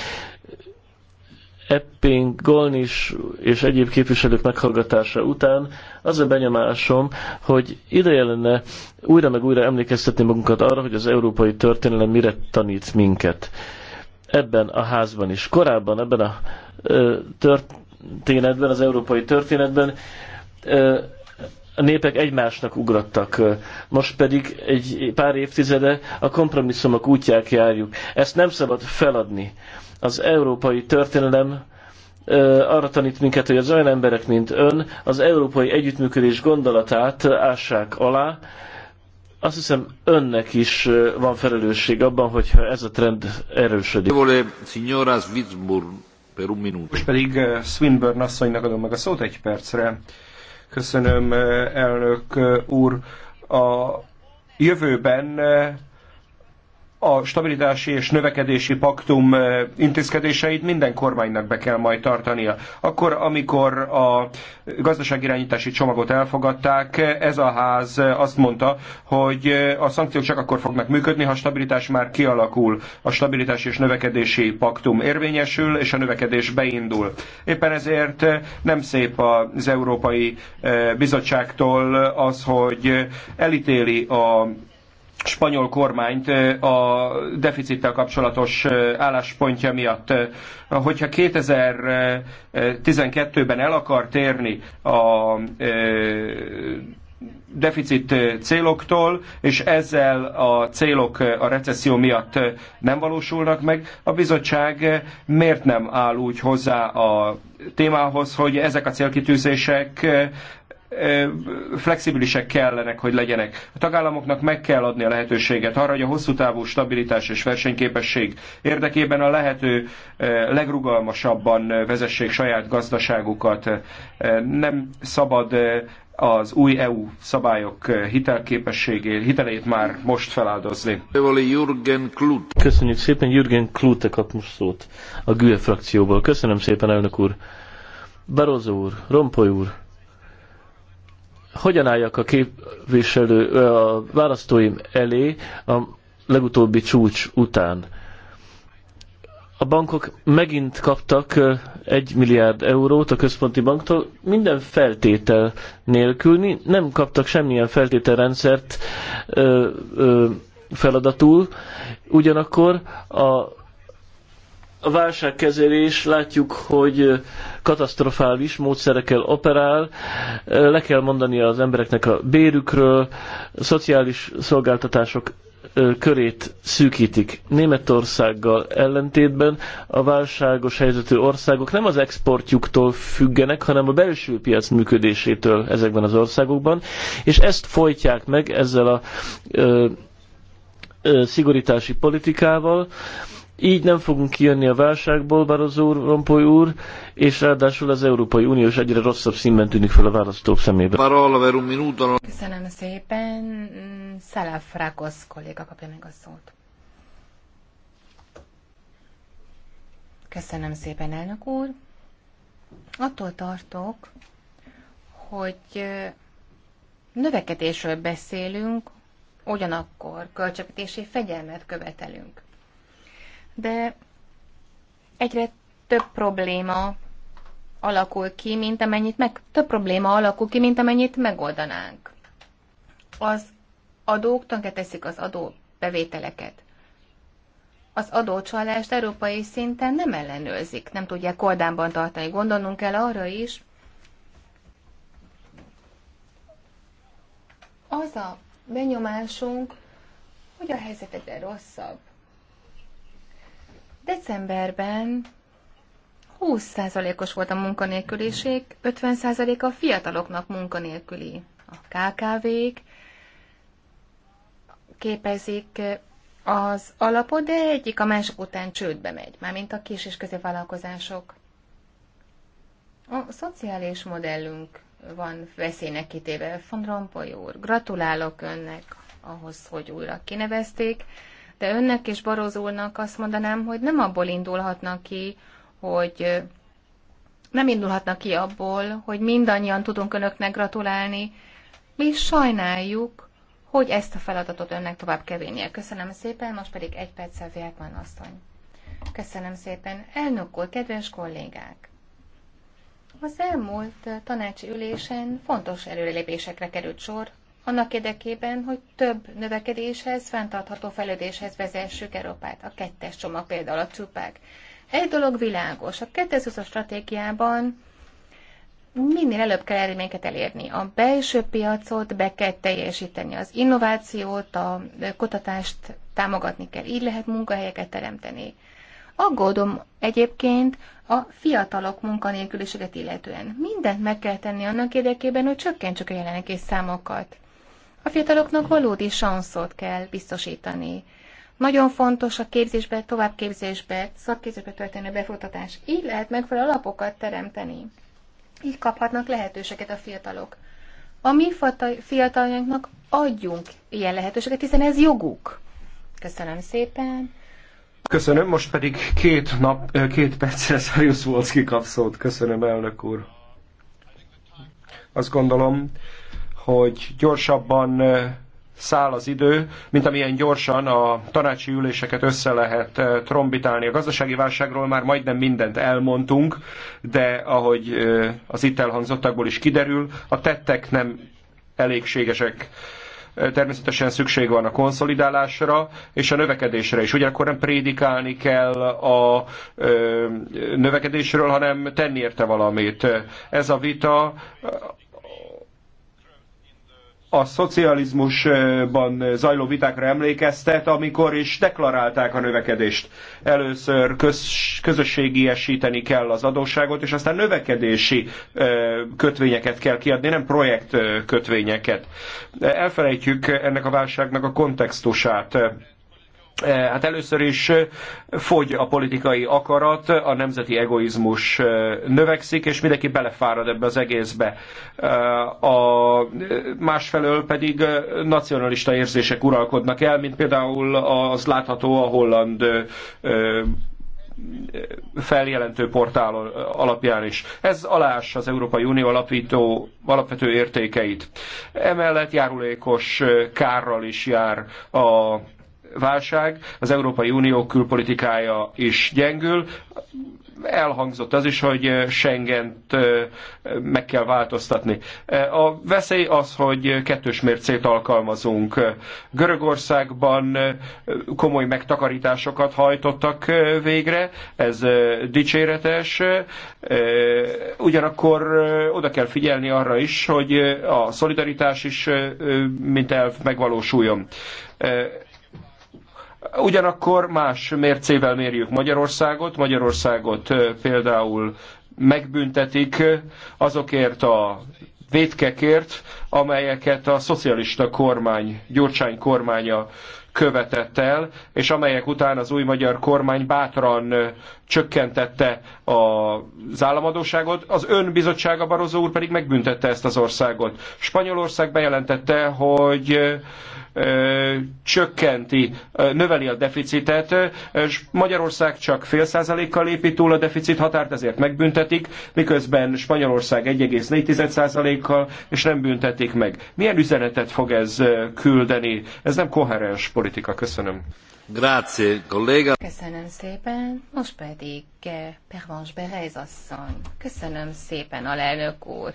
Epping, Golnis és egyéb képviselők meghallgatása után az a benyomásom, hogy ideje lenne újra meg újra emlékeztetni magunkat arra, hogy az európai történelem mire tanít minket. Ebben a házban is. Korábban ebben a történetben, az európai történetben a népek egymásnak ugrattak. Most pedig egy pár évtizede a kompromisszumok útját járjuk. Ezt nem szabad feladni az európai történelem arra tanít minket, hogy az olyan emberek, mint ön, az európai együttműködés gondolatát ássák alá. Azt hiszem, önnek is van felelősség abban, hogyha ez a trend erősödik. Signora Most pedig Swinburne asszonynak adom meg a szót egy percre. Köszönöm, elnök úr. A jövőben a stabilitási és növekedési paktum eh, intézkedéseit minden kormánynak be kell majd tartania. Akkor, amikor a gazdaságirányítási csomagot elfogadták, eh, ez a ház eh, azt mondta, hogy a szankciók csak akkor fognak működni, ha a stabilitás már kialakul, a stabilitási és növekedési paktum érvényesül, és a növekedés beindul. Éppen ezért nem szép az Európai Bizottságtól az, hogy elítéli a spanyol kormányt a deficittel kapcsolatos álláspontja miatt. Hogyha 2012-ben el akar térni a deficit céloktól, és ezzel a célok a recesszió miatt nem valósulnak meg. A bizottság miért nem áll úgy hozzá a témához, hogy ezek a célkitűzések flexibilisek kellenek, hogy legyenek. A tagállamoknak meg kell adni a lehetőséget arra, hogy a hosszú távú stabilitás és versenyképesség érdekében a lehető legrugalmasabban vezessék saját gazdaságukat. Nem szabad az új EU szabályok hitelképességét, hitelét már most feláldozni. Jürgen Klut. Köszönjük szépen, Jürgen Klute kap most szót a GÜE frakcióból. Köszönöm szépen, elnök úr. Barozó úr, Rompoly úr, hogyan álljak a képviselő, a választóim elé a legutóbbi csúcs után. A bankok megint kaptak egy milliárd eurót a központi banktól, minden feltétel nélkül, nem kaptak semmilyen feltételrendszert feladatul, ugyanakkor a a válságkezelés látjuk, hogy katasztrofális módszerekkel operál, le kell mondani az embereknek a bérükről, a szociális szolgáltatások körét szűkítik. Németországgal ellentétben a válságos helyzetű országok nem az exportjuktól függenek, hanem a belső piac működésétől ezekben az országokban, és ezt folytják meg ezzel a ö, ö, szigorítási politikával, így nem fogunk kijönni a válságból, Barozó úr, Rompoly úr, és ráadásul az Európai Unió is egyre rosszabb színben tűnik fel a választók szemébe. Köszönöm szépen. Szelef Rákosz kolléga kapja meg a szót. Köszönöm szépen, elnök úr. Attól tartok, hogy növekedésről beszélünk, ugyanakkor költségvetési fegyelmet követelünk de egyre több probléma alakul ki, mint amennyit meg, több probléma alakul ki, mint amennyit megoldanánk. Az adók tönkreteszik az bevételeket. Az adócsalást európai szinten nem ellenőrzik, nem tudják kordánban tartani. Gondolnunk kell arra is, az a benyomásunk, hogy a helyzet egyre rosszabb. Decemberben 20%-os volt a munkanélküliség, 50% a fiataloknak munkanélküli. A KKV-k képezik az alapot, de egyik a másik után csődbe megy, mármint a kis és középvállalkozások. A szociális modellünk van veszélynek kitéve. Van Rompuy úr, gratulálok önnek ahhoz, hogy újra kinevezték de önnek és Barozulnak azt mondanám, hogy nem abból indulhatnak ki, hogy nem indulhatnak ki abból, hogy mindannyian tudunk önöknek gratulálni. Mi sajnáljuk, hogy ezt a feladatot önnek tovább kevénie. Köszönöm szépen, most pedig egy perccel Vélkman asszony. Köszönöm szépen. Elnök úr, kedves kollégák! Az elmúlt tanácsi ülésen fontos előrelépésekre került sor annak érdekében, hogy több növekedéshez, fenntartható fejlődéshez vezessük Európát. A kettes csomag például a csupák. Egy dolog világos, a 2020-as stratégiában minél előbb kell eredményeket elérni. A belső piacot be kell teljesíteni, az innovációt, a kutatást támogatni kell, így lehet munkahelyeket teremteni. Aggódom egyébként a fiatalok munkanélküliséget illetően. Mindent meg kell tenni annak érdekében, hogy csökkentsük a jelenlegi számokat. A fiataloknak valódi sanszot kell biztosítani. Nagyon fontos a képzésbe, továbbképzésbe, szakképzésbe történő befutatás. Így lehet megfelelő alapokat teremteni. Így kaphatnak lehetőséget a fiatalok. A mi fiataljainknak adjunk ilyen lehetőséget, hiszen ez joguk. Köszönöm szépen. Köszönöm, most pedig két, nap, két percre Szarius Wolski kap szót. Köszönöm, elnök úr. Azt gondolom, hogy gyorsabban száll az idő, mint amilyen gyorsan a tanácsi üléseket össze lehet trombitálni. A gazdasági válságról már majdnem mindent elmondtunk, de ahogy az itt elhangzottakból is kiderül, a tettek nem elégségesek. Természetesen szükség van a konszolidálásra és a növekedésre is. Ugyanakkor nem prédikálni kell a növekedésről, hanem tenni érte valamit. Ez a vita a szocializmusban zajló vitákra emlékeztet, amikor is deklarálták a növekedést. Először köz, közösségiesíteni kell az adósságot, és aztán növekedési kötvényeket kell kiadni, nem projekt kötvényeket. Elfelejtjük ennek a válságnak a kontextusát Eh, hát először is eh, fogy a politikai akarat, a nemzeti egoizmus eh, növekszik, és mindenki belefárad ebbe az egészbe. A másfelől pedig nacionalista érzések uralkodnak el, mint például az látható a holland feljelentő portál alapján is. Ez alás az Európai Unió alapító, alapvető értékeit. Emellett járulékos kárral is jár a válság, az Európai Unió külpolitikája is gyengül. Elhangzott az is, hogy eh, Schengent eh, meg kell változtatni. Eh, a veszély az, hogy kettős mércét alkalmazunk. Görögországban komoly megtakarításokat hajtottak végre, ez dicséretes. Ugyanakkor oda kell figyelni arra is, hogy a szolidaritás is, mint elv, megvalósuljon Ugyanakkor más mércével mérjük Magyarországot. Magyarországot például megbüntetik azokért a vétkekért, amelyeket a szocialista kormány, Gyurcsány kormánya követett el, és amelyek után az új magyar kormány bátran csökkentette az államadóságot, az ön bizottsága Barozó úr pedig megbüntette ezt az országot. Spanyolország bejelentette, hogy csökkenti, növeli a deficitet. Magyarország csak fél százalékkal lépi túl a deficit határt, ezért megbüntetik, miközben Spanyolország 1,4 százalékkal, és nem büntetik meg. Milyen üzenetet fog ez küldeni? Ez nem koherens politika. Köszönöm. Köszönöm szépen. Most pedig eh, Pervans Berez asszony. Köszönöm szépen, alelnök úr.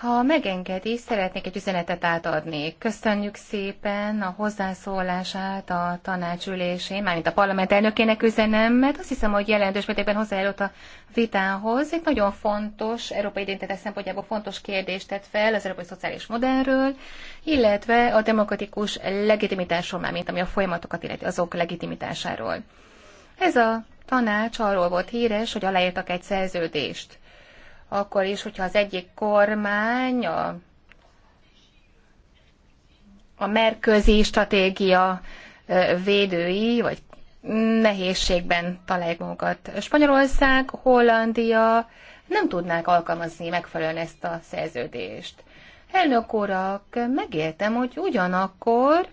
Ha megengedi, szeretnék egy üzenetet átadni. Köszönjük szépen a hozzászólását a tanácsülésén, mármint a parlament elnökének üzenem, mert azt hiszem, hogy jelentős mértékben hozzájárult a vitához. Egy nagyon fontos, európai identitás szempontjából fontos kérdést tett fel az európai szociális modellről, illetve a demokratikus legitimitásról, mármint ami a folyamatokat illeti azok legitimitásáról. Ez a tanács arról volt híres, hogy aláírtak egy szerződést akkor is, hogyha az egyik kormány a, a merközi stratégia védői, vagy nehézségben találják magukat. Spanyolország, Hollandia nem tudnák alkalmazni megfelelően ezt a szerződést. Elnök urak, megértem, hogy ugyanakkor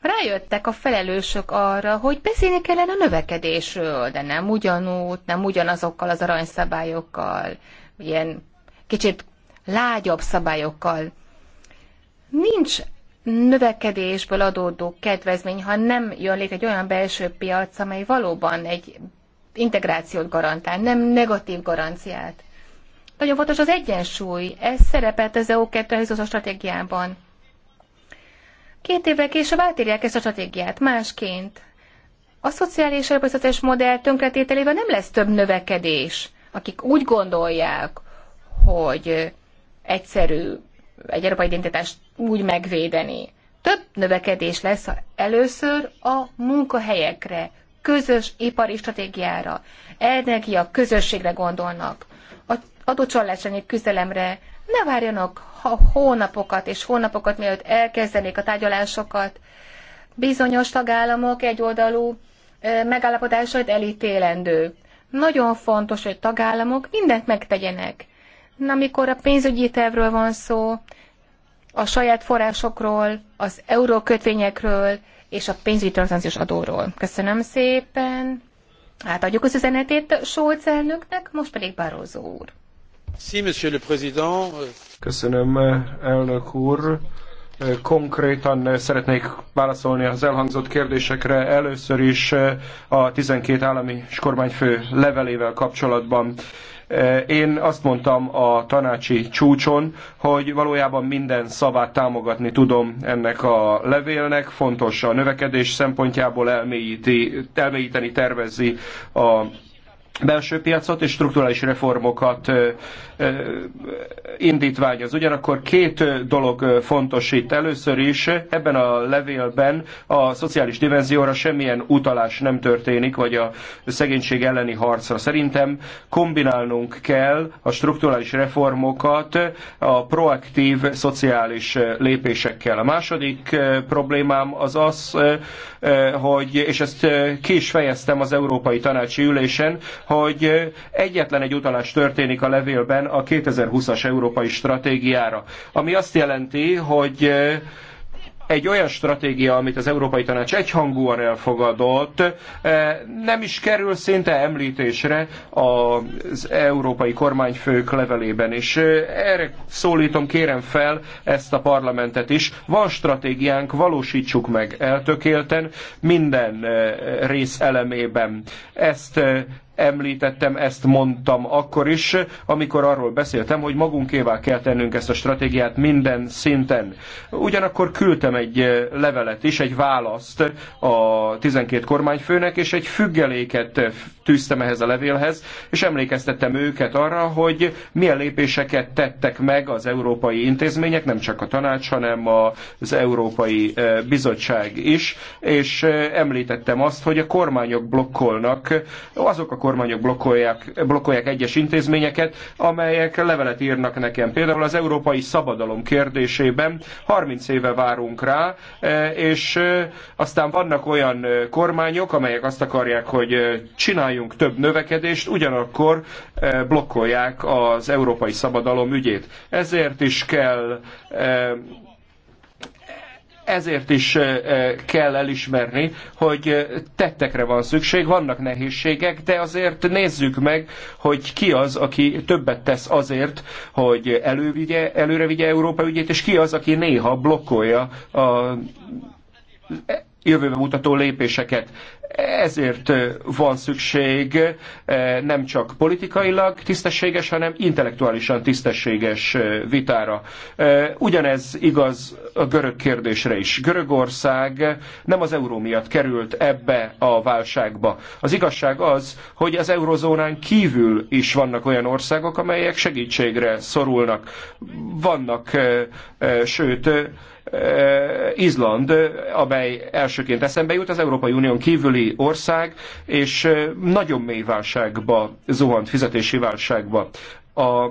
rájöttek a felelősök arra, hogy beszélni kellene a növekedésről, de nem ugyanúgy, nem ugyanazokkal az aranyszabályokkal ilyen kicsit lágyabb szabályokkal. Nincs növekedésből adódó kedvezmény, ha nem jön létre egy olyan belső piac, amely valóban egy integrációt garantál, nem negatív garanciát. Nagyon fontos az egyensúly, ez szerepelt az EU 2020 stratégiában. Két évvel később átírják ezt a stratégiát másként. A szociális és modell tönkretételével nem lesz több növekedés akik úgy gondolják, hogy egyszerű egy európai identitást úgy megvédeni. Több növekedés lesz először a munkahelyekre, közös ipari stratégiára, energia közösségre gondolnak, adócsalás elleni küzdelemre, ne várjanak ha hónapokat és hónapokat, mielőtt elkezdenék a tárgyalásokat. Bizonyos tagállamok egyoldalú megállapodásait elítélendő. Nagyon fontos, hogy a tagállamok mindent megtegyenek. Na, amikor a pénzügyi tervről van szó, a saját forrásokról, az eurókötvényekről és a pénzügyi transzakciós adóról. Köszönöm szépen. Átadjuk az üzenetét Scholz elnöknek, most pedig Barroso úr. Köszönöm, elnök úr konkrétan szeretnék válaszolni az elhangzott kérdésekre. Először is eh, a 12 állami és kormányfő levelével kapcsolatban. Eh, én azt mondtam a tanácsi csúcson, hogy valójában minden szavát támogatni tudom ennek a levélnek. Fontos a növekedés szempontjából elmélyíti, elmélyíteni tervezi a belső piacot és strukturális reformokat indítványoz. Ugyanakkor két dolog fontos itt. Először is ebben a levélben a szociális dimenzióra semmilyen utalás nem történik, vagy a szegénység elleni harcra. Szerintem kombinálnunk kell a strukturális reformokat a proaktív szociális lépésekkel. A második problémám az az, hogy, és ezt ki is fejeztem az Európai Tanácsi Ülésen, hogy egyetlen egy utalás történik a levélben a 2020-as európai stratégiára. Ami azt jelenti, hogy egy olyan stratégia, amit az Európai Tanács egyhangúan elfogadott, nem is kerül szinte említésre az európai kormányfők levelében. is. erre szólítom, kérem fel ezt a parlamentet is. Van stratégiánk, valósítsuk meg eltökélten minden rész elemében. Ezt említettem, ezt mondtam akkor is, amikor arról beszéltem, hogy magunkévá kell tennünk ezt a stratégiát minden szinten. Ugyanakkor küldtem egy eh, levelet is, egy választ a 12 kormányfőnek, és egy függeléket eh, tűztem ehhez a levélhez, és emlékeztettem őket arra, hogy milyen lépéseket tettek meg az európai intézmények, nem csak a tanács, hanem az Európai eh, Bizottság is, és említettem azt, hogy a kormányok blokkolnak, azok a kormányok, kormányok blokkolják, blokkolják egyes intézményeket, amelyek levelet írnak nekem. Például az európai szabadalom kérdésében 30 éve várunk rá, e, és e, aztán vannak olyan e, kormányok, amelyek azt akarják, hogy csináljunk több növekedést, ugyanakkor blokkolják az európai szabadalom ügyét. Ezért is kell ezért is eh, eh, kell elismerni, hogy eh, tettekre van szükség, vannak nehézségek, de azért nézzük meg, hogy ki az, aki többet tesz azért, hogy elővigye, előre vigye Európa ügyét, és ki az, aki néha blokkolja a jövőbe mutató lépéseket. Ezért van szükség nem csak politikailag tisztességes, hanem intellektuálisan tisztességes vitára. Ugyanez igaz a görög kérdésre is. Görögország nem az euró miatt került ebbe a válságba. Az igazság az, hogy az eurozónán kívül is vannak olyan országok, amelyek segítségre szorulnak. Vannak, sőt, Izland, amely elsőként eszembe jut, az Európai Unión kívüli nélküli ország, és nagyon mély válságba zuhant, fizetési válságba. A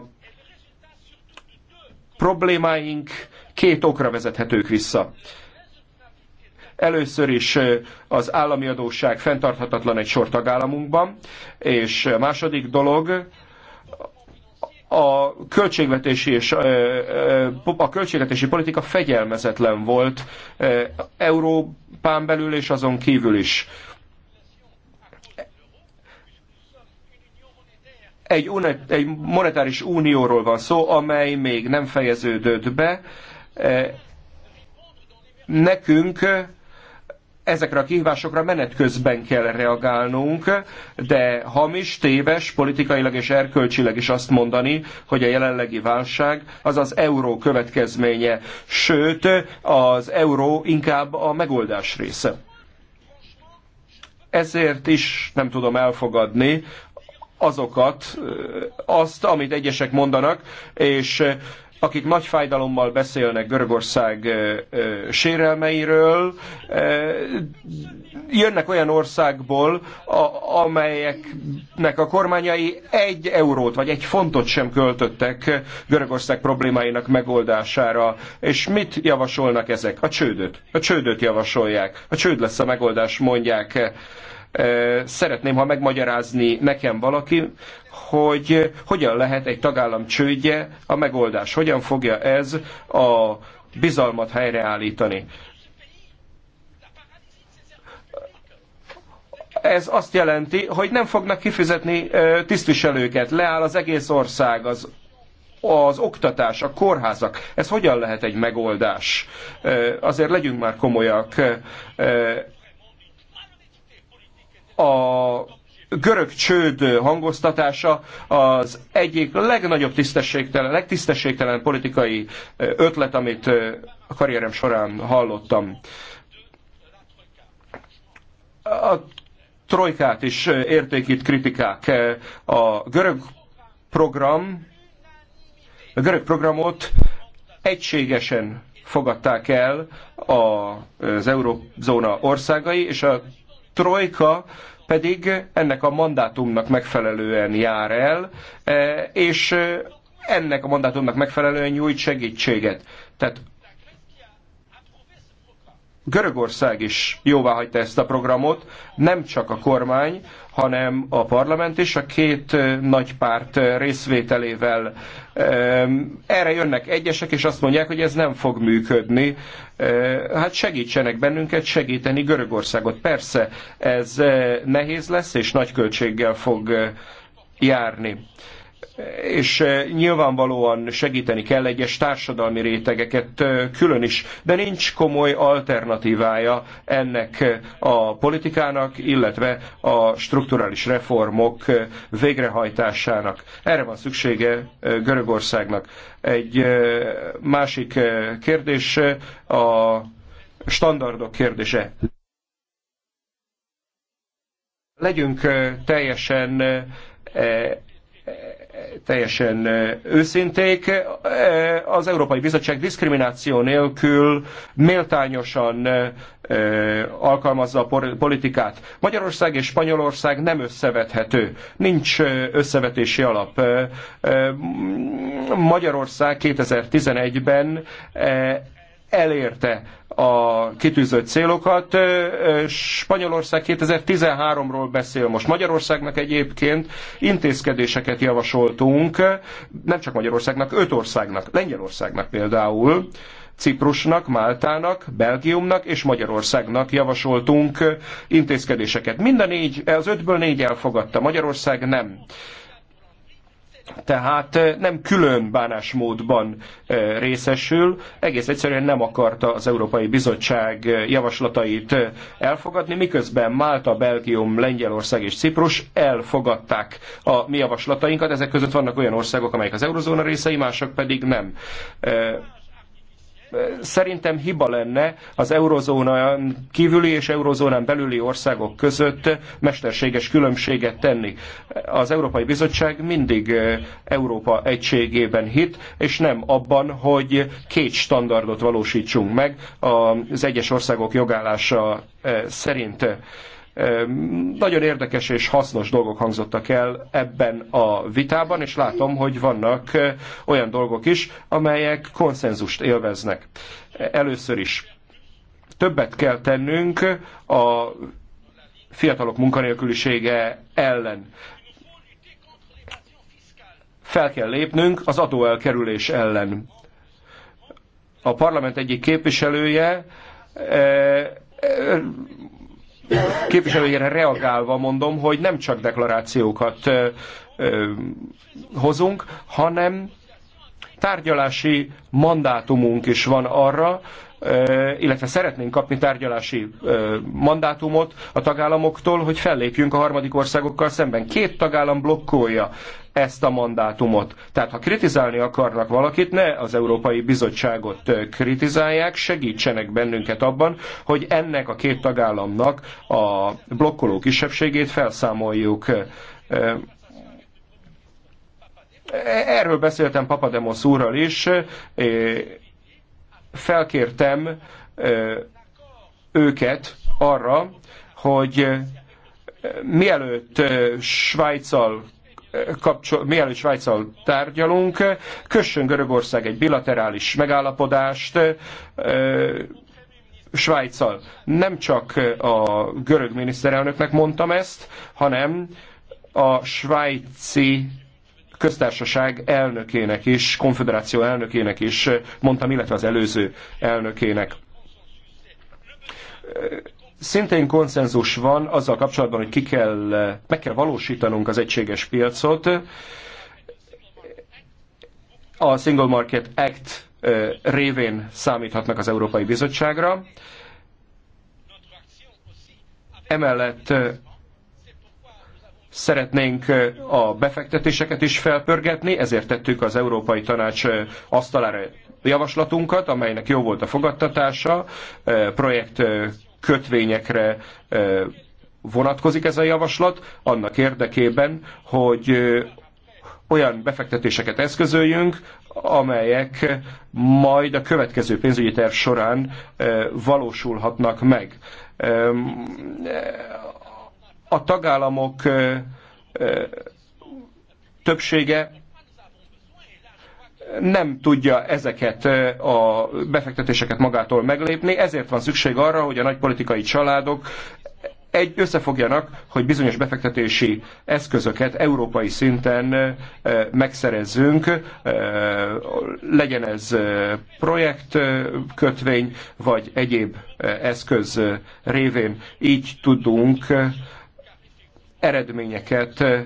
problémáink két okra vezethetők vissza. Először is az állami adósság fenntarthatatlan egy sor tagállamunkban, és a második dolog a költségvetési, és, a költségvetési politika fegyelmezetlen volt Európán belül és azon kívül is Egy, egy monetáris unióról van szó, amely még nem fejeződött be. E, nekünk ezekre a kihívásokra menet közben kell reagálnunk, de hamis, téves, politikailag és erkölcsileg is azt mondani, hogy a jelenlegi válság az az euró következménye, sőt, az euró inkább a megoldás része. Ezért is nem tudom elfogadni azokat, azt, amit egyesek mondanak, és akik nagy fájdalommal beszélnek Görögország sérelmeiről, jönnek olyan országból, amelyeknek a kormányai egy eurót vagy egy fontot sem költöttek Görögország problémáinak megoldására. És mit javasolnak ezek? A csődöt. A csődöt javasolják. A csőd lesz a megoldás, mondják. Szeretném, ha megmagyarázni nekem valaki, hogy hogyan lehet egy tagállam csődje a megoldás, hogyan fogja ez a bizalmat helyreállítani. ez azt jelenti, hogy nem fognak kifizetni tisztviselőket, leáll az egész ország, az, az oktatás, a kórházak. Ez hogyan lehet egy megoldás? Azért legyünk már komolyak a görög csőd hangoztatása az egyik legnagyobb tisztességtelen, legtisztességtelen politikai ötlet, amit a karrierem során hallottam. A trojkát is értékít kritikák. A görög program, a görög programot egységesen fogadták el az eurózóna országai, és a trojka pedig ennek a mandátumnak megfelelően jár el, e, és e, ennek a mandátumnak megfelelően nyújt segítséget. Tehát Görögország is jóvá hagyta ezt a programot, nem csak a kormány, hanem a parlament is a két e, nagy párt részvételével erre jönnek egyesek, és azt mondják, hogy ez nem fog működni. Hát segítsenek bennünket segíteni Görögországot. Persze ez eh, nehéz lesz, és nagy költséggel fog eh, járni és eh, nyilvánvalóan segíteni kell egyes társadalmi rétegeket eh, külön is, de nincs komoly alternatívája ennek eh, a politikának, illetve a strukturális reformok végrehajtásának. Erre van szüksége Görögországnak. Egy másik kérdés a standardok kérdése legyünk teljesen teljesen őszinték. Az Európai Bizottság diszkrimináció nélkül méltányosan alkalmazza a politikát. Magyarország és Spanyolország nem összevethető. Nincs összevetési alap. Magyarország 2011-ben elérte a kitűzött célokat. Spanyolország 2013-ról beszél most. Magyarországnak egyébként intézkedéseket javasoltunk, nem csak Magyarországnak, öt országnak, Lengyelországnak például, Ciprusnak, Máltának, Belgiumnak és Magyarországnak javasoltunk intézkedéseket. Mind a négy, az ötből négy elfogadta, Magyarország nem tehát nem külön bánásmódban részesül, egész egyszerűen nem akarta az Európai Bizottság javaslatait elfogadni, miközben Málta, Belgium, Lengyelország és Ciprus elfogadták a mi javaslatainkat, ezek között vannak olyan országok, amelyek az eurozóna részei, mások pedig nem. Szerintem hiba lenne az eurozónán kívüli és eurozónán belüli országok között mesterséges különbséget tenni. Az Európai Bizottság mindig eh, Európa egységében hit, és nem abban, hogy két standardot valósítsunk meg az egyes országok jogállása eh, szerint nagyon érdekes és hasznos dolgok hangzottak el ebben a vitában, és látom, hogy vannak olyan dolgok is, amelyek konszenzust élveznek. Először is többet kell tennünk a fiatalok munkanélkülisége ellen fel kell lépnünk az adóelkerülés ellen. A parlament egyik képviselője képviselőjére reagálva mondom, hogy nem csak deklarációkat hozunk, hanem tárgyalási mandátumunk is van arra, illetve szeretnénk kapni tárgyalási mandátumot a tagállamoktól, hogy fellépjünk a harmadik országokkal szemben. Két tagállam blokkolja ezt a mandátumot. Tehát ha kritizálni akarnak valakit, ne az Európai Bizottságot kritizálják, segítsenek bennünket abban, hogy ennek a két tagállamnak a blokkoló kisebbségét felszámoljuk. Erről beszéltem Papademos úrral is, felkértem őket arra, hogy mielőtt Svájccal kapcsol, mielőtt Svájccal tárgyalunk, kössön Görögország egy bilaterális megállapodást Svájccal. Nem csak a görög miniszterelnöknek mondtam ezt, hanem a svájci köztársaság elnökének is, konfederáció elnökének is mondtam, illetve az előző elnökének. Szintén konszenzus van azzal kapcsolatban, hogy ki kell, meg kell valósítanunk az egységes piacot. A Single Market Act révén számíthatnak az Európai Bizottságra. Emellett Szeretnénk a befektetéseket is felpörgetni, ezért tettük az Európai Tanács asztalára javaslatunkat, amelynek jó volt a fogadtatása, projekt kötvényekre vonatkozik ez a javaslat, annak érdekében, hogy olyan befektetéseket eszközöljünk, amelyek majd a következő pénzügyi terv során valósulhatnak meg a tagállamok többsége nem tudja ezeket a befektetéseket magától meglépni, ezért van szükség arra, hogy a nagy politikai családok egy összefogjanak, hogy bizonyos befektetési eszközöket európai szinten megszerezzünk, legyen ez projektkötvény, vagy egyéb eszköz révén. Így tudunk eredményeket eh,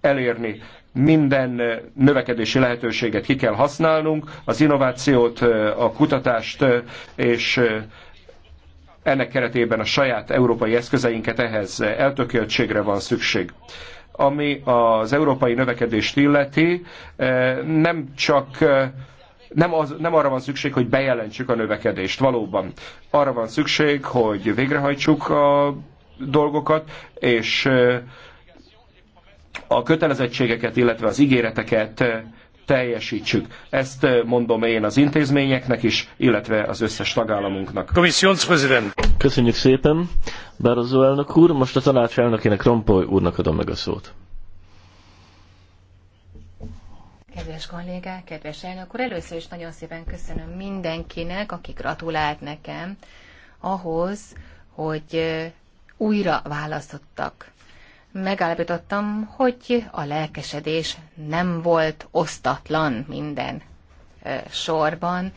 elérni. Minden eh, növekedési lehetőséget ki kell használnunk, az innovációt, eh, a kutatást és ennek keretében a saját európai eszközeinket ehhez eltökéltségre van szükség ami az európai növekedést illeti, nem csak nem, az, nem arra van szükség, hogy bejelentsük a növekedést, valóban. Arra van szükség, hogy végrehajtsuk a dolgokat, és eh, a kötelezettségeket, illetve az ígéreteket eh, teljesítsük. Ezt eh, mondom én az intézményeknek is, illetve az összes tagállamunknak. Köszönjük szépen, Bározó elnök úr. Most a tanács elnökének Rompoly úrnak adom meg a szót. Kedves kollégák, kedves elnök úr, először is nagyon szépen köszönöm mindenkinek, aki gratulált nekem ahhoz, hogy újra választottak. Megállapítottam, hogy a lelkesedés nem volt osztatlan minden sorban,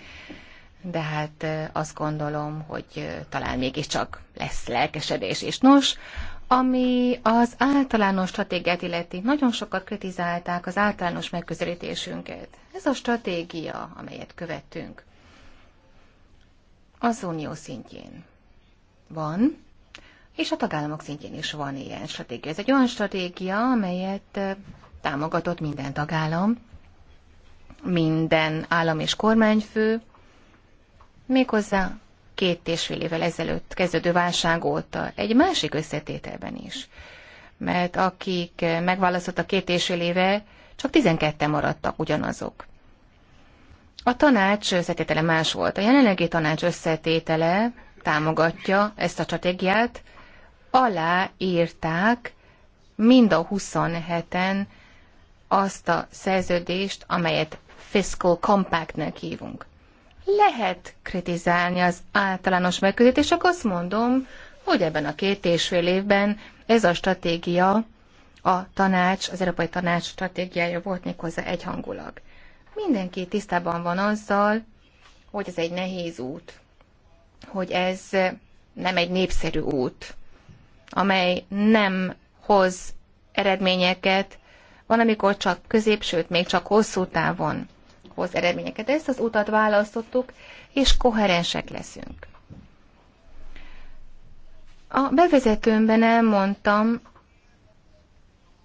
de hát azt gondolom, hogy talán mégiscsak lesz lelkesedés is. Nos, ami az általános stratégiát illeti, nagyon sokat kritizálták az általános megközelítésünket. Ez a stratégia, amelyet követtünk, az unió szintjén van, és a tagállamok szintjén is van ilyen stratégia. Ez egy olyan stratégia, amelyet támogatott minden tagállam, minden állam és kormányfő, méghozzá két és fél évvel ezelőtt kezdődő válság óta egy másik összetételben is. Mert akik megválasztottak két és fél éve, csak 12 maradtak ugyanazok. A tanács összetétele más volt. A jelenlegi tanács összetétele támogatja ezt a stratégiát, Alá írták mind a 27-en azt a szerződést, amelyet fiscal compactnek hívunk. Lehet kritizálni az általános megközelítést, csak azt mondom, hogy ebben a két és fél évben ez a stratégia, a tanács, az Európai Tanács stratégiája volt méghozzá egyhangulag. Mindenki tisztában van azzal, hogy ez egy nehéz út, hogy ez nem egy népszerű út amely nem hoz eredményeket, van, amikor csak közép, sőt, még csak hosszú távon hoz eredményeket. Ezt az utat választottuk, és koherensek leszünk. A bevezetőmben elmondtam,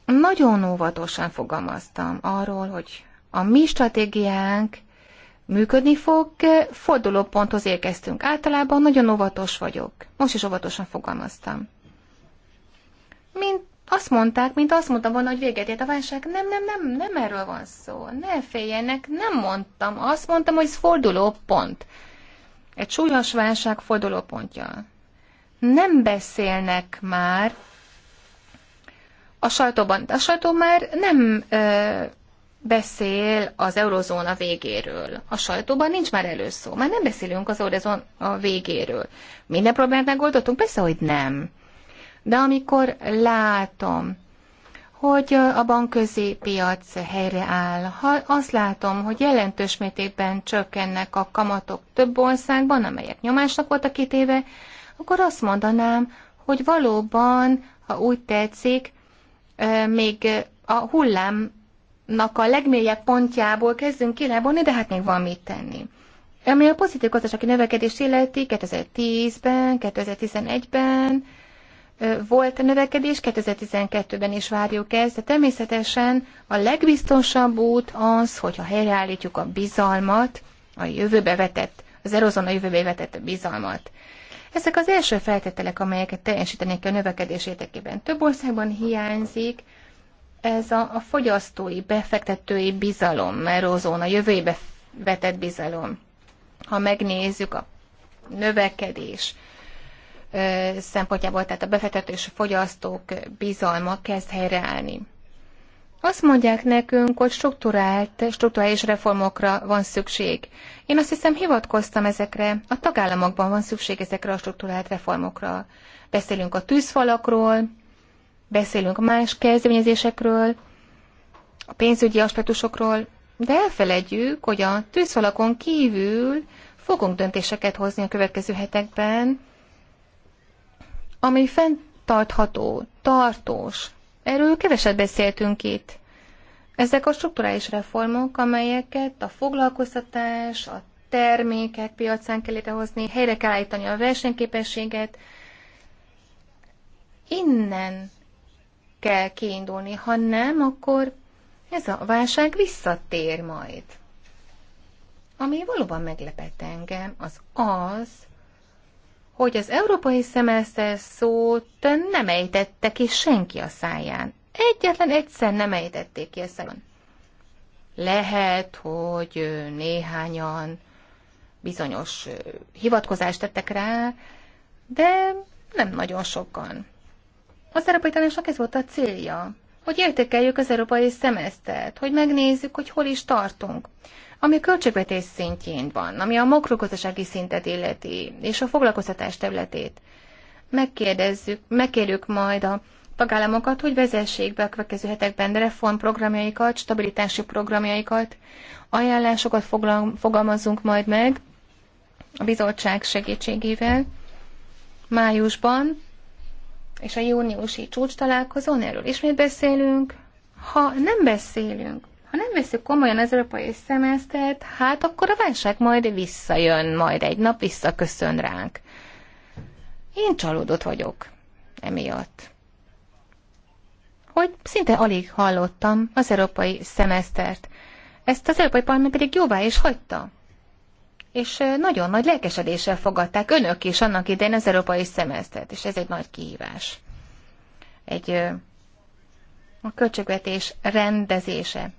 nagyon óvatosan fogalmaztam arról, hogy a mi stratégiánk működni fog, fordulóponthoz érkeztünk. Általában nagyon óvatos vagyok. Most is óvatosan fogalmaztam mint azt mondták, mint azt mondtam volna, hogy véget ért a válság. Nem, nem, nem, nem erről van szó. Ne féljenek, nem mondtam. Azt mondtam, hogy ez forduló pont. Egy súlyos válság forduló pontja. Nem beszélnek már a sajtóban. A sajtó már nem ö, beszél az eurozóna végéről. A sajtóban nincs már előszó. Már nem beszélünk az eurozóna végéről. Minden problémát megoldottunk? Persze, hogy nem. De amikor látom, hogy a bankközi piac áll, ha azt látom, hogy jelentős mértékben csökkennek a kamatok több országban, amelyek nyomásnak voltak két éve, akkor azt mondanám, hogy valóban, ha úgy tetszik, még a hullámnak a legmélyebb pontjából kezdünk kilábolni, de hát még van mit tenni. Ami a pozitív gazdasági növekedés illeti 2010-ben, 2011-ben, volt növekedés, 2012-ben is várjuk ezt, de természetesen a legbiztonsabb út az, hogyha helyreállítjuk a bizalmat, a jövőbe vetett, az erozona jövőbe vetett bizalmat. Ezek az első feltételek, amelyeket teljesíteni kell a növekedés érdekében. Több országban hiányzik ez a, a fogyasztói, befektetői bizalom, erozóna jövőbe vetett bizalom. Ha megnézzük a növekedés, szempontjából, tehát a a fogyasztók bizalma kezd helyreállni. Azt mondják nekünk, hogy struktúrált, strukturális reformokra van szükség. Én azt hiszem hivatkoztam ezekre, a tagállamokban van szükség ezekre a struktúrált reformokra. Beszélünk a tűzfalakról, beszélünk más kezdeményezésekről, a pénzügyi aspektusokról, de elfeledjük, hogy a tűzfalakon kívül fogunk döntéseket hozni a következő hetekben, ami fenntartható, tartós. Erről keveset beszéltünk itt. Ezek a strukturális reformok, amelyeket a foglalkoztatás, a termékek piacán kell létrehozni, helyre kell állítani a versenyképességet. Innen kell kiindulni, ha nem, akkor ez a válság visszatér majd. Ami valóban meglepett engem, az az, hogy az európai szemeszter szót nem ejtette ki senki a száján. Egyetlen egyszer nem ejtették ki a száján. Lehet, hogy néhányan bizonyos hivatkozást tettek rá, de nem nagyon sokan. Az Európai Tanácsnak ez volt a célja, hogy értékeljük az európai szemesztert, hogy megnézzük, hogy hol is tartunk ami a költségvetés szintjén van, ami a makrogazdasági szintet illeti, és a foglalkoztatás területét. Megkérdezzük, megkérjük majd a tagállamokat, hogy vezessék be a következő hetekben reformprogramjaikat, stabilitási programjaikat, ajánlásokat fogalmazunk majd meg a bizottság segítségével májusban, és a júniusi csúcs találkozón erről ismét beszélünk. Ha nem beszélünk ha nem veszük komolyan az európai szemesztert, hát akkor a válság majd visszajön, majd egy nap visszaköszön ránk. Én csalódott vagyok emiatt. Hogy szinte alig hallottam az európai szemesztert. Ezt az Európai Parlament pedig jóvá is hagyta. És nagyon nagy lelkesedéssel fogadták önök is annak idején az európai szemesztert, és ez egy nagy kihívás. Egy a költségvetés rendezése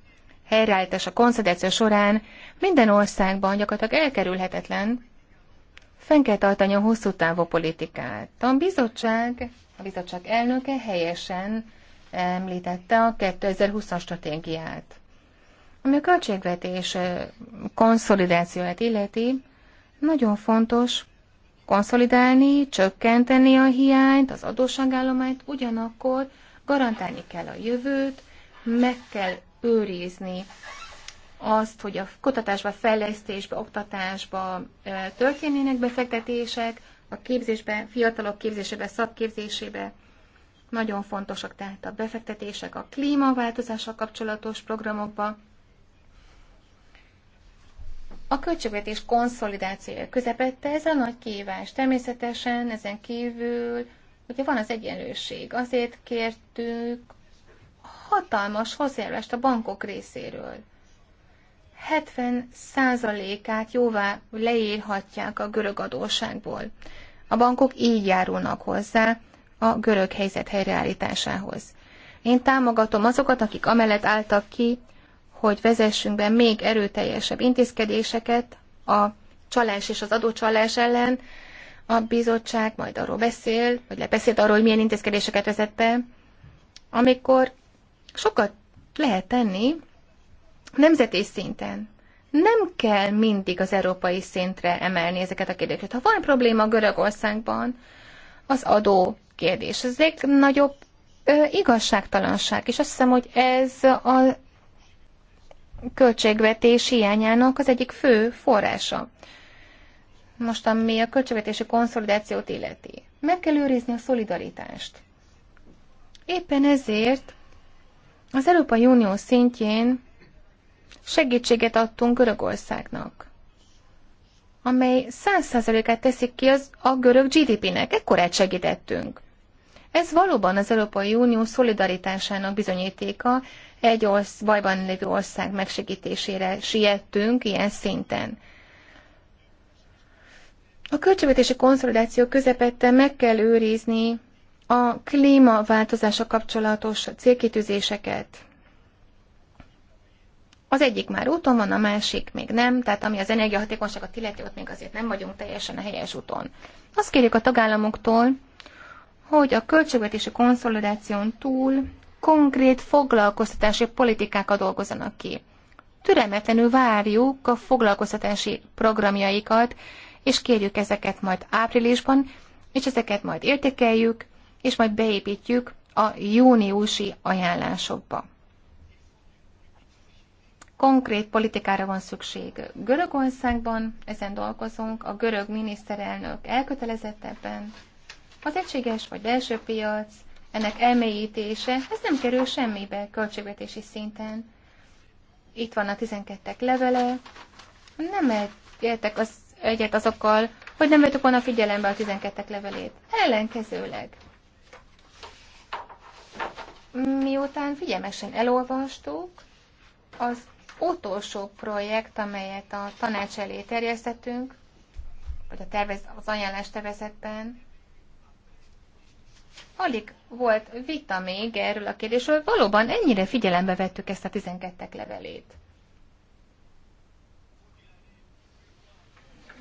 helyreállítása, konszolidáció során minden országban gyakorlatilag elkerülhetetlen, fenn kell tartani a hosszú távú politikát. A bizottság, a bizottság elnöke helyesen említette a 2020-as stratégiát. Ami a költségvetés konszolidációját illeti, nagyon fontos konszolidálni, csökkenteni a hiányt, az adósságállományt, ugyanakkor garantálni kell a jövőt, meg kell őrizni azt, hogy a kutatásba, fejlesztésbe, oktatásba történjenek befektetések, a képzésbe, fiatalok képzésébe, szakképzésébe. Nagyon fontosak tehát a befektetések a klímaváltozással kapcsolatos programokba. A költségvetés konszolidációja közepette ez a nagy kívás. Természetesen ezen kívül ugye van az egyenlőség. Azért kértük hatalmas hozzájárulást a bankok részéről. 70 százalékát jóvá leírhatják a görög adósságból. A bankok így járulnak hozzá a görög helyzet helyreállításához. Én támogatom azokat, akik amellett álltak ki, hogy vezessünk be még erőteljesebb intézkedéseket a csalás és az adócsalás ellen. A bizottság majd arról beszél, vagy lebeszélt arról, hogy milyen intézkedéseket vezet be, amikor Sokat lehet tenni nemzeti szinten. Nem kell mindig az európai szintre emelni ezeket a kérdéseket. Ha van probléma Görögországban, az adó kérdés. Ez egy nagyobb ö, igazságtalanság, és azt hiszem, hogy ez a költségvetés hiányának az egyik fő forrása. Most, ami a költségvetési konszolidációt illeti. Meg kell őrizni a szolidaritást. Éppen ezért az Európai Unió szintjén segítséget adtunk Görögországnak, amely 100%-át teszik ki az a görög GDP-nek. Ekkorát segítettünk. Ez valóban az Európai Unió szolidaritásának bizonyítéka, egy orsz, bajban lévő ország megsegítésére siettünk ilyen szinten. A költségvetési konszolidáció közepette meg kell őrizni a klímaváltozása kapcsolatos célkitűzéseket. Az egyik már úton van, a másik még nem, tehát ami az energiahatékonyságot illeti, ott még azért nem vagyunk teljesen a helyes úton. Azt kérjük a tagállamoktól, hogy a költségvetési konszolidáción túl konkrét foglalkoztatási politikákat dolgozzanak ki. Türelmetlenül várjuk a foglalkoztatási programjaikat, és kérjük ezeket majd áprilisban, és ezeket majd értékeljük, és majd beépítjük a júniusi ajánlásokba. Konkrét politikára van szükség. Görögországban ezen dolgozunk, a görög miniszterelnök elkötelezettebben. Az egységes vagy belső piac, ennek elmélyítése, ez nem kerül semmibe költségvetési szinten. Itt van a 12-ek levele. Nem értek az, egyet azokkal, hogy nem vettük volna figyelembe a 12-ek levelét. Ellenkezőleg Miután figyelmesen elolvastuk, az utolsó projekt, amelyet a tanács elé terjesztettünk, vagy a tervez, az ajánlás tervezetben, alig volt vita még erről a kérdésről, valóban ennyire figyelembe vettük ezt a 12-ek levelét.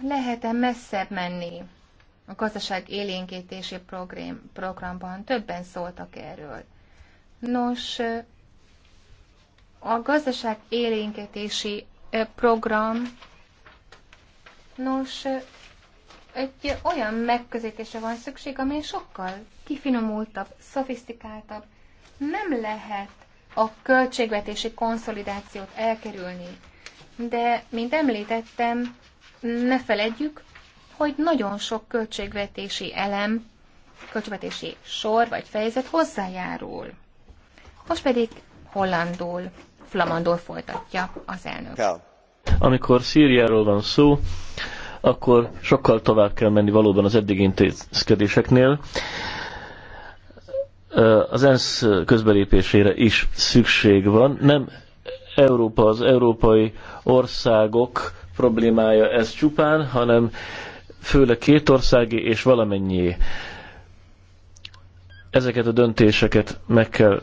lehet-e messzebb menni a gazdaság élénkítési program, programban? Többen szóltak erről. Nos, a gazdaság élénketési program, nos, egy olyan megközelítése van szükség, amely sokkal kifinomultabb, szofisztikáltabb. Nem lehet a költségvetési konszolidációt elkerülni, de, mint említettem, ne feledjük, hogy nagyon sok költségvetési elem, költségvetési sor vagy fejezet hozzájárul most pedig hollandul, flamandul folytatja az elnök. Amikor Szíriáról van szó, akkor sokkal tovább kell menni valóban az eddig intézkedéseknél. Az ENSZ közbelépésére is szükség van. Nem Európa, az európai országok problémája ez csupán, hanem főleg két országé és valamennyi Ezeket a döntéseket meg kell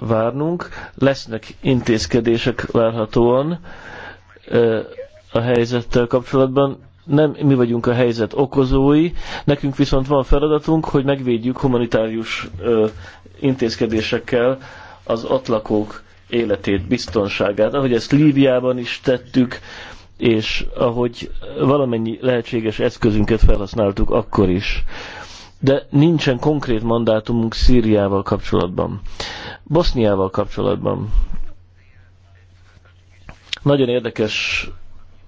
várnunk. Lesznek intézkedések várhatóan a helyzettel kapcsolatban. Nem mi vagyunk a helyzet okozói, nekünk viszont van feladatunk, hogy megvédjük humanitárius intézkedésekkel az ott lakók életét, biztonságát, ahogy ezt Líviában is tettük, és ahogy valamennyi lehetséges eszközünket felhasználtuk akkor is de nincsen konkrét mandátumunk Szíriával kapcsolatban. Boszniával kapcsolatban. Nagyon érdekes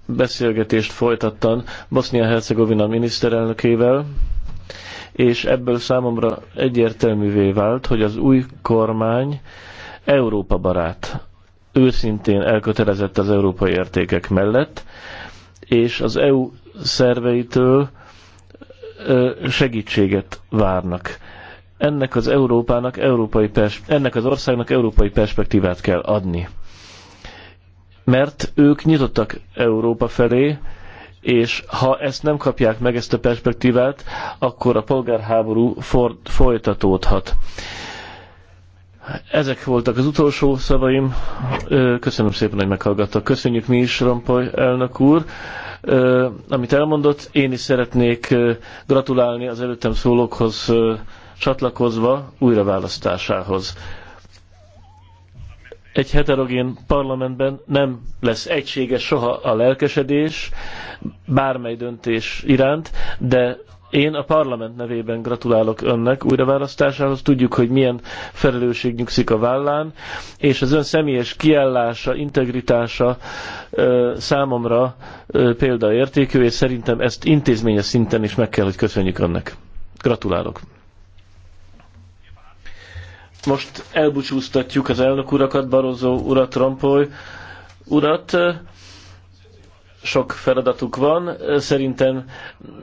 beszélgetést folytattam Bosznia-Hercegovina miniszterelnökével, és ebből számomra egyértelművé vált, hogy az új kormány Európa barát, őszintén elkötelezett az európai értékek mellett, és az EU szerveitől segítséget várnak. Ennek az Európának, európai pers- ennek az országnak európai perspektívát kell adni. Mert ők nyitottak Európa felé, és ha ezt nem kapják meg, ezt a perspektívát, akkor a polgárháború for- folytatódhat. Ezek voltak az utolsó szavaim. Köszönöm szépen, hogy meghallgattak. Köszönjük mi is, Rampoly elnök úr amit elmondott. Én is szeretnék gratulálni az előttem szólókhoz csatlakozva újraválasztásához. Egy heterogén parlamentben nem lesz egységes soha a lelkesedés bármely döntés iránt, de én a parlament nevében gratulálok önnek újraválasztásához. Tudjuk, hogy milyen felelősség nyugszik a vállán, és az ön személyes kiállása, integritása ö, számomra ö, példaértékű, és szerintem ezt intézményes szinten is meg kell, hogy köszönjük önnek. Gratulálok! Most elbúcsúztatjuk az elnök urakat, Barozó urat, Rampoly urat sok feladatuk van. Szerintem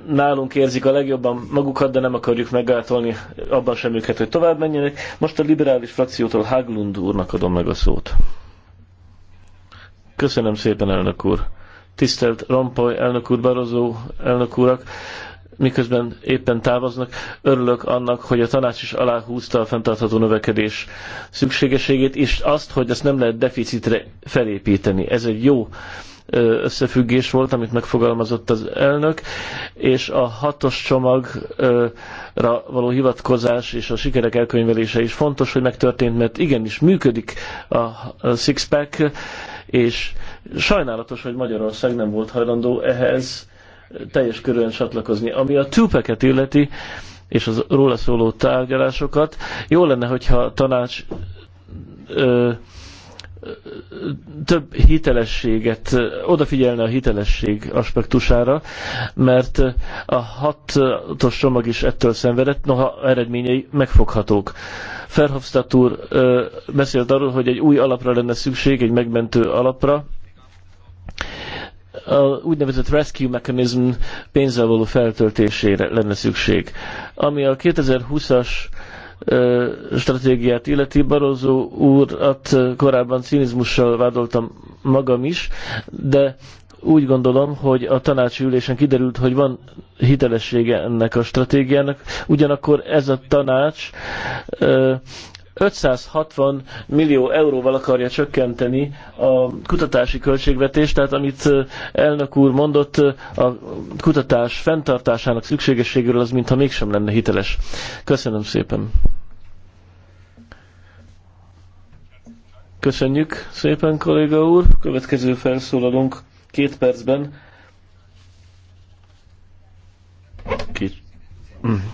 nálunk érzik a legjobban magukat, de nem akarjuk megáltolni abban sem őket, hogy tovább menjenek. Most a liberális frakciótól Haglund úrnak adom meg a szót. Köszönöm szépen, elnök úr. Tisztelt Rompoy, elnök úr, Barozó, elnök úrak, miközben éppen távoznak, örülök annak, hogy a tanács is aláhúzta a fenntartható növekedés szükségességét, és azt, hogy ezt nem lehet deficitre felépíteni. Ez egy jó összefüggés volt, amit megfogalmazott az elnök, és a hatos csomagra való hivatkozás és a sikerek elkönyvelése is fontos, hogy megtörtént, mert igenis működik a six-pack, és sajnálatos, hogy Magyarország nem volt hajlandó ehhez teljes körülön csatlakozni. Ami a two illeti, és az róla szóló tárgyalásokat, jó lenne, hogyha a tanács ö, több hitelességet, odafigyelne a hitelesség aspektusára, mert a hatos csomag is ettől szenvedett, noha eredményei megfoghatók. Ferhofstadt úr beszélt arról, hogy egy új alapra lenne szükség, egy megmentő alapra, a úgynevezett rescue mechanism pénzzel való feltöltésére lenne szükség. Ami a 2020-as stratégiát illeti. Barozó úrat korábban cinizmussal vádoltam magam is, de úgy gondolom, hogy a tanácsi ülésen kiderült, hogy van hitelessége ennek a stratégiának. Ugyanakkor ez a tanács 560 millió euróval akarja csökkenteni a kutatási költségvetést, tehát amit elnök úr mondott, a kutatás fenntartásának szükségességéről az mintha mégsem lenne hiteles. Köszönöm szépen. Köszönjük szépen, kolléga úr. Következő felszólalunk két percben.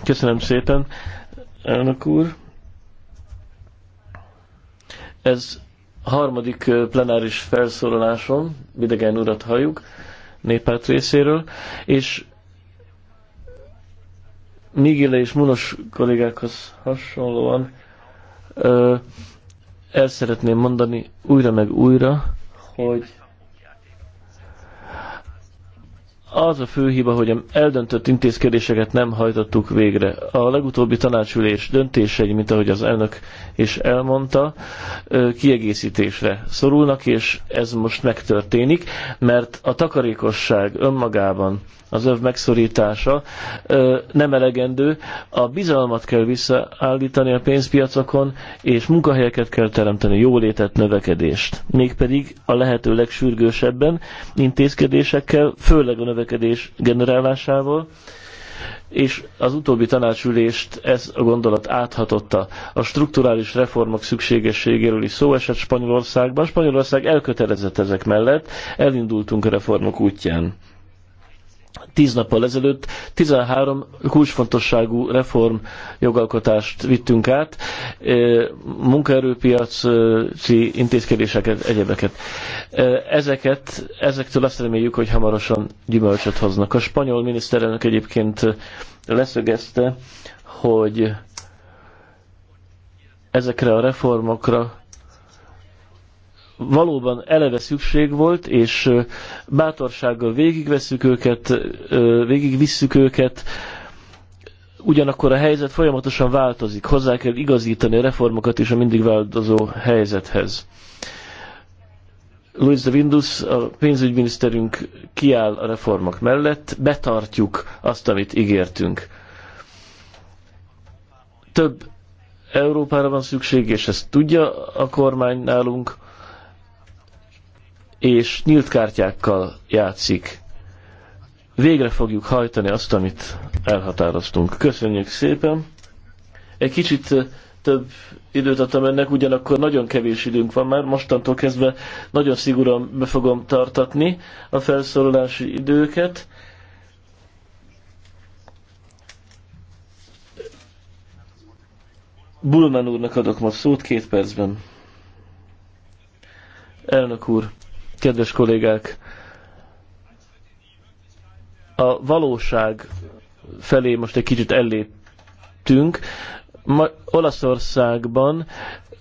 Köszönöm szépen, elnök úr. Ez harmadik plenáris felszólalásom, Videgen urat halljuk, néppárt részéről, és Migile és Munos kollégákhoz hasonlóan ö, el szeretném mondani újra meg újra, hogy az a fő hiba, hogy eldöntött intézkedéseket nem hajtottuk végre. A legutóbbi tanácsülés döntései, mint ahogy az elnök és elmondta, kiegészítésre szorulnak, és ez most megtörténik, mert a takarékosság önmagában az öv megszorítása nem elegendő, a bizalmat kell visszaállítani a pénzpiacokon, és munkahelyeket kell teremteni, jólétet, növekedést. Mégpedig a lehető legsürgősebben intézkedésekkel, főleg a növekedés generálásával, és az utóbbi tanácsülést ez a gondolat áthatotta. A strukturális reformok szükségességéről is szó esett Spanyolországban. Spanyolország elkötelezett ezek mellett, elindultunk a reformok útján tíz nappal ezelőtt 13 kulcsfontosságú reform jogalkotást vittünk át, munkaerőpiaci intézkedéseket, egyebeket. Ezeket, ezektől azt reméljük, hogy hamarosan gyümölcsöt hoznak. A spanyol miniszterelnök egyébként leszögezte, hogy ezekre a reformokra valóban eleve szükség volt, és bátorsággal végigveszük őket, végigvisszük őket, ugyanakkor a helyzet folyamatosan változik, hozzá kell igazítani a reformokat is a mindig változó helyzethez. Louis de Windus, a pénzügyminiszterünk kiáll a reformok mellett, betartjuk azt, amit ígértünk. Több Európára van szükség, és ezt tudja a kormány nálunk, és nyílt kártyákkal játszik. Végre fogjuk hajtani azt, amit elhatároztunk. Köszönjük szépen! Egy kicsit több időt adtam ennek, ugyanakkor nagyon kevés időnk van már, mostantól kezdve nagyon szigorúan be fogom tartatni a felszólalási időket. Bulman úrnak adok most szót két percben. Elnök úr, kedves kollégák, a valóság felé most egy kicsit elléptünk. Ma Olaszországban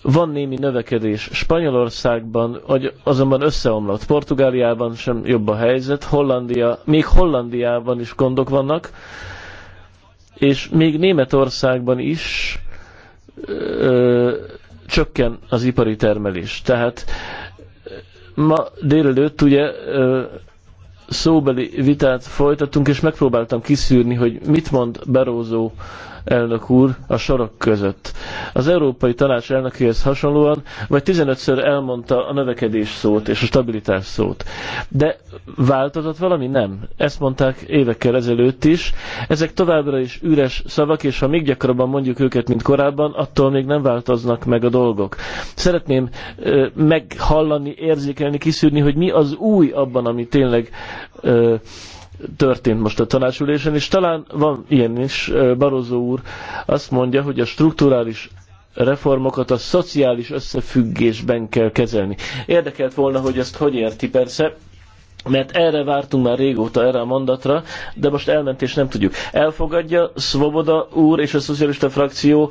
van némi növekedés. Spanyolországban azonban összeomlott. Portugáliában sem jobb a helyzet. Hollandia, még Hollandiában is gondok vannak. És még Németországban is ö, csökken az ipari termelés. Tehát ö, Ma délelőtt ugye szóbeli vitát folytattunk, és megpróbáltam kiszűrni, hogy mit mond Berózó elnök úr a sorok között. Az Európai Tanács elnökéhez hasonlóan vagy 15-ször elmondta a növekedés szót és a stabilitás szót. De változott valami? Nem. Ezt mondták évekkel ezelőtt is. Ezek továbbra is üres szavak, és ha még gyakrabban mondjuk őket, mint korábban, attól még nem változnak meg a dolgok. Szeretném ö, meghallani, érzékelni, kiszűrni, hogy mi az új abban, ami tényleg ö, történt most a tanácsülésen, és talán van ilyen is, Barozó úr azt mondja, hogy a strukturális reformokat a szociális összefüggésben kell kezelni. Érdekelt volna, hogy ezt hogy érti persze, mert erre vártunk már régóta, erre a mondatra, de most elment és nem tudjuk. Elfogadja Svoboda úr és a szocialista frakció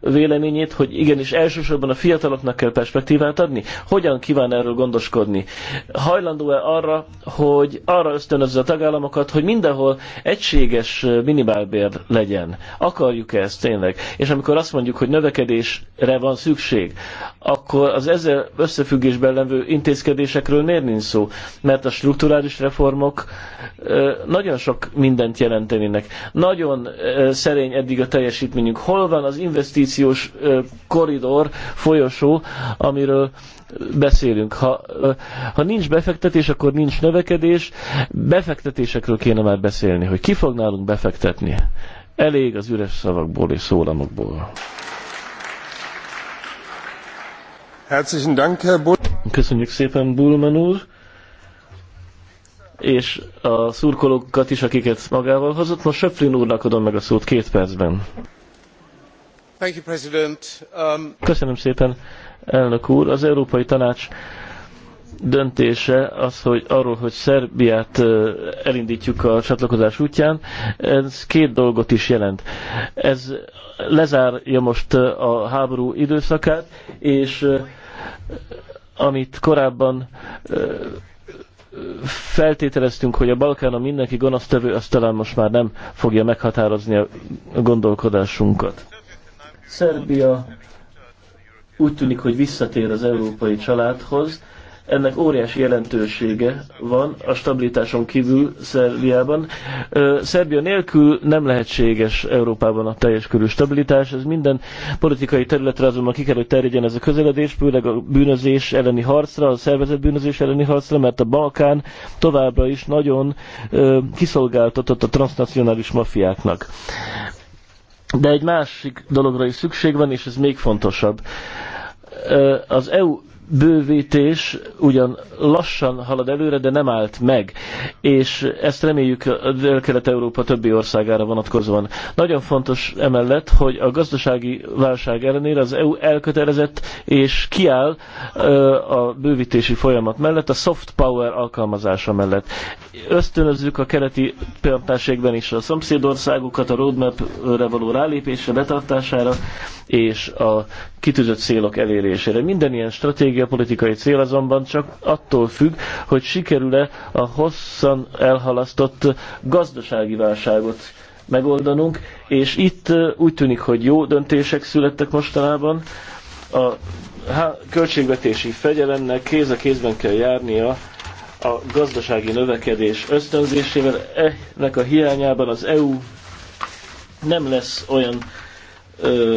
véleményét, hogy igenis elsősorban a fiataloknak kell perspektívát adni? Hogyan kíván erről gondoskodni? Hajlandó-e arra, hogy arra ösztönözze a tagállamokat, hogy mindenhol egységes minimálbér legyen? Akarjuk -e ezt tényleg? És amikor azt mondjuk, hogy növekedésre van szükség, akkor az ezzel összefüggésben levő intézkedésekről miért nincs szó? Mert a strukturális reformok nagyon sok mindent jelentenének. Nagyon szerény eddig a teljesítményünk. Hol van az investíciós koridor, folyosó, amiről beszélünk. Ha, ha nincs befektetés, akkor nincs növekedés. Befektetésekről kéne már beszélni, hogy ki fog nálunk befektetni. Elég az üres szavakból és szólamokból. Herzlichen Dank, Herr Bull. Köszönjük szépen, Bullman úr és a szurkolókat is, akiket magával hozott. Most Söpflin úrnak adom meg a szót két percben. Thank you, President. Um... Köszönöm szépen, elnök úr. Az Európai Tanács döntése az, hogy arról, hogy Szerbiát elindítjuk a csatlakozás útján, ez két dolgot is jelent. Ez lezárja most a háború időszakát, és amit korábban feltételeztünk, hogy a Balkánon mindenki gonosztevő, az talán most már nem fogja meghatározni a gondolkodásunkat. Szerbia úgy tűnik, hogy visszatér az európai családhoz, ennek óriási jelentősége van a stabilitáson kívül Szerbiában. Szerbia nélkül nem lehetséges Európában a teljes körű stabilitás, ez minden politikai területre azonban ki kell, hogy terjedjen ez a közeledés, főleg a bűnözés elleni harcra, a szervezett bűnözés elleni harcra, mert a Balkán továbbra is nagyon kiszolgáltatott a transnacionális mafiáknak. De egy másik dologra is szükség van, és ez még fontosabb az EU bővítés ugyan lassan halad előre, de nem állt meg, és ezt reméljük a Dél-Kelet-Európa többi országára vonatkozóan. Nagyon fontos emellett, hogy a gazdasági válság ellenére az EU elkötelezett és kiáll a bővítési folyamat mellett, a soft power alkalmazása mellett. Ösztönözzük a keleti partnerségben is a szomszédországokat a roadmap-re való rálépésre, betartására és a kitűzött célok elérésére. Minden ilyen stratégia politikai cél azonban csak attól függ, hogy sikerül-e a hosszan elhalasztott gazdasági válságot megoldanunk, és itt úgy tűnik, hogy jó döntések születtek mostanában. A költségvetési fegyelemnek kéz a kézben kell járnia a gazdasági növekedés ösztönzésével. Ennek a hiányában az EU nem lesz olyan ö,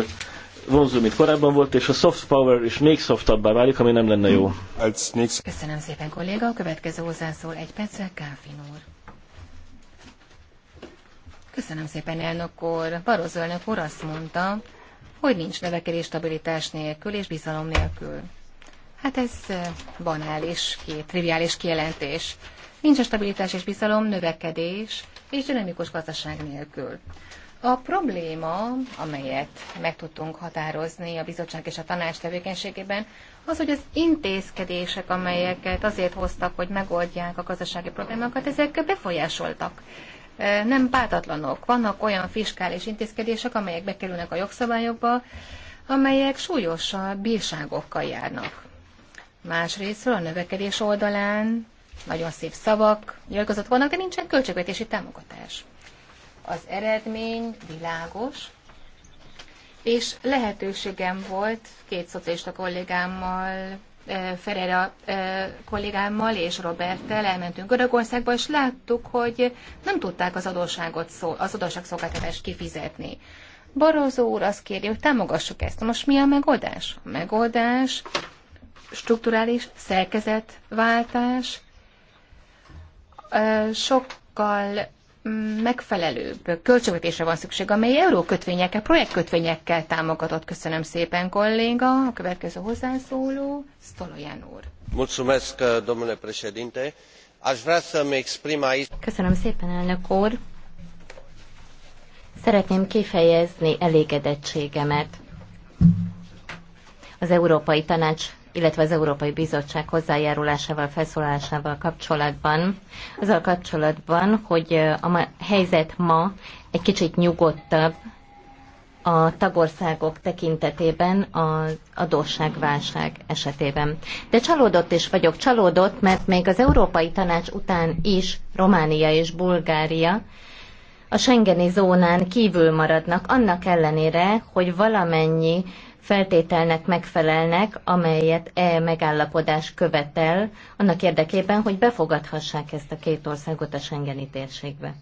vonzó, mint korábban volt, és a soft power is még szoftabbá válik, ami nem lenne jó. Köszönöm szépen, kolléga. A következő hozzászól egy perccel Káfin úr. Köszönöm szépen, elnök úr. Barozó elnök úr azt mondta, hogy nincs növekedés stabilitás nélkül és bizalom nélkül. Hát ez banális, két triviális kijelentés. Nincs a stabilitás és bizalom, növekedés és dinamikus gazdaság nélkül. A probléma, amelyet meg tudtunk határozni a bizottság és a tanács tevékenységében, az, hogy az intézkedések, amelyeket azért hoztak, hogy megoldják a gazdasági problémákat, ezek befolyásoltak. Nem bátatlanok. Vannak olyan fiskális intézkedések, amelyek bekerülnek a jogszabályokba, amelyek súlyos bírságokkal járnak. Másrésztről a növekedés oldalán nagyon szép szavak, nyilatkozatok vannak, de nincsen költségvetési támogatás. Az eredmény világos, és lehetőségem volt két szocialista kollégámmal, eh, Ferreira eh, kollégámmal és Roberttel elmentünk Görögországba, és láttuk, hogy nem tudták az adósságot, szó, az adósságszolgáltatást kifizetni. Barozó úr azt kéri, hogy támogassuk ezt. Most mi a megoldás? A megoldás strukturális szerkezetváltás, eh, sokkal megfelelőbb költségvetésre van szükség, amely eurókötvényekkel, projektkötvényekkel támogatott. Köszönöm szépen, kolléga. A következő hozzászóló, Stolojan úr. Mulțumesc, domnule președinte. Aș vrea să exprim aici... Köszönöm szépen, elnök úr. Szeretném kifejezni elégedettségemet az Európai Tanács illetve az Európai Bizottság hozzájárulásával, felszólásával kapcsolatban, azzal kapcsolatban, hogy a helyzet ma egy kicsit nyugodtabb a tagországok tekintetében az adósságválság esetében. De csalódott is vagyok, csalódott, mert még az Európai Tanács után is Románia és Bulgária a Schengeni zónán kívül maradnak, annak ellenére, hogy valamennyi uh, feltételnek megfelelnek, amelyet e megállapodás követel, annak érdekében, hogy befogadhassák ezt a két országot a Schengeni térségbe.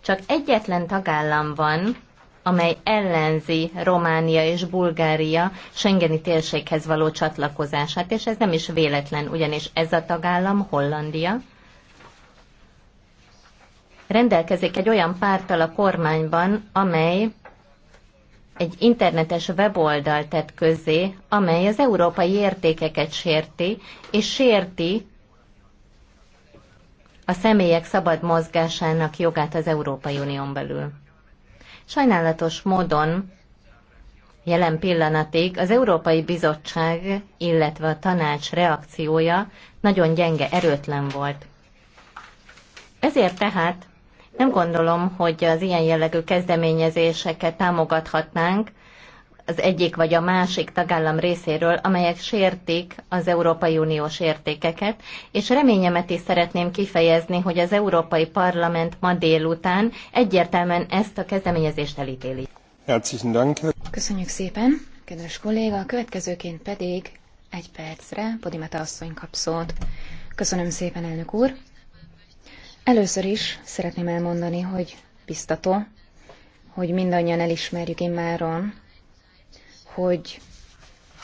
Csak egyetlen tagállam van, amely ellenzi Románia és Bulgária Schengeni térséghez való csatlakozását, és ez nem is véletlen, ugyanis ez a tagállam Hollandia, rendelkezik egy olyan párttal a kormányban, amely egy internetes weboldal tett közzé, amely az európai értékeket sérti, és sérti a személyek szabad mozgásának jogát az Európai Unión belül. Sajnálatos módon jelen pillanatig az Európai Bizottság, illetve a tanács reakciója nagyon gyenge, erőtlen volt. Ezért tehát nem gondolom, hogy az ilyen jellegű kezdeményezéseket támogathatnánk az egyik vagy a másik tagállam részéről, amelyek sértik az Európai Uniós értékeket, és reményemet is szeretném kifejezni, hogy az Európai Parlament ma délután egyértelműen ezt a kezdeményezést elítéli. Köszönjük szépen, kedves kolléga, a következőként pedig egy percre Podimata asszony kap szót. Köszönöm szépen, elnök úr! Először is szeretném elmondani, hogy biztató, hogy mindannyian elismerjük immáron, hogy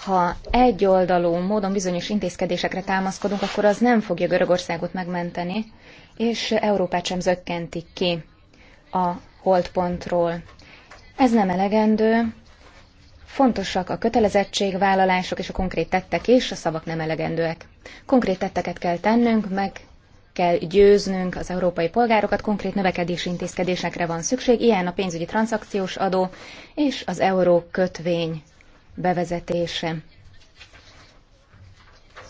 ha egyoldalú módon bizonyos intézkedésekre támaszkodunk, akkor az nem fogja Görögországot megmenteni, és Európát sem zökkentik ki a holdpontról. Ez nem elegendő, fontosak a kötelezettségvállalások és a konkrét tettek és a szavak nem elegendőek. Konkrét tetteket kell tennünk, meg kell győznünk az európai polgárokat, konkrét növekedési intézkedésekre van szükség, ilyen a pénzügyi tranzakciós adó és az euró kötvény bevezetése.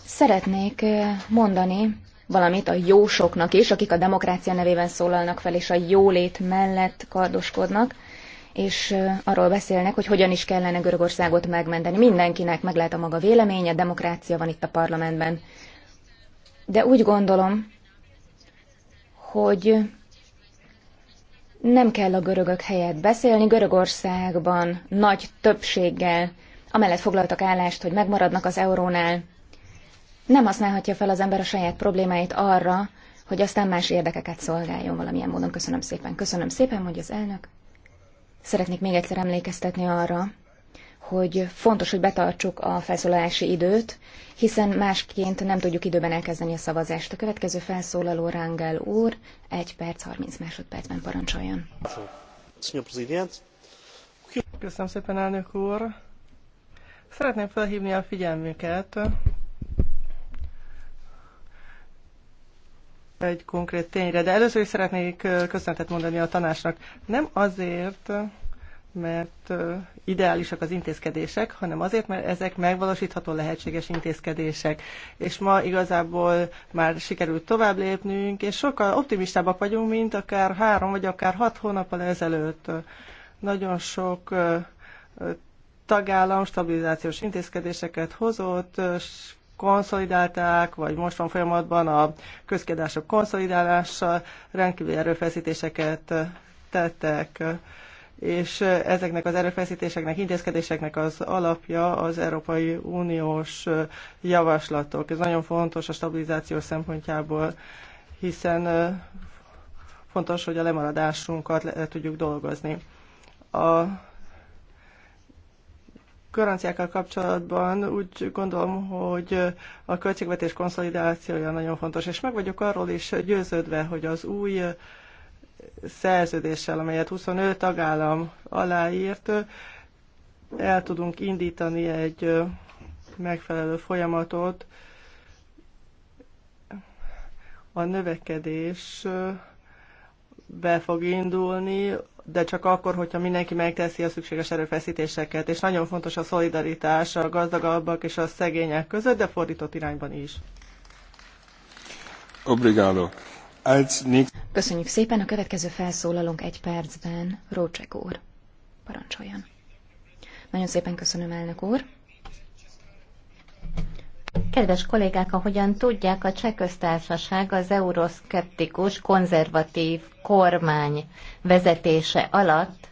Szeretnék eh, mondani valamit a jósoknak is, akik a demokrácia nevében szólalnak fel, és a jólét mellett kardoskodnak, és eh, arról beszélnek, hogy hogyan is kellene Görögországot megmenteni. Mindenkinek meg lehet a maga véleménye, demokrácia van itt a parlamentben. De úgy gondolom, hogy nem kell a görögök helyett beszélni. Görögországban nagy többséggel amellett foglaltak állást, hogy megmaradnak az eurónál. Nem használhatja fel az ember a saját problémáit arra, hogy aztán más érdekeket szolgáljon valamilyen módon. Köszönöm szépen. Köszönöm szépen, hogy az elnök. Szeretnék még egyszer emlékeztetni arra, hogy fontos, hogy betartsuk a felszólalási időt, hiszen másként nem tudjuk időben elkezdeni a szavazást. A következő felszólaló Rangel úr 1 perc 30 másodpercben parancsoljon. Köszönöm szépen, elnök úr! Szeretném felhívni a figyelmüket egy konkrét tényre, de először is szeretnék köszönetet mondani a tanácsnak. Nem azért, mert ideálisak az intézkedések, hanem azért, mert ezek megvalósítható lehetséges intézkedések. És ma igazából már sikerült tovább lépnünk, és sokkal optimistábbak vagyunk, mint akár három vagy akár hat hónappal ezelőtt. Nagyon sok tagállam stabilizációs intézkedéseket hozott, konszolidálták, vagy most van folyamatban a közkedások konszolidálása, rendkívüli erőfeszítéseket tettek és ezeknek az erőfeszítéseknek, intézkedéseknek az alapja az Európai Uniós javaslatok. Ez nagyon fontos a stabilizáció szempontjából, hiszen fontos, hogy a lemaradásunkat le tudjuk dolgozni. A garanciákkal kapcsolatban úgy gondolom, hogy a költségvetés konszolidációja nagyon fontos, és meg vagyok arról is győződve, hogy az új szerződéssel, amelyet 25 tagállam aláírt, el tudunk indítani egy megfelelő folyamatot a növekedés be fog indulni, de csak akkor, hogyha mindenki megteszi a szükséges erőfeszítéseket, és nagyon fontos a szolidaritás a gazdagabbak és a szegények között, de fordított irányban is. Obrigado. Köszönjük szépen. A következő felszólalónk egy percben. Rócsek úr. Parancsoljon. Nagyon szépen köszönöm, elnök úr. Kedves kollégák, ahogyan tudják, a Cseh Köztársaság az euroszkeptikus, konzervatív kormány vezetése alatt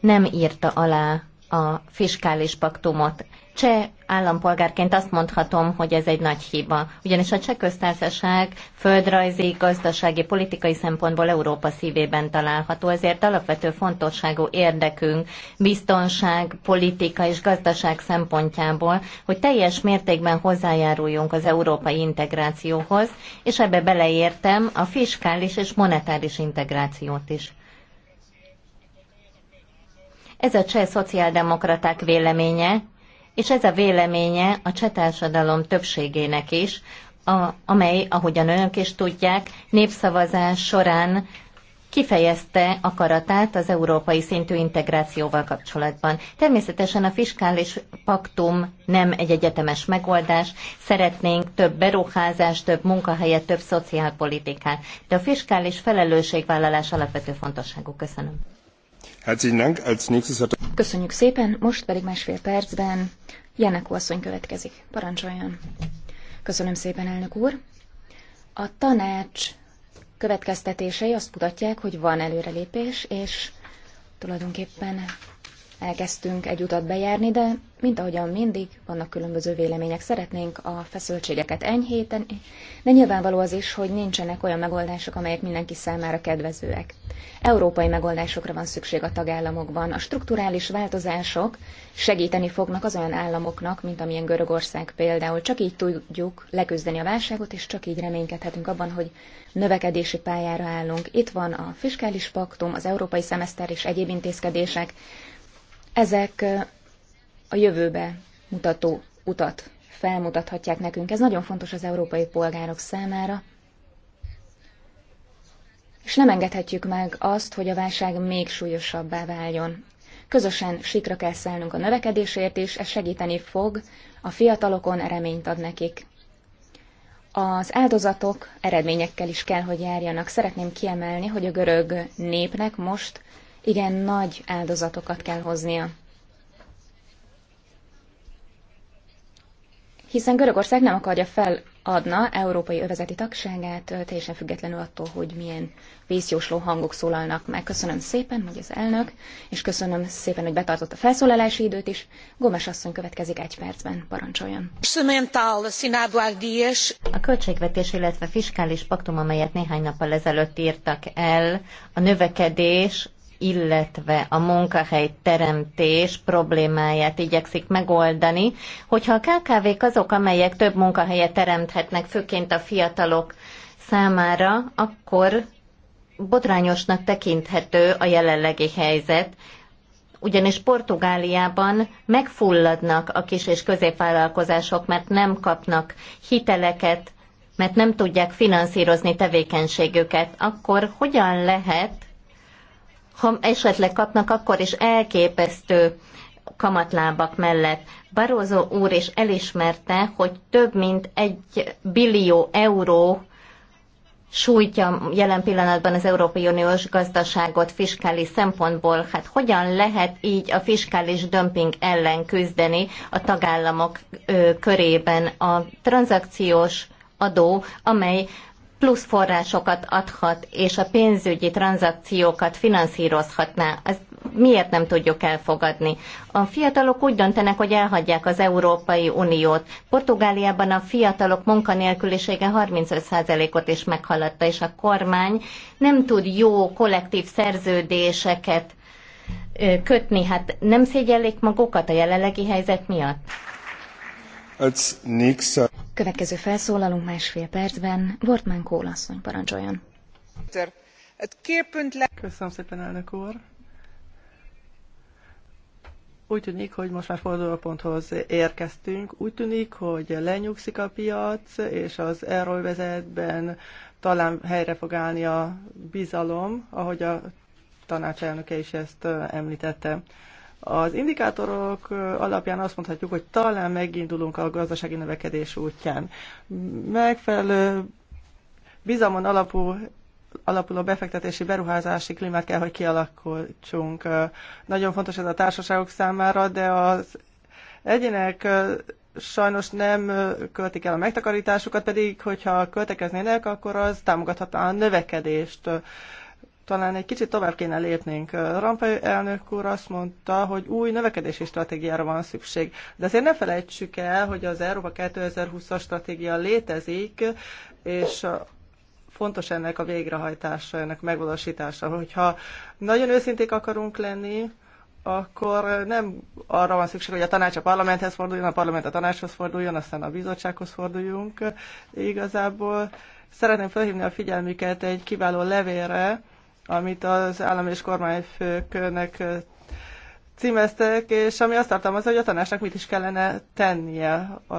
nem írta alá a fiskális paktumot. Cseh állampolgárként azt mondhatom, hogy ez egy nagy hiba, ugyanis a cseh köztársaság földrajzi, gazdasági, politikai szempontból Európa szívében található, ezért alapvető fontosságú érdekünk biztonság, politika és gazdaság szempontjából, hogy teljes mértékben hozzájáruljunk az európai integrációhoz, és ebbe beleértem a fiskális és monetáris integrációt is. Ez a cseh szociáldemokraták véleménye, és ez a véleménye a cseh társadalom többségének is, a, amely, ahogyan önök is tudják, népszavazás során kifejezte akaratát az európai szintű integrációval kapcsolatban. Természetesen a fiskális paktum nem egy egyetemes megoldás, szeretnénk több beruházást, több munkahelyet, több szociálpolitikát, de a fiskális felelősségvállalás alapvető fontosságú. Köszönöm. Köszönjük szépen, most pedig másfél percben Janekó asszony következik. Parancsoljon. Köszönöm szépen, elnök úr. A tanács következtetései azt mutatják, hogy van előrelépés, és tulajdonképpen elkezdtünk egy utat bejárni, de mint ahogyan mindig, vannak különböző vélemények. Szeretnénk a feszültségeket enyhíteni, de nyilvánvaló az is, hogy nincsenek olyan megoldások, amelyek mindenki számára kedvezőek. Európai megoldásokra van szükség a tagállamokban. A strukturális változások segíteni fognak az olyan államoknak, mint amilyen Görögország például. Csak így tudjuk leküzdeni a válságot, és csak így reménykedhetünk abban, hogy növekedési pályára állunk. Itt van a fiskális paktum, az európai szemeszter és egyéb intézkedések, ezek a jövőbe mutató utat felmutathatják nekünk. Ez nagyon fontos az európai polgárok számára, és nem engedhetjük meg azt, hogy a válság még súlyosabbá váljon. Közösen sikra kell szállnunk a növekedésért, és ez segíteni fog, a fiatalokon reményt ad nekik. Az áldozatok eredményekkel is kell, hogy járjanak. Szeretném kiemelni, hogy a görög népnek most igen nagy áldozatokat kell hoznia. Hiszen Görögország nem akarja feladna európai övezeti tagságát, teljesen függetlenül attól, hogy milyen vészjósló hangok szólalnak meg. Köszönöm szépen, hogy az elnök, és köszönöm szépen, hogy betartott a felszólalási időt is. Gomes asszony következik egy percben, parancsoljon. A költségvetés, illetve fiskális paktum, amelyet néhány nappal ezelőtt írtak el, a növekedés illetve a munkahely teremtés problémáját igyekszik megoldani. Hogyha a KKV-k azok, amelyek több munkahelyet teremthetnek, főként a fiatalok számára, akkor botrányosnak tekinthető a jelenlegi helyzet, ugyanis Portugáliában megfulladnak a kis és középvállalkozások, mert nem kapnak hiteleket, mert nem tudják finanszírozni tevékenységüket, akkor hogyan lehet ha esetleg kapnak, akkor is elképesztő kamatlábak mellett. Barózó úr is elismerte, hogy több mint egy billió euró sújtja jelen pillanatban az Európai Uniós gazdaságot fiskális szempontból. Hát hogyan lehet így a fiskális dömping ellen küzdeni a tagállamok körében a tranzakciós adó, amely plusz forrásokat adhat, és a pénzügyi tranzakciókat finanszírozhatná. Ezt miért nem tudjuk elfogadni? A fiatalok úgy döntenek, hogy elhagyják az Európai Uniót. Portugáliában a fiatalok munkanélkülisége 35%-ot is meghaladta, és a kormány nem tud jó kollektív szerződéseket kötni. Hát nem szégyellik magukat a jelenlegi helyzet miatt? Következő felszólalunk másfél percben. Wortmann Kólasszony parancsoljon. Köszönöm szépen, elnök úr. Úgy tűnik, hogy most már fordulóponthoz érkeztünk. Úgy tűnik, hogy lenyugszik a piac, és az euróvezetben talán helyre fog állni a bizalom, ahogy a tanácselnöke is ezt említette. Az indikátorok alapján azt mondhatjuk, hogy talán megindulunk a gazdasági növekedés útján. Megfelelő bizalmon alapú alapuló befektetési beruházási klímát kell, hogy kialakultsunk. Nagyon fontos ez a társaságok számára, de az egyének sajnos nem költik el a megtakarításukat, pedig hogyha költekeznének, akkor az támogathatná a növekedést, talán egy kicsit tovább kéne lépnénk. Rampai elnök úr azt mondta, hogy új növekedési stratégiára van szükség. De azért ne felejtsük el, hogy az Európa 2020-as stratégia létezik, és fontos ennek a végrehajtása, ennek megvalósítása. Hogyha nagyon őszinték akarunk lenni, akkor nem arra van szükség, hogy a tanács a parlamenthez forduljon, a parlament a tanácshoz forduljon, aztán a bizottsághoz forduljunk. Igazából szeretném felhívni a figyelmüket egy kiváló levélre, amit az állam és kormányfőknek címeztek, és ami azt tartalmazza, hogy a tanácsnak mit is kellene tennie. A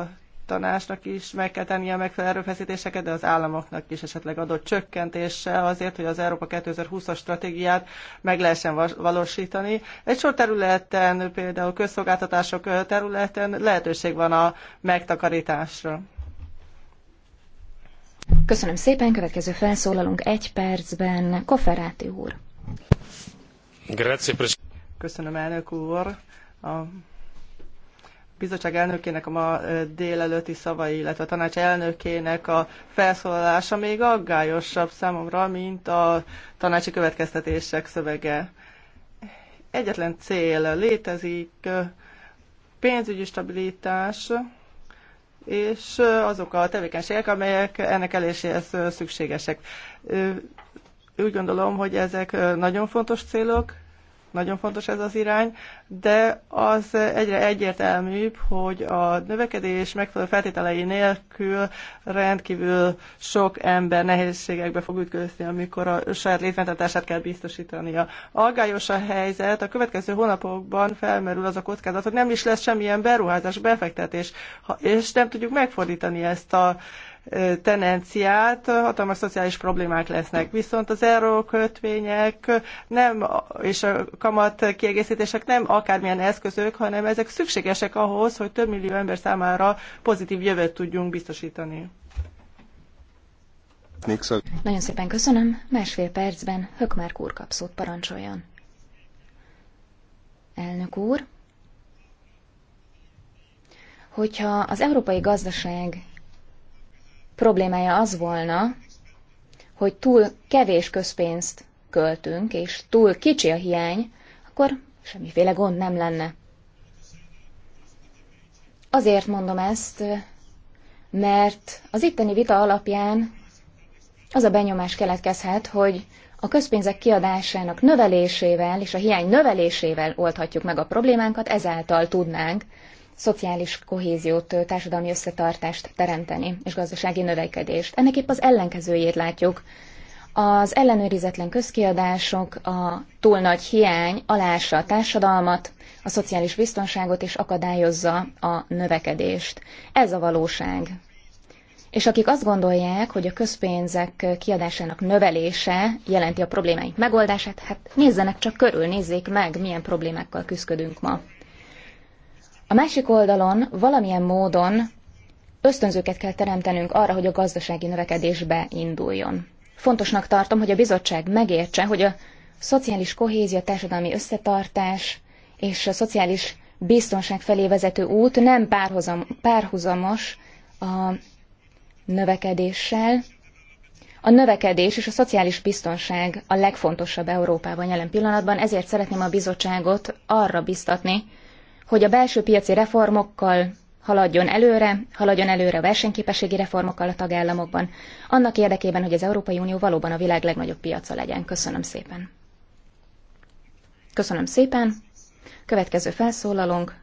tanácsnak is meg kell tennie a megfelelő erőfeszítéseket, de az államoknak is esetleg adott csökkentéssel azért, hogy az Európa 2020-as stratégiát meg lehessen valósítani. Egy sor területen, például közszolgáltatások területen lehetőség van a megtakarításra. Köszönöm szépen, következő felszólalunk egy percben, Koferáti úr. Köszönöm, elnök úr. A bizottság elnökének a ma délelőtti szavai, illetve a tanács elnökének a felszólalása még aggályosabb számomra, mint a tanácsi következtetések szövege. Egyetlen cél létezik, pénzügyi stabilitás, és azok a tevékenységek, amelyek ennek eléséhez szükségesek. Úgy gondolom, hogy ezek nagyon fontos célok, nagyon fontos ez az irány, de az egyre egyértelműbb, hogy a növekedés megfelelő feltételei nélkül rendkívül sok ember nehézségekbe fog ütközni, amikor a saját létfenntartását kell biztosítania. Algályos a helyzet, a következő hónapokban felmerül az a kockázat, hogy nem is lesz semmilyen beruházás, befektetés, és nem tudjuk megfordítani ezt a tendenciát, hatalmas szociális problémák lesznek. Viszont az kötvények nem, és a kamat kiegészítések nem akármilyen eszközök, hanem ezek szükségesek ahhoz, hogy több millió ember számára pozitív jövőt tudjunk biztosítani. Nagyon szépen köszönöm. Másfél percben Hökmárk úr kapszót parancsoljon. Elnök úr, hogyha az európai gazdaság problémája az volna, hogy túl kevés közpénzt költünk, és túl kicsi a hiány, akkor semmiféle gond nem lenne. Azért mondom ezt, mert az itteni vita alapján az a benyomás keletkezhet, hogy a közpénzek kiadásának növelésével és a hiány növelésével oldhatjuk meg a problémánkat, ezáltal tudnánk szociális kohéziót, társadalmi összetartást teremteni, és gazdasági növekedést. Ennek épp az ellenkezőjét látjuk. Az ellenőrizetlen közkiadások, a túl nagy hiány alása a társadalmat, a szociális biztonságot és akadályozza a növekedést. Ez a valóság. És akik azt gondolják, hogy a közpénzek kiadásának növelése jelenti a problémáink megoldását, hát nézzenek csak körül, nézzék meg, milyen problémákkal küzdködünk ma. A másik oldalon valamilyen módon ösztönzőket kell teremtenünk arra, hogy a gazdasági növekedésbe induljon. Fontosnak tartom, hogy a bizottság megértse, hogy a szociális kohézia, társadalmi összetartás és a szociális biztonság felé vezető út nem párhuzam, párhuzamos a növekedéssel. A növekedés és a szociális biztonság a legfontosabb Európában jelen pillanatban, ezért szeretném a bizottságot arra biztatni, hogy a belső piaci reformokkal haladjon előre, haladjon előre a versenyképességi reformokkal a tagállamokban, annak érdekében, hogy az Európai Unió valóban a világ legnagyobb piaca legyen. Köszönöm szépen. Köszönöm szépen. Következő felszólalónk.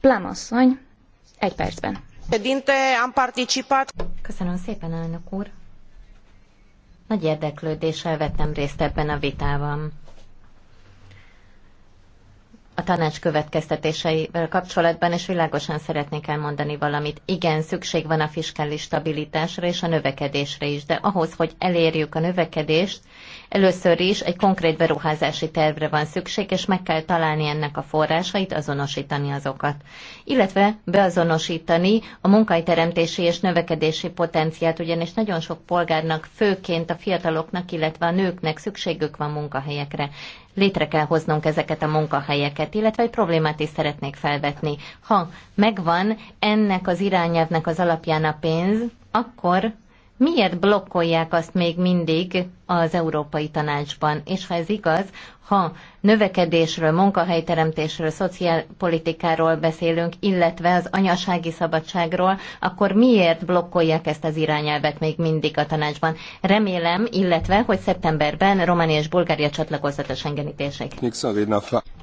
Plámasszony, egy percben. Köszönöm szépen, elnök úr. Nagy érdeklődéssel vettem részt ebben a vitában a tanács következtetéseivel kapcsolatban, és világosan szeretnék elmondani valamit. Igen, szükség van a fiskális stabilitásra és a növekedésre is, de ahhoz, hogy elérjük a növekedést, először is egy konkrét beruházási tervre van szükség, és meg kell találni ennek a forrásait, azonosítani azokat. Illetve beazonosítani a munkahelyteremtési és növekedési potenciált, ugyanis nagyon sok polgárnak, főként a fiataloknak, illetve a nőknek szükségük van munkahelyekre létre kell hoznunk ezeket a munkahelyeket, illetve egy problémát is szeretnék felvetni. Ha megvan ennek az irányelvnek az alapján a pénz, akkor Miért blokkolják azt még mindig az Európai Tanácsban? És ha ez igaz, ha növekedésről, munkahelyteremtésről, szociálpolitikáról beszélünk, illetve az anyasági szabadságról, akkor miért blokkolják ezt az irányelvet még mindig a tanácsban? Remélem, illetve, hogy szeptemberben Románia és Bulgária csatlakozhat a sengenítések.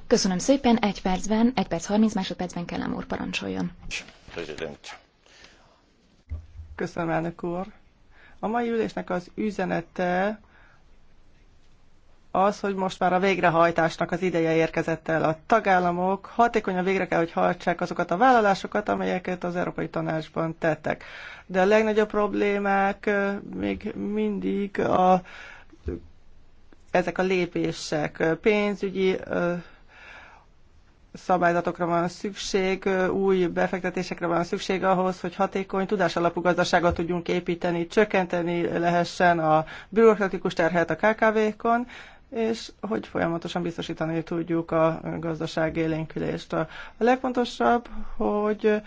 Köszönöm szépen, egy percben, egy perc 30 másodpercben kellem úr parancsoljon. Köszönöm, elnök úr. A mai ülésnek az üzenete az, hogy most már a végrehajtásnak az ideje érkezett el. A tagállamok hatékonyan végre kell, hogy hajtsák azokat a vállalásokat, amelyeket az Európai Tanácsban tettek. De a legnagyobb problémák még mindig a, ezek a lépések. Pénzügyi szabályzatokra van szükség, új befektetésekre van szükség ahhoz, hogy hatékony tudásalapú gazdaságot tudjunk építeni, csökkenteni lehessen a bürokratikus terhet a KKV-kon, és hogy folyamatosan biztosítani tudjuk a gazdaság élénkülést. A legfontosabb, hogy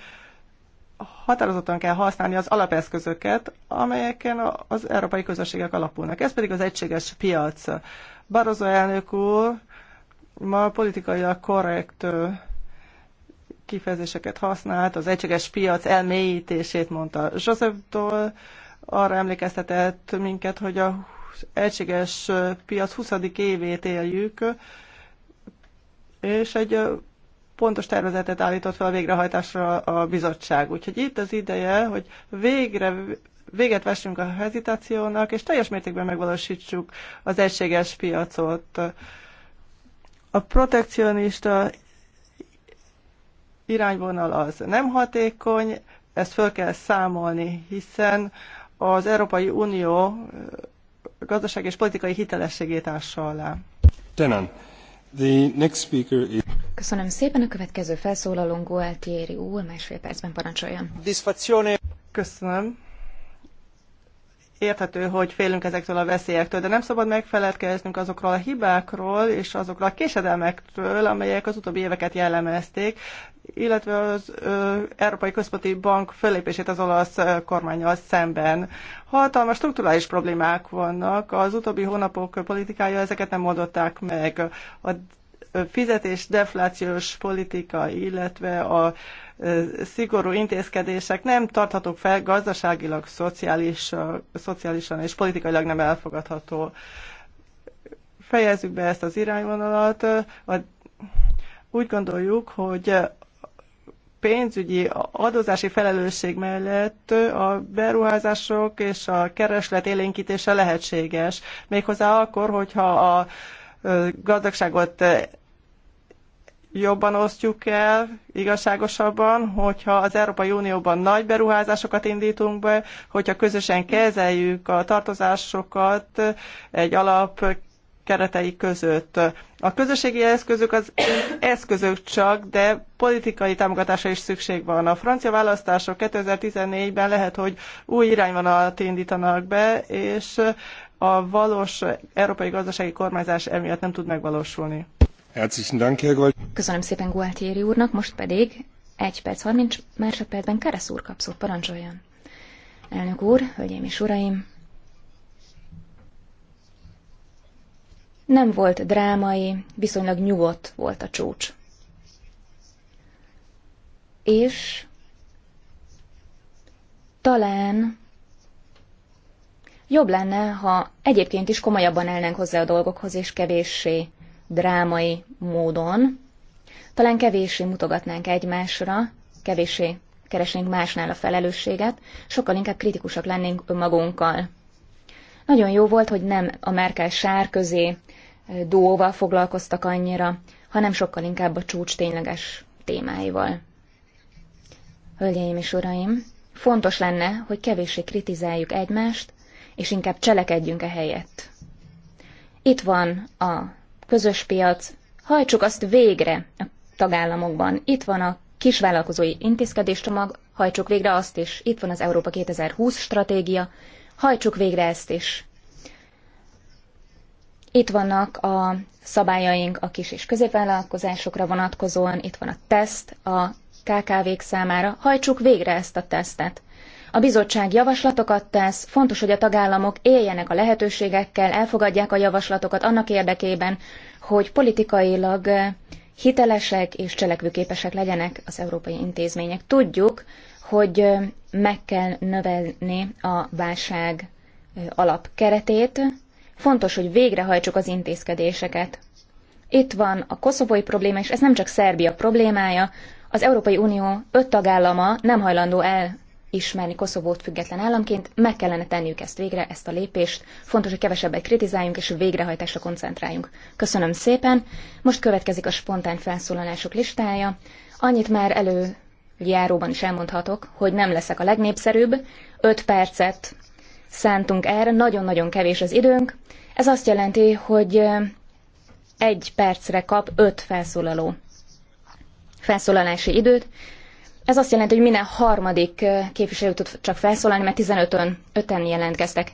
határozottan kell használni az alapeszközöket, amelyeken az európai közösségek alapulnak. Ez pedig az egységes piac. Barozó elnök úr ma politikailag korrekt kifejezéseket használt, az egységes piac elmélyítését mondta. Joseph Doll arra emlékeztetett minket, hogy az egységes piac 20. évét éljük, és egy pontos tervezetet állított fel a végrehajtásra a bizottság. Úgyhogy itt az ideje, hogy végre véget vessünk a hezitációnak, és teljes mértékben megvalósítsuk az egységes piacot. A protekcionista irányvonal az nem hatékony, ezt föl kell számolni, hiszen az Európai Unió gazdasági és politikai hitelességét ássa alá. The next speaker is... Köszönöm szépen, a következő felszólalónk Gualtieri úr, másfél percben parancsoljon. Köszönöm érthető, hogy félünk ezektől a veszélyektől, de nem szabad megfeledkeznünk azokról a hibákról és azokról a késedelmekről, amelyek az utóbbi éveket jellemezték, illetve az ö, Európai Központi Bank fölépését az olasz kormányal szemben. Hatalmas strukturális problémák vannak, az utóbbi hónapok politikája ezeket nem oldották meg. A fizetés deflációs politika, illetve a e, szigorú intézkedések nem tarthatók fel gazdaságilag, szociális, szociálisan és politikailag nem elfogadható. Fejezzük be ezt az irányvonalat. Úgy gondoljuk, hogy pénzügyi adózási felelősség mellett a beruházások és a kereslet élénkítése lehetséges. Méghozzá akkor, hogyha a gazdagságot jobban osztjuk el, igazságosabban, hogyha az Európai Unióban nagy beruházásokat indítunk be, hogyha közösen kezeljük a tartozásokat egy alap keretei között. A közösségi eszközök az eszközök csak, de politikai támogatásra is szükség van. A francia választások 2014-ben lehet, hogy új irányvonalat indítanak be, és a valós európai gazdasági kormányzás emiatt nem tud megvalósulni. Köszönöm szépen Gualtieri úrnak, most pedig 1 perc 30 másodpercben Keresz úr kap szót, parancsoljon. Elnök úr, hölgyeim és uraim! Nem volt drámai, viszonylag nyugodt volt a csúcs. És talán jobb lenne, ha egyébként is komolyabban elnénk hozzá a dolgokhoz, és kevéssé drámai módon. Talán kevéssé mutogatnánk egymásra, kevéssé keresnénk másnál a felelősséget, sokkal inkább kritikusak lennénk önmagunkkal. Nagyon jó volt, hogy nem a Merkel sár közé eh, dóval foglalkoztak annyira, hanem sokkal inkább a csúcs tényleges témáival. Hölgyeim és uraim, fontos lenne, hogy kevéssé kritizáljuk egymást, és inkább cselekedjünk e helyett. Itt van a közös piac, hajtsuk azt végre a tagállamokban. Itt van a kisvállalkozói intézkedéscsomag, hajtsuk végre azt is. Itt van az Európa 2020 stratégia, hajtsuk végre ezt is. Itt vannak a szabályaink a kis és középvállalkozásokra vonatkozóan, itt van a teszt a KKV-k számára, hajtsuk végre ezt a tesztet. A bizottság javaslatokat tesz, fontos, hogy a tagállamok éljenek a lehetőségekkel, elfogadják a javaslatokat annak érdekében, hogy politikailag eh, hitelesek és cselekvőképesek legyenek az európai intézmények. Tudjuk, hogy eh, meg kell növelni a válság eh, alapkeretét. Fontos, hogy végrehajtsuk az intézkedéseket. Itt van a koszovói probléma, és ez nem csak Szerbia problémája. Az Európai Unió öt tagállama nem hajlandó el ismerni Koszovót független államként, meg kellene tenniük ezt végre, ezt a lépést. Fontos, hogy kevesebbet kritizáljunk és a végrehajtásra koncentráljunk. Köszönöm szépen. Most következik a spontán felszólalások listája. Annyit már elő járóban is elmondhatok, hogy nem leszek a legnépszerűbb. Öt percet szántunk erre, nagyon-nagyon kevés az időnk. Ez azt jelenti, hogy egy percre kap öt felszólaló felszólalási időt, ez azt jelenti, hogy minden harmadik képviselő tud csak felszólalni, mert 15-ön, 5 jelentkeztek.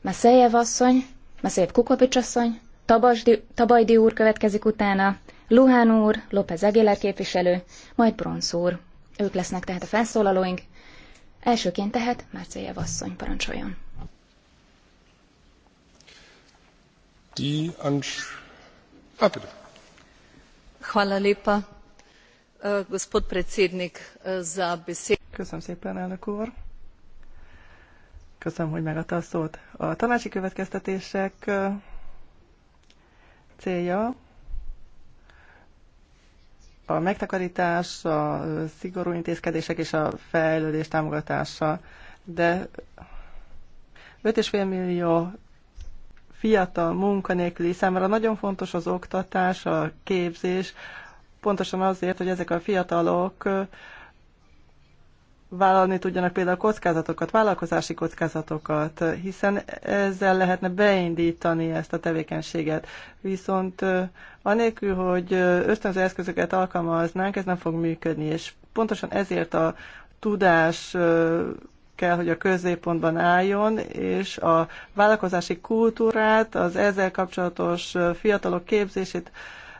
Meszeljev asszony, Meszeljev Kukovics asszony, Tabasdi, Tabajdi úr következik utána, Luhán úr, López Aguilar képviselő, majd Bronz úr. Ők lesznek tehát a felszólalóink. Elsőként tehát Márcéljev asszony parancsoljon. Die Ansch... Ah, gospod predsednik, eh, za Köszönöm szépen, elnök úr. Köszönöm, hogy megadta a szót. A tanácsi következtetések eh, célja a megtakarítás, a eh, szigorú intézkedések és a fejlődés támogatása, de 5,5 millió fiatal munkanélküli számára nagyon fontos az oktatás, a képzés, pontosan azért, hogy ezek a fiatalok vállalni tudjanak például kockázatokat, vállalkozási kockázatokat, hiszen ezzel lehetne beindítani ezt a tevékenységet. Viszont anélkül, hogy ösztönző eszközöket alkalmaznánk, ez nem fog működni, és pontosan ezért a tudás kell, hogy a középpontban álljon, és a vállalkozási kultúrát, az ezzel kapcsolatos fiatalok képzését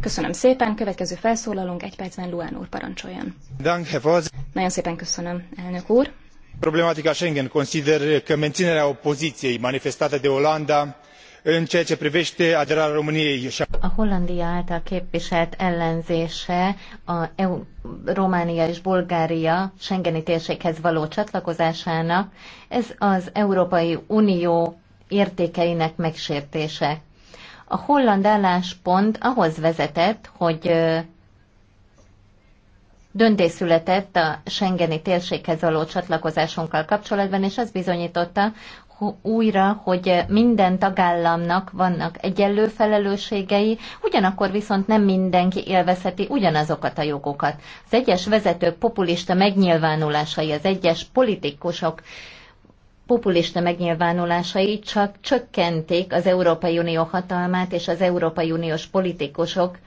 Köszönöm szépen, következő felszólalunk egy percben Luán úr parancsoljon. Nagyon szépen köszönöm, elnök úr. Problematica Schengen consider că menținerea opoziției manifestată de Olanda în ceea ce privește aderarea României și a Hollandia által képviselt ellenzése a EU, Románia és Bulgária Schengeni térséghez való csatlakozásának, ez az Európai Unió értékeinek megsértése. A holland álláspont ahhoz vezetett, hogy döntés született a Schengeni térséghez való csatlakozásunkkal kapcsolatban, és az bizonyította újra, hogy minden tagállamnak vannak egyenlő felelősségei, ugyanakkor viszont nem mindenki élvezheti ugyanazokat a jogokat. Az egyes vezetők populista megnyilvánulásai, az egyes politikusok populista megnyilvánulásai csak csökkenték az Európai Unió hatalmát és az Európai Uniós politikusok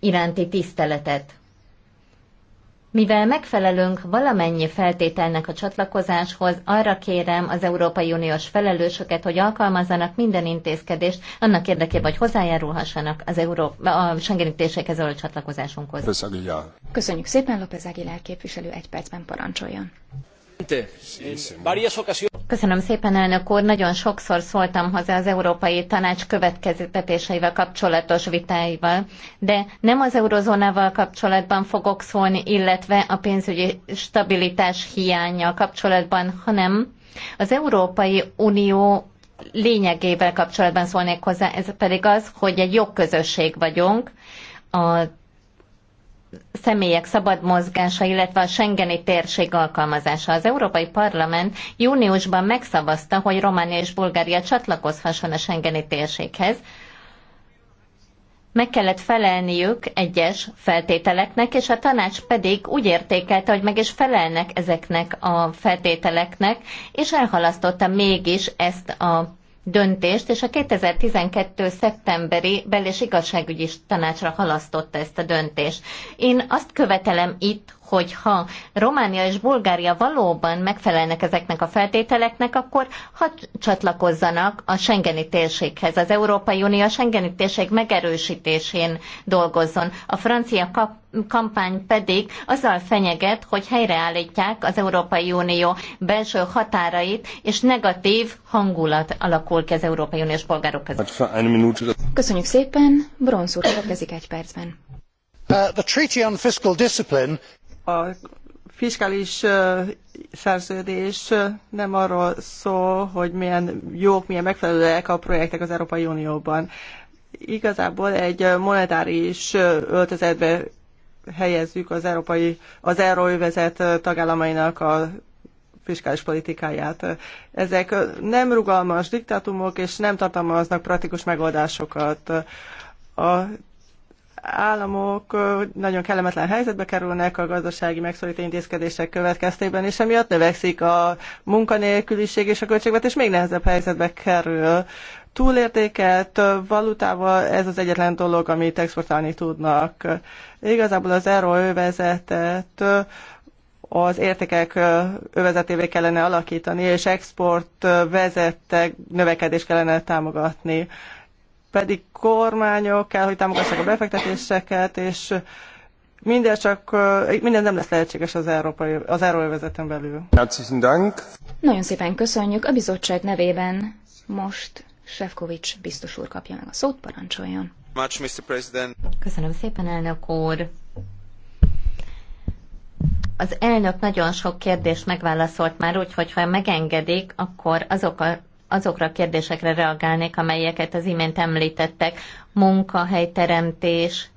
iránti tiszteletet. Mivel megfelelünk valamennyi feltételnek a csatlakozáshoz, arra kérem az Európai Uniós felelősöket, hogy alkalmazzanak minden intézkedést annak érdekében, hogy hozzájárulhassanak az Euró- a Schengeni térséghez csatlakozásunkhoz. Köszönjük szépen, López Aguilar képviselő egy percben parancsoljon. Köszönöm szépen, elnök úr. Nagyon sokszor szóltam hozzá az Európai Tanács következtetéseivel kapcsolatos vitáival, de nem az eurozónával kapcsolatban fogok szólni, illetve a pénzügyi stabilitás hiánya kapcsolatban, hanem az Európai Unió lényegével kapcsolatban szólnék hozzá, ez pedig az, hogy egy jogközösség vagyunk, a személyek szabad mozgása, illetve a Schengeni térség alkalmazása. Az Európai Parlament júniusban megszavazta, hogy Románia és Bulgária csatlakozhasson a Schengeni térséghez. Meg kellett felelniük egyes feltételeknek, és a tanács pedig úgy értékelte, hogy meg is felelnek ezeknek a feltételeknek, és elhalasztotta mégis ezt a döntést, és a 2012. szeptemberi bel- és igazságügyi tanácsra halasztotta ezt a döntést. Én azt követelem itt, hogyha Románia és Bulgária valóban megfelelnek ezeknek a feltételeknek, akkor ha csatlakozzanak a Schengeni térséghez. Az Európai Unió a Schengeni térség megerősítésén dolgozzon. A francia kap kampány pedig azzal fenyeget, hogy helyreállítják az Európai Unió belső határait, és negatív hangulat alakul ki az Európai Uniós polgárok között. Hát, Köszönjük szépen, Bronz úr egy percben. Uh, the treaty on fiscal discipline a fiskális szerződés nem arról szól, hogy milyen jók, milyen megfelelőek a projektek az Európai Unióban. Igazából egy monetáris öltözetbe helyezzük az európai, az euróövezet tagállamainak a fiskális politikáját. Ezek nem rugalmas diktátumok, és nem tartalmaznak praktikus megoldásokat. A államok nagyon kellemetlen helyzetbe kerülnek a gazdasági megszorító intézkedések következtében, és emiatt növekszik a munkanélküliség és a költségvetés még nehezebb helyzetbe kerül. Túlértékelt valutával ez az egyetlen dolog, amit exportálni tudnak. Igazából az övezetet az értékek övezetévé kellene alakítani, és export vezette növekedést kellene támogatni pedig kormányok kell, hogy támogassák a befektetéseket, és minden csak, eh, minden nem lesz lehetséges az, európai, az vezetem belül. Nagyon szépen köszönjük. A bizottság nevében most Sefcovics biztos úr kapja meg a szót, parancsoljon. Much Mr. Köszönöm szépen, elnök úr. Az elnök nagyon sok kérdést megválaszolt már, úgyhogy ha megengedik, akkor azok a azokra a kérdésekre reagálnék, amelyeket az imént említettek, munkahelyteremtés,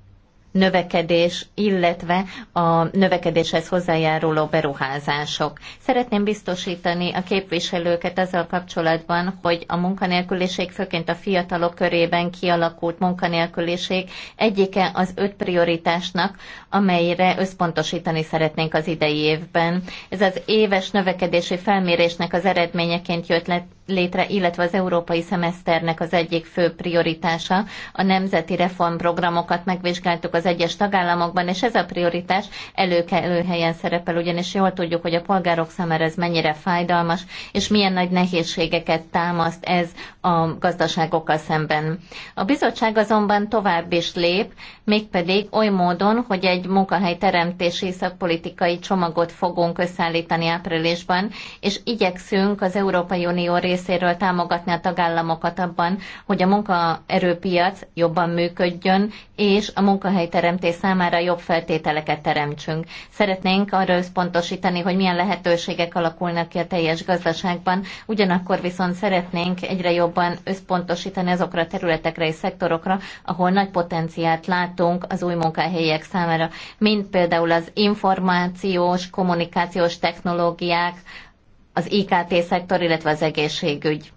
növekedés, illetve a növekedéshez hozzájáruló beruházások. Szeretném biztosítani a képviselőket azzal kapcsolatban, hogy a munkanélküliség, főként a fiatalok körében kialakult munkanélküliség egyike az öt prioritásnak, amelyre összpontosítani szeretnénk az idei évben. Ez az éves növekedési felmérésnek az eredményeként jött, létre, illetve az európai szemeszternek az egyik fő prioritása. A nemzeti reformprogramokat megvizsgáltuk az egyes tagállamokban, és ez a prioritás előkelő helyen szerepel, ugyanis jól tudjuk, hogy a polgárok számára ez mennyire fájdalmas, és milyen nagy nehézségeket támaszt ez a gazdaságokkal szemben. A bizottság azonban tovább is lép, mégpedig oly módon, hogy egy teremtési szakpolitikai csomagot fogunk összeállítani áprilisban, és igyekszünk az Európai Unió részéről részéről támogatni a tagállamokat abban, hogy a munkaerőpiac jobban működjön, és a munkahelyteremtés számára jobb feltételeket teremtsünk. Szeretnénk arra összpontosítani, hogy milyen lehetőségek alakulnak ki a teljes gazdaságban, ugyanakkor viszont szeretnénk egyre jobban összpontosítani azokra a területekre és szektorokra, ahol nagy potenciált látunk az új munkahelyek számára, mint például az információs, kommunikációs technológiák, az IKT szektor, illetve az egészségügy.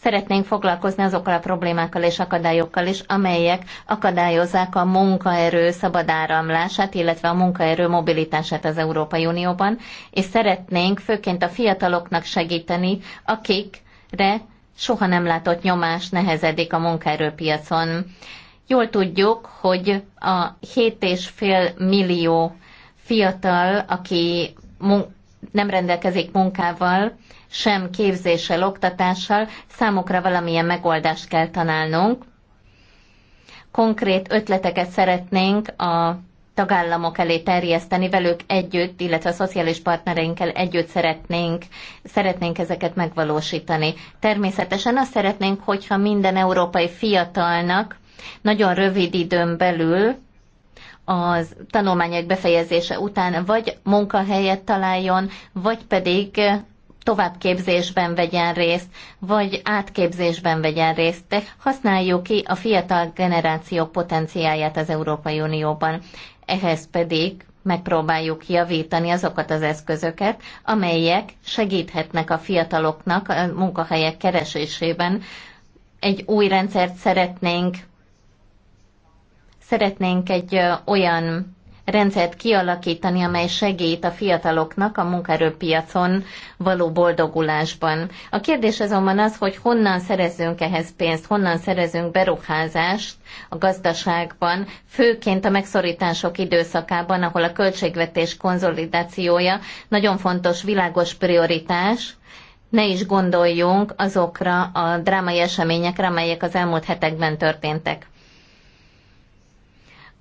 Szeretnénk foglalkozni azokkal a problémákkal és akadályokkal is, amelyek akadályozzák a munkaerő szabad áramlását, illetve a munkaerő mobilitását az Európai Unióban, és szeretnénk főként a fiataloknak segíteni, akikre soha nem látott nyomás nehezedik a munkaerőpiacon. Jól tudjuk, hogy a 7,5 millió fiatal, aki nem rendelkezik munkával, sem képzéssel, oktatással, számukra valamilyen megoldást kell találnunk. Konkrét ötleteket szeretnénk a tagállamok elé terjeszteni, velük együtt, illetve a szociális partnereinkkel együtt szeretnénk, szeretnénk ezeket megvalósítani. Természetesen azt szeretnénk, hogyha minden európai fiatalnak nagyon rövid időn belül az tanulmányok befejezése után vagy munkahelyet találjon, vagy pedig továbbképzésben vegyen részt, vagy átképzésben vegyen részt. De használjuk ki a fiatal generáció potenciáját az Európai Unióban. Ehhez pedig megpróbáljuk javítani azokat az eszközöket, amelyek segíthetnek a fiataloknak a munkahelyek keresésében. Egy új rendszert szeretnénk Szeretnénk egy olyan rendszert kialakítani, amely segít a fiataloknak a munkaerőpiacon való boldogulásban. A kérdés azonban az, hogy honnan szerezzünk ehhez pénzt, honnan szerezünk beruházást a gazdaságban, főként a megszorítások időszakában, ahol a költségvetés konzolidációja nagyon fontos, világos prioritás, ne is gondoljunk azokra a drámai eseményekre, amelyek az elmúlt hetekben történtek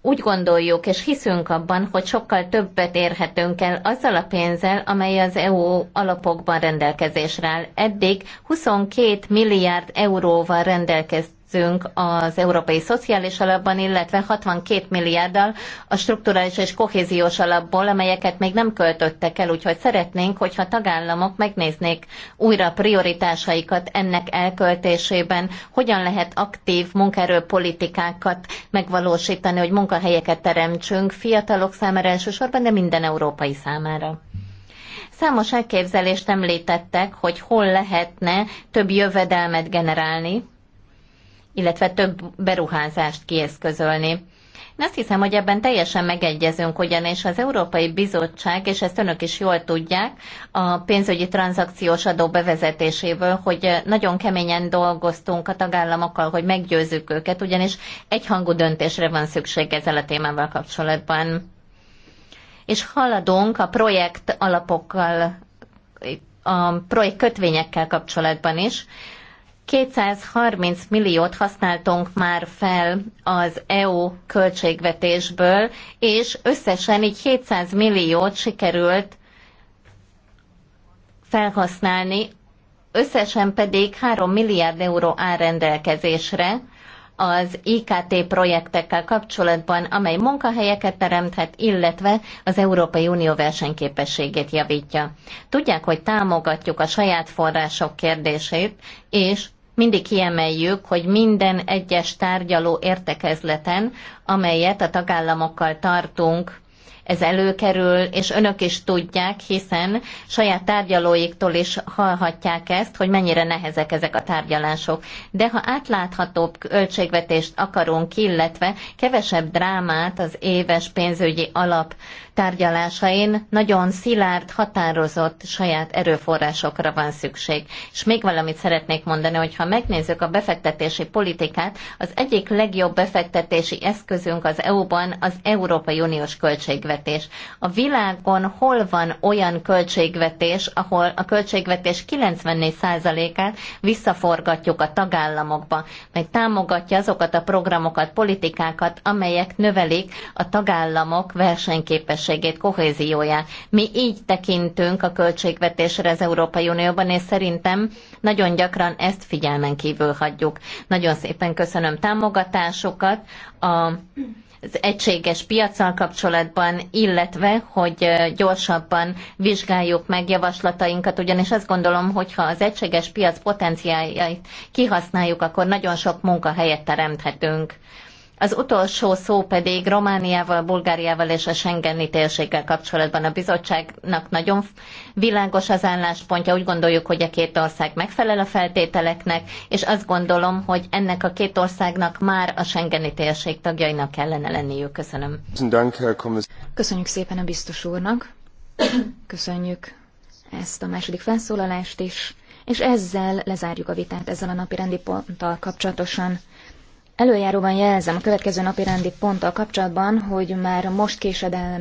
úgy gondoljuk és hiszünk abban, hogy sokkal többet érhetünk el azzal a pénzzel, amely az EU alapokban rendelkezésre áll. Eddig 22 milliárd euróval rendelkeztünk igyekeztünk az Európai Szociális Alapban, illetve 62 milliárddal a strukturális és kohéziós alapból, amelyeket még nem költöttek el, úgyhogy szeretnénk, hogyha a tagállamok megnéznék újra prioritásaikat ennek elköltésében, hogyan lehet aktív munkaerőpolitikákat megvalósítani, hogy munkahelyeket teremtsünk fiatalok számára elsősorban, de minden európai számára. Számos elképzelést említettek, hogy hol lehetne több jövedelmet generálni, illetve több beruházást kieszközölni. Én azt hiszem, hogy ebben teljesen megegyezünk, ugyanis az Európai Bizottság, és ezt önök is jól tudják, a pénzügyi tranzakciós adó bevezetéséből, hogy nagyon keményen dolgoztunk a tagállamokkal, hogy meggyőzzük őket, ugyanis egyhangú döntésre van szükség ezzel a témával kapcsolatban. És haladunk a projekt alapokkal, a projekt kötvényekkel kapcsolatban is, 230 milliót használtunk már fel az EU költségvetésből, és összesen így 700 milliót sikerült felhasználni, összesen pedig 3 milliárd euró áll rendelkezésre az IKT projektekkel kapcsolatban, amely munkahelyeket teremthet, illetve az Európai Unió versenyképességét javítja. Tudják, hogy támogatjuk a saját források kérdését, és mindig kiemeljük, hogy minden egyes tárgyaló értekezleten, amelyet a tagállamokkal tartunk, ez előkerül, és önök is tudják, hiszen saját tárgyalóiktól is hallhatják ezt, hogy mennyire nehezek ezek a tárgyalások. De ha átláthatóbb költségvetést akarunk, illetve kevesebb drámát az éves pénzügyi alap tárgyalásain nagyon szilárd, határozott saját erőforrásokra van szükség. És még valamit szeretnék mondani, hogy ha megnézzük a befektetési politikát, az egyik legjobb befektetési eszközünk az EU-ban az Európai Uniós költségvetés. A világon hol van olyan költségvetés, ahol a költségvetés 94%-át visszaforgatjuk a tagállamokba, mely támogatja azokat a programokat, politikákat, amelyek növelik a tagállamok versenyképességét partnerségét, kohézióját. Mi így tekintünk a költségvetésre az Európai Unióban, és szerintem nagyon gyakran ezt figyelmen kívül hagyjuk. Nagyon szépen köszönöm támogatásokat a az egységes piacsal kapcsolatban, illetve, hogy gyorsabban vizsgáljuk meg javaslatainkat, ugyanis azt gondolom, hogy ha az egységes piac potenciáljait kihasználjuk, akkor nagyon sok munkahelyet teremthetünk az utolsó szó pedig Romániával, Bulgáriával és a Schengeni térséggel kapcsolatban a bizottságnak nagyon világos az álláspontja. Úgy gondoljuk, hogy a két ország megfelel a feltételeknek, és azt gondolom, hogy ennek a két országnak már a Schengeni térség tagjainak kellene lenniük. Köszönöm. Köszönjük szépen a biztos úrnak. Köszönjük ezt a második felszólalást is, és ezzel lezárjuk a vitát ezzel a napi rendi ponttal kapcsolatosan. Előjáróban jelzem a következő napi rendi ponttal kapcsolatban, hogy már most késedelem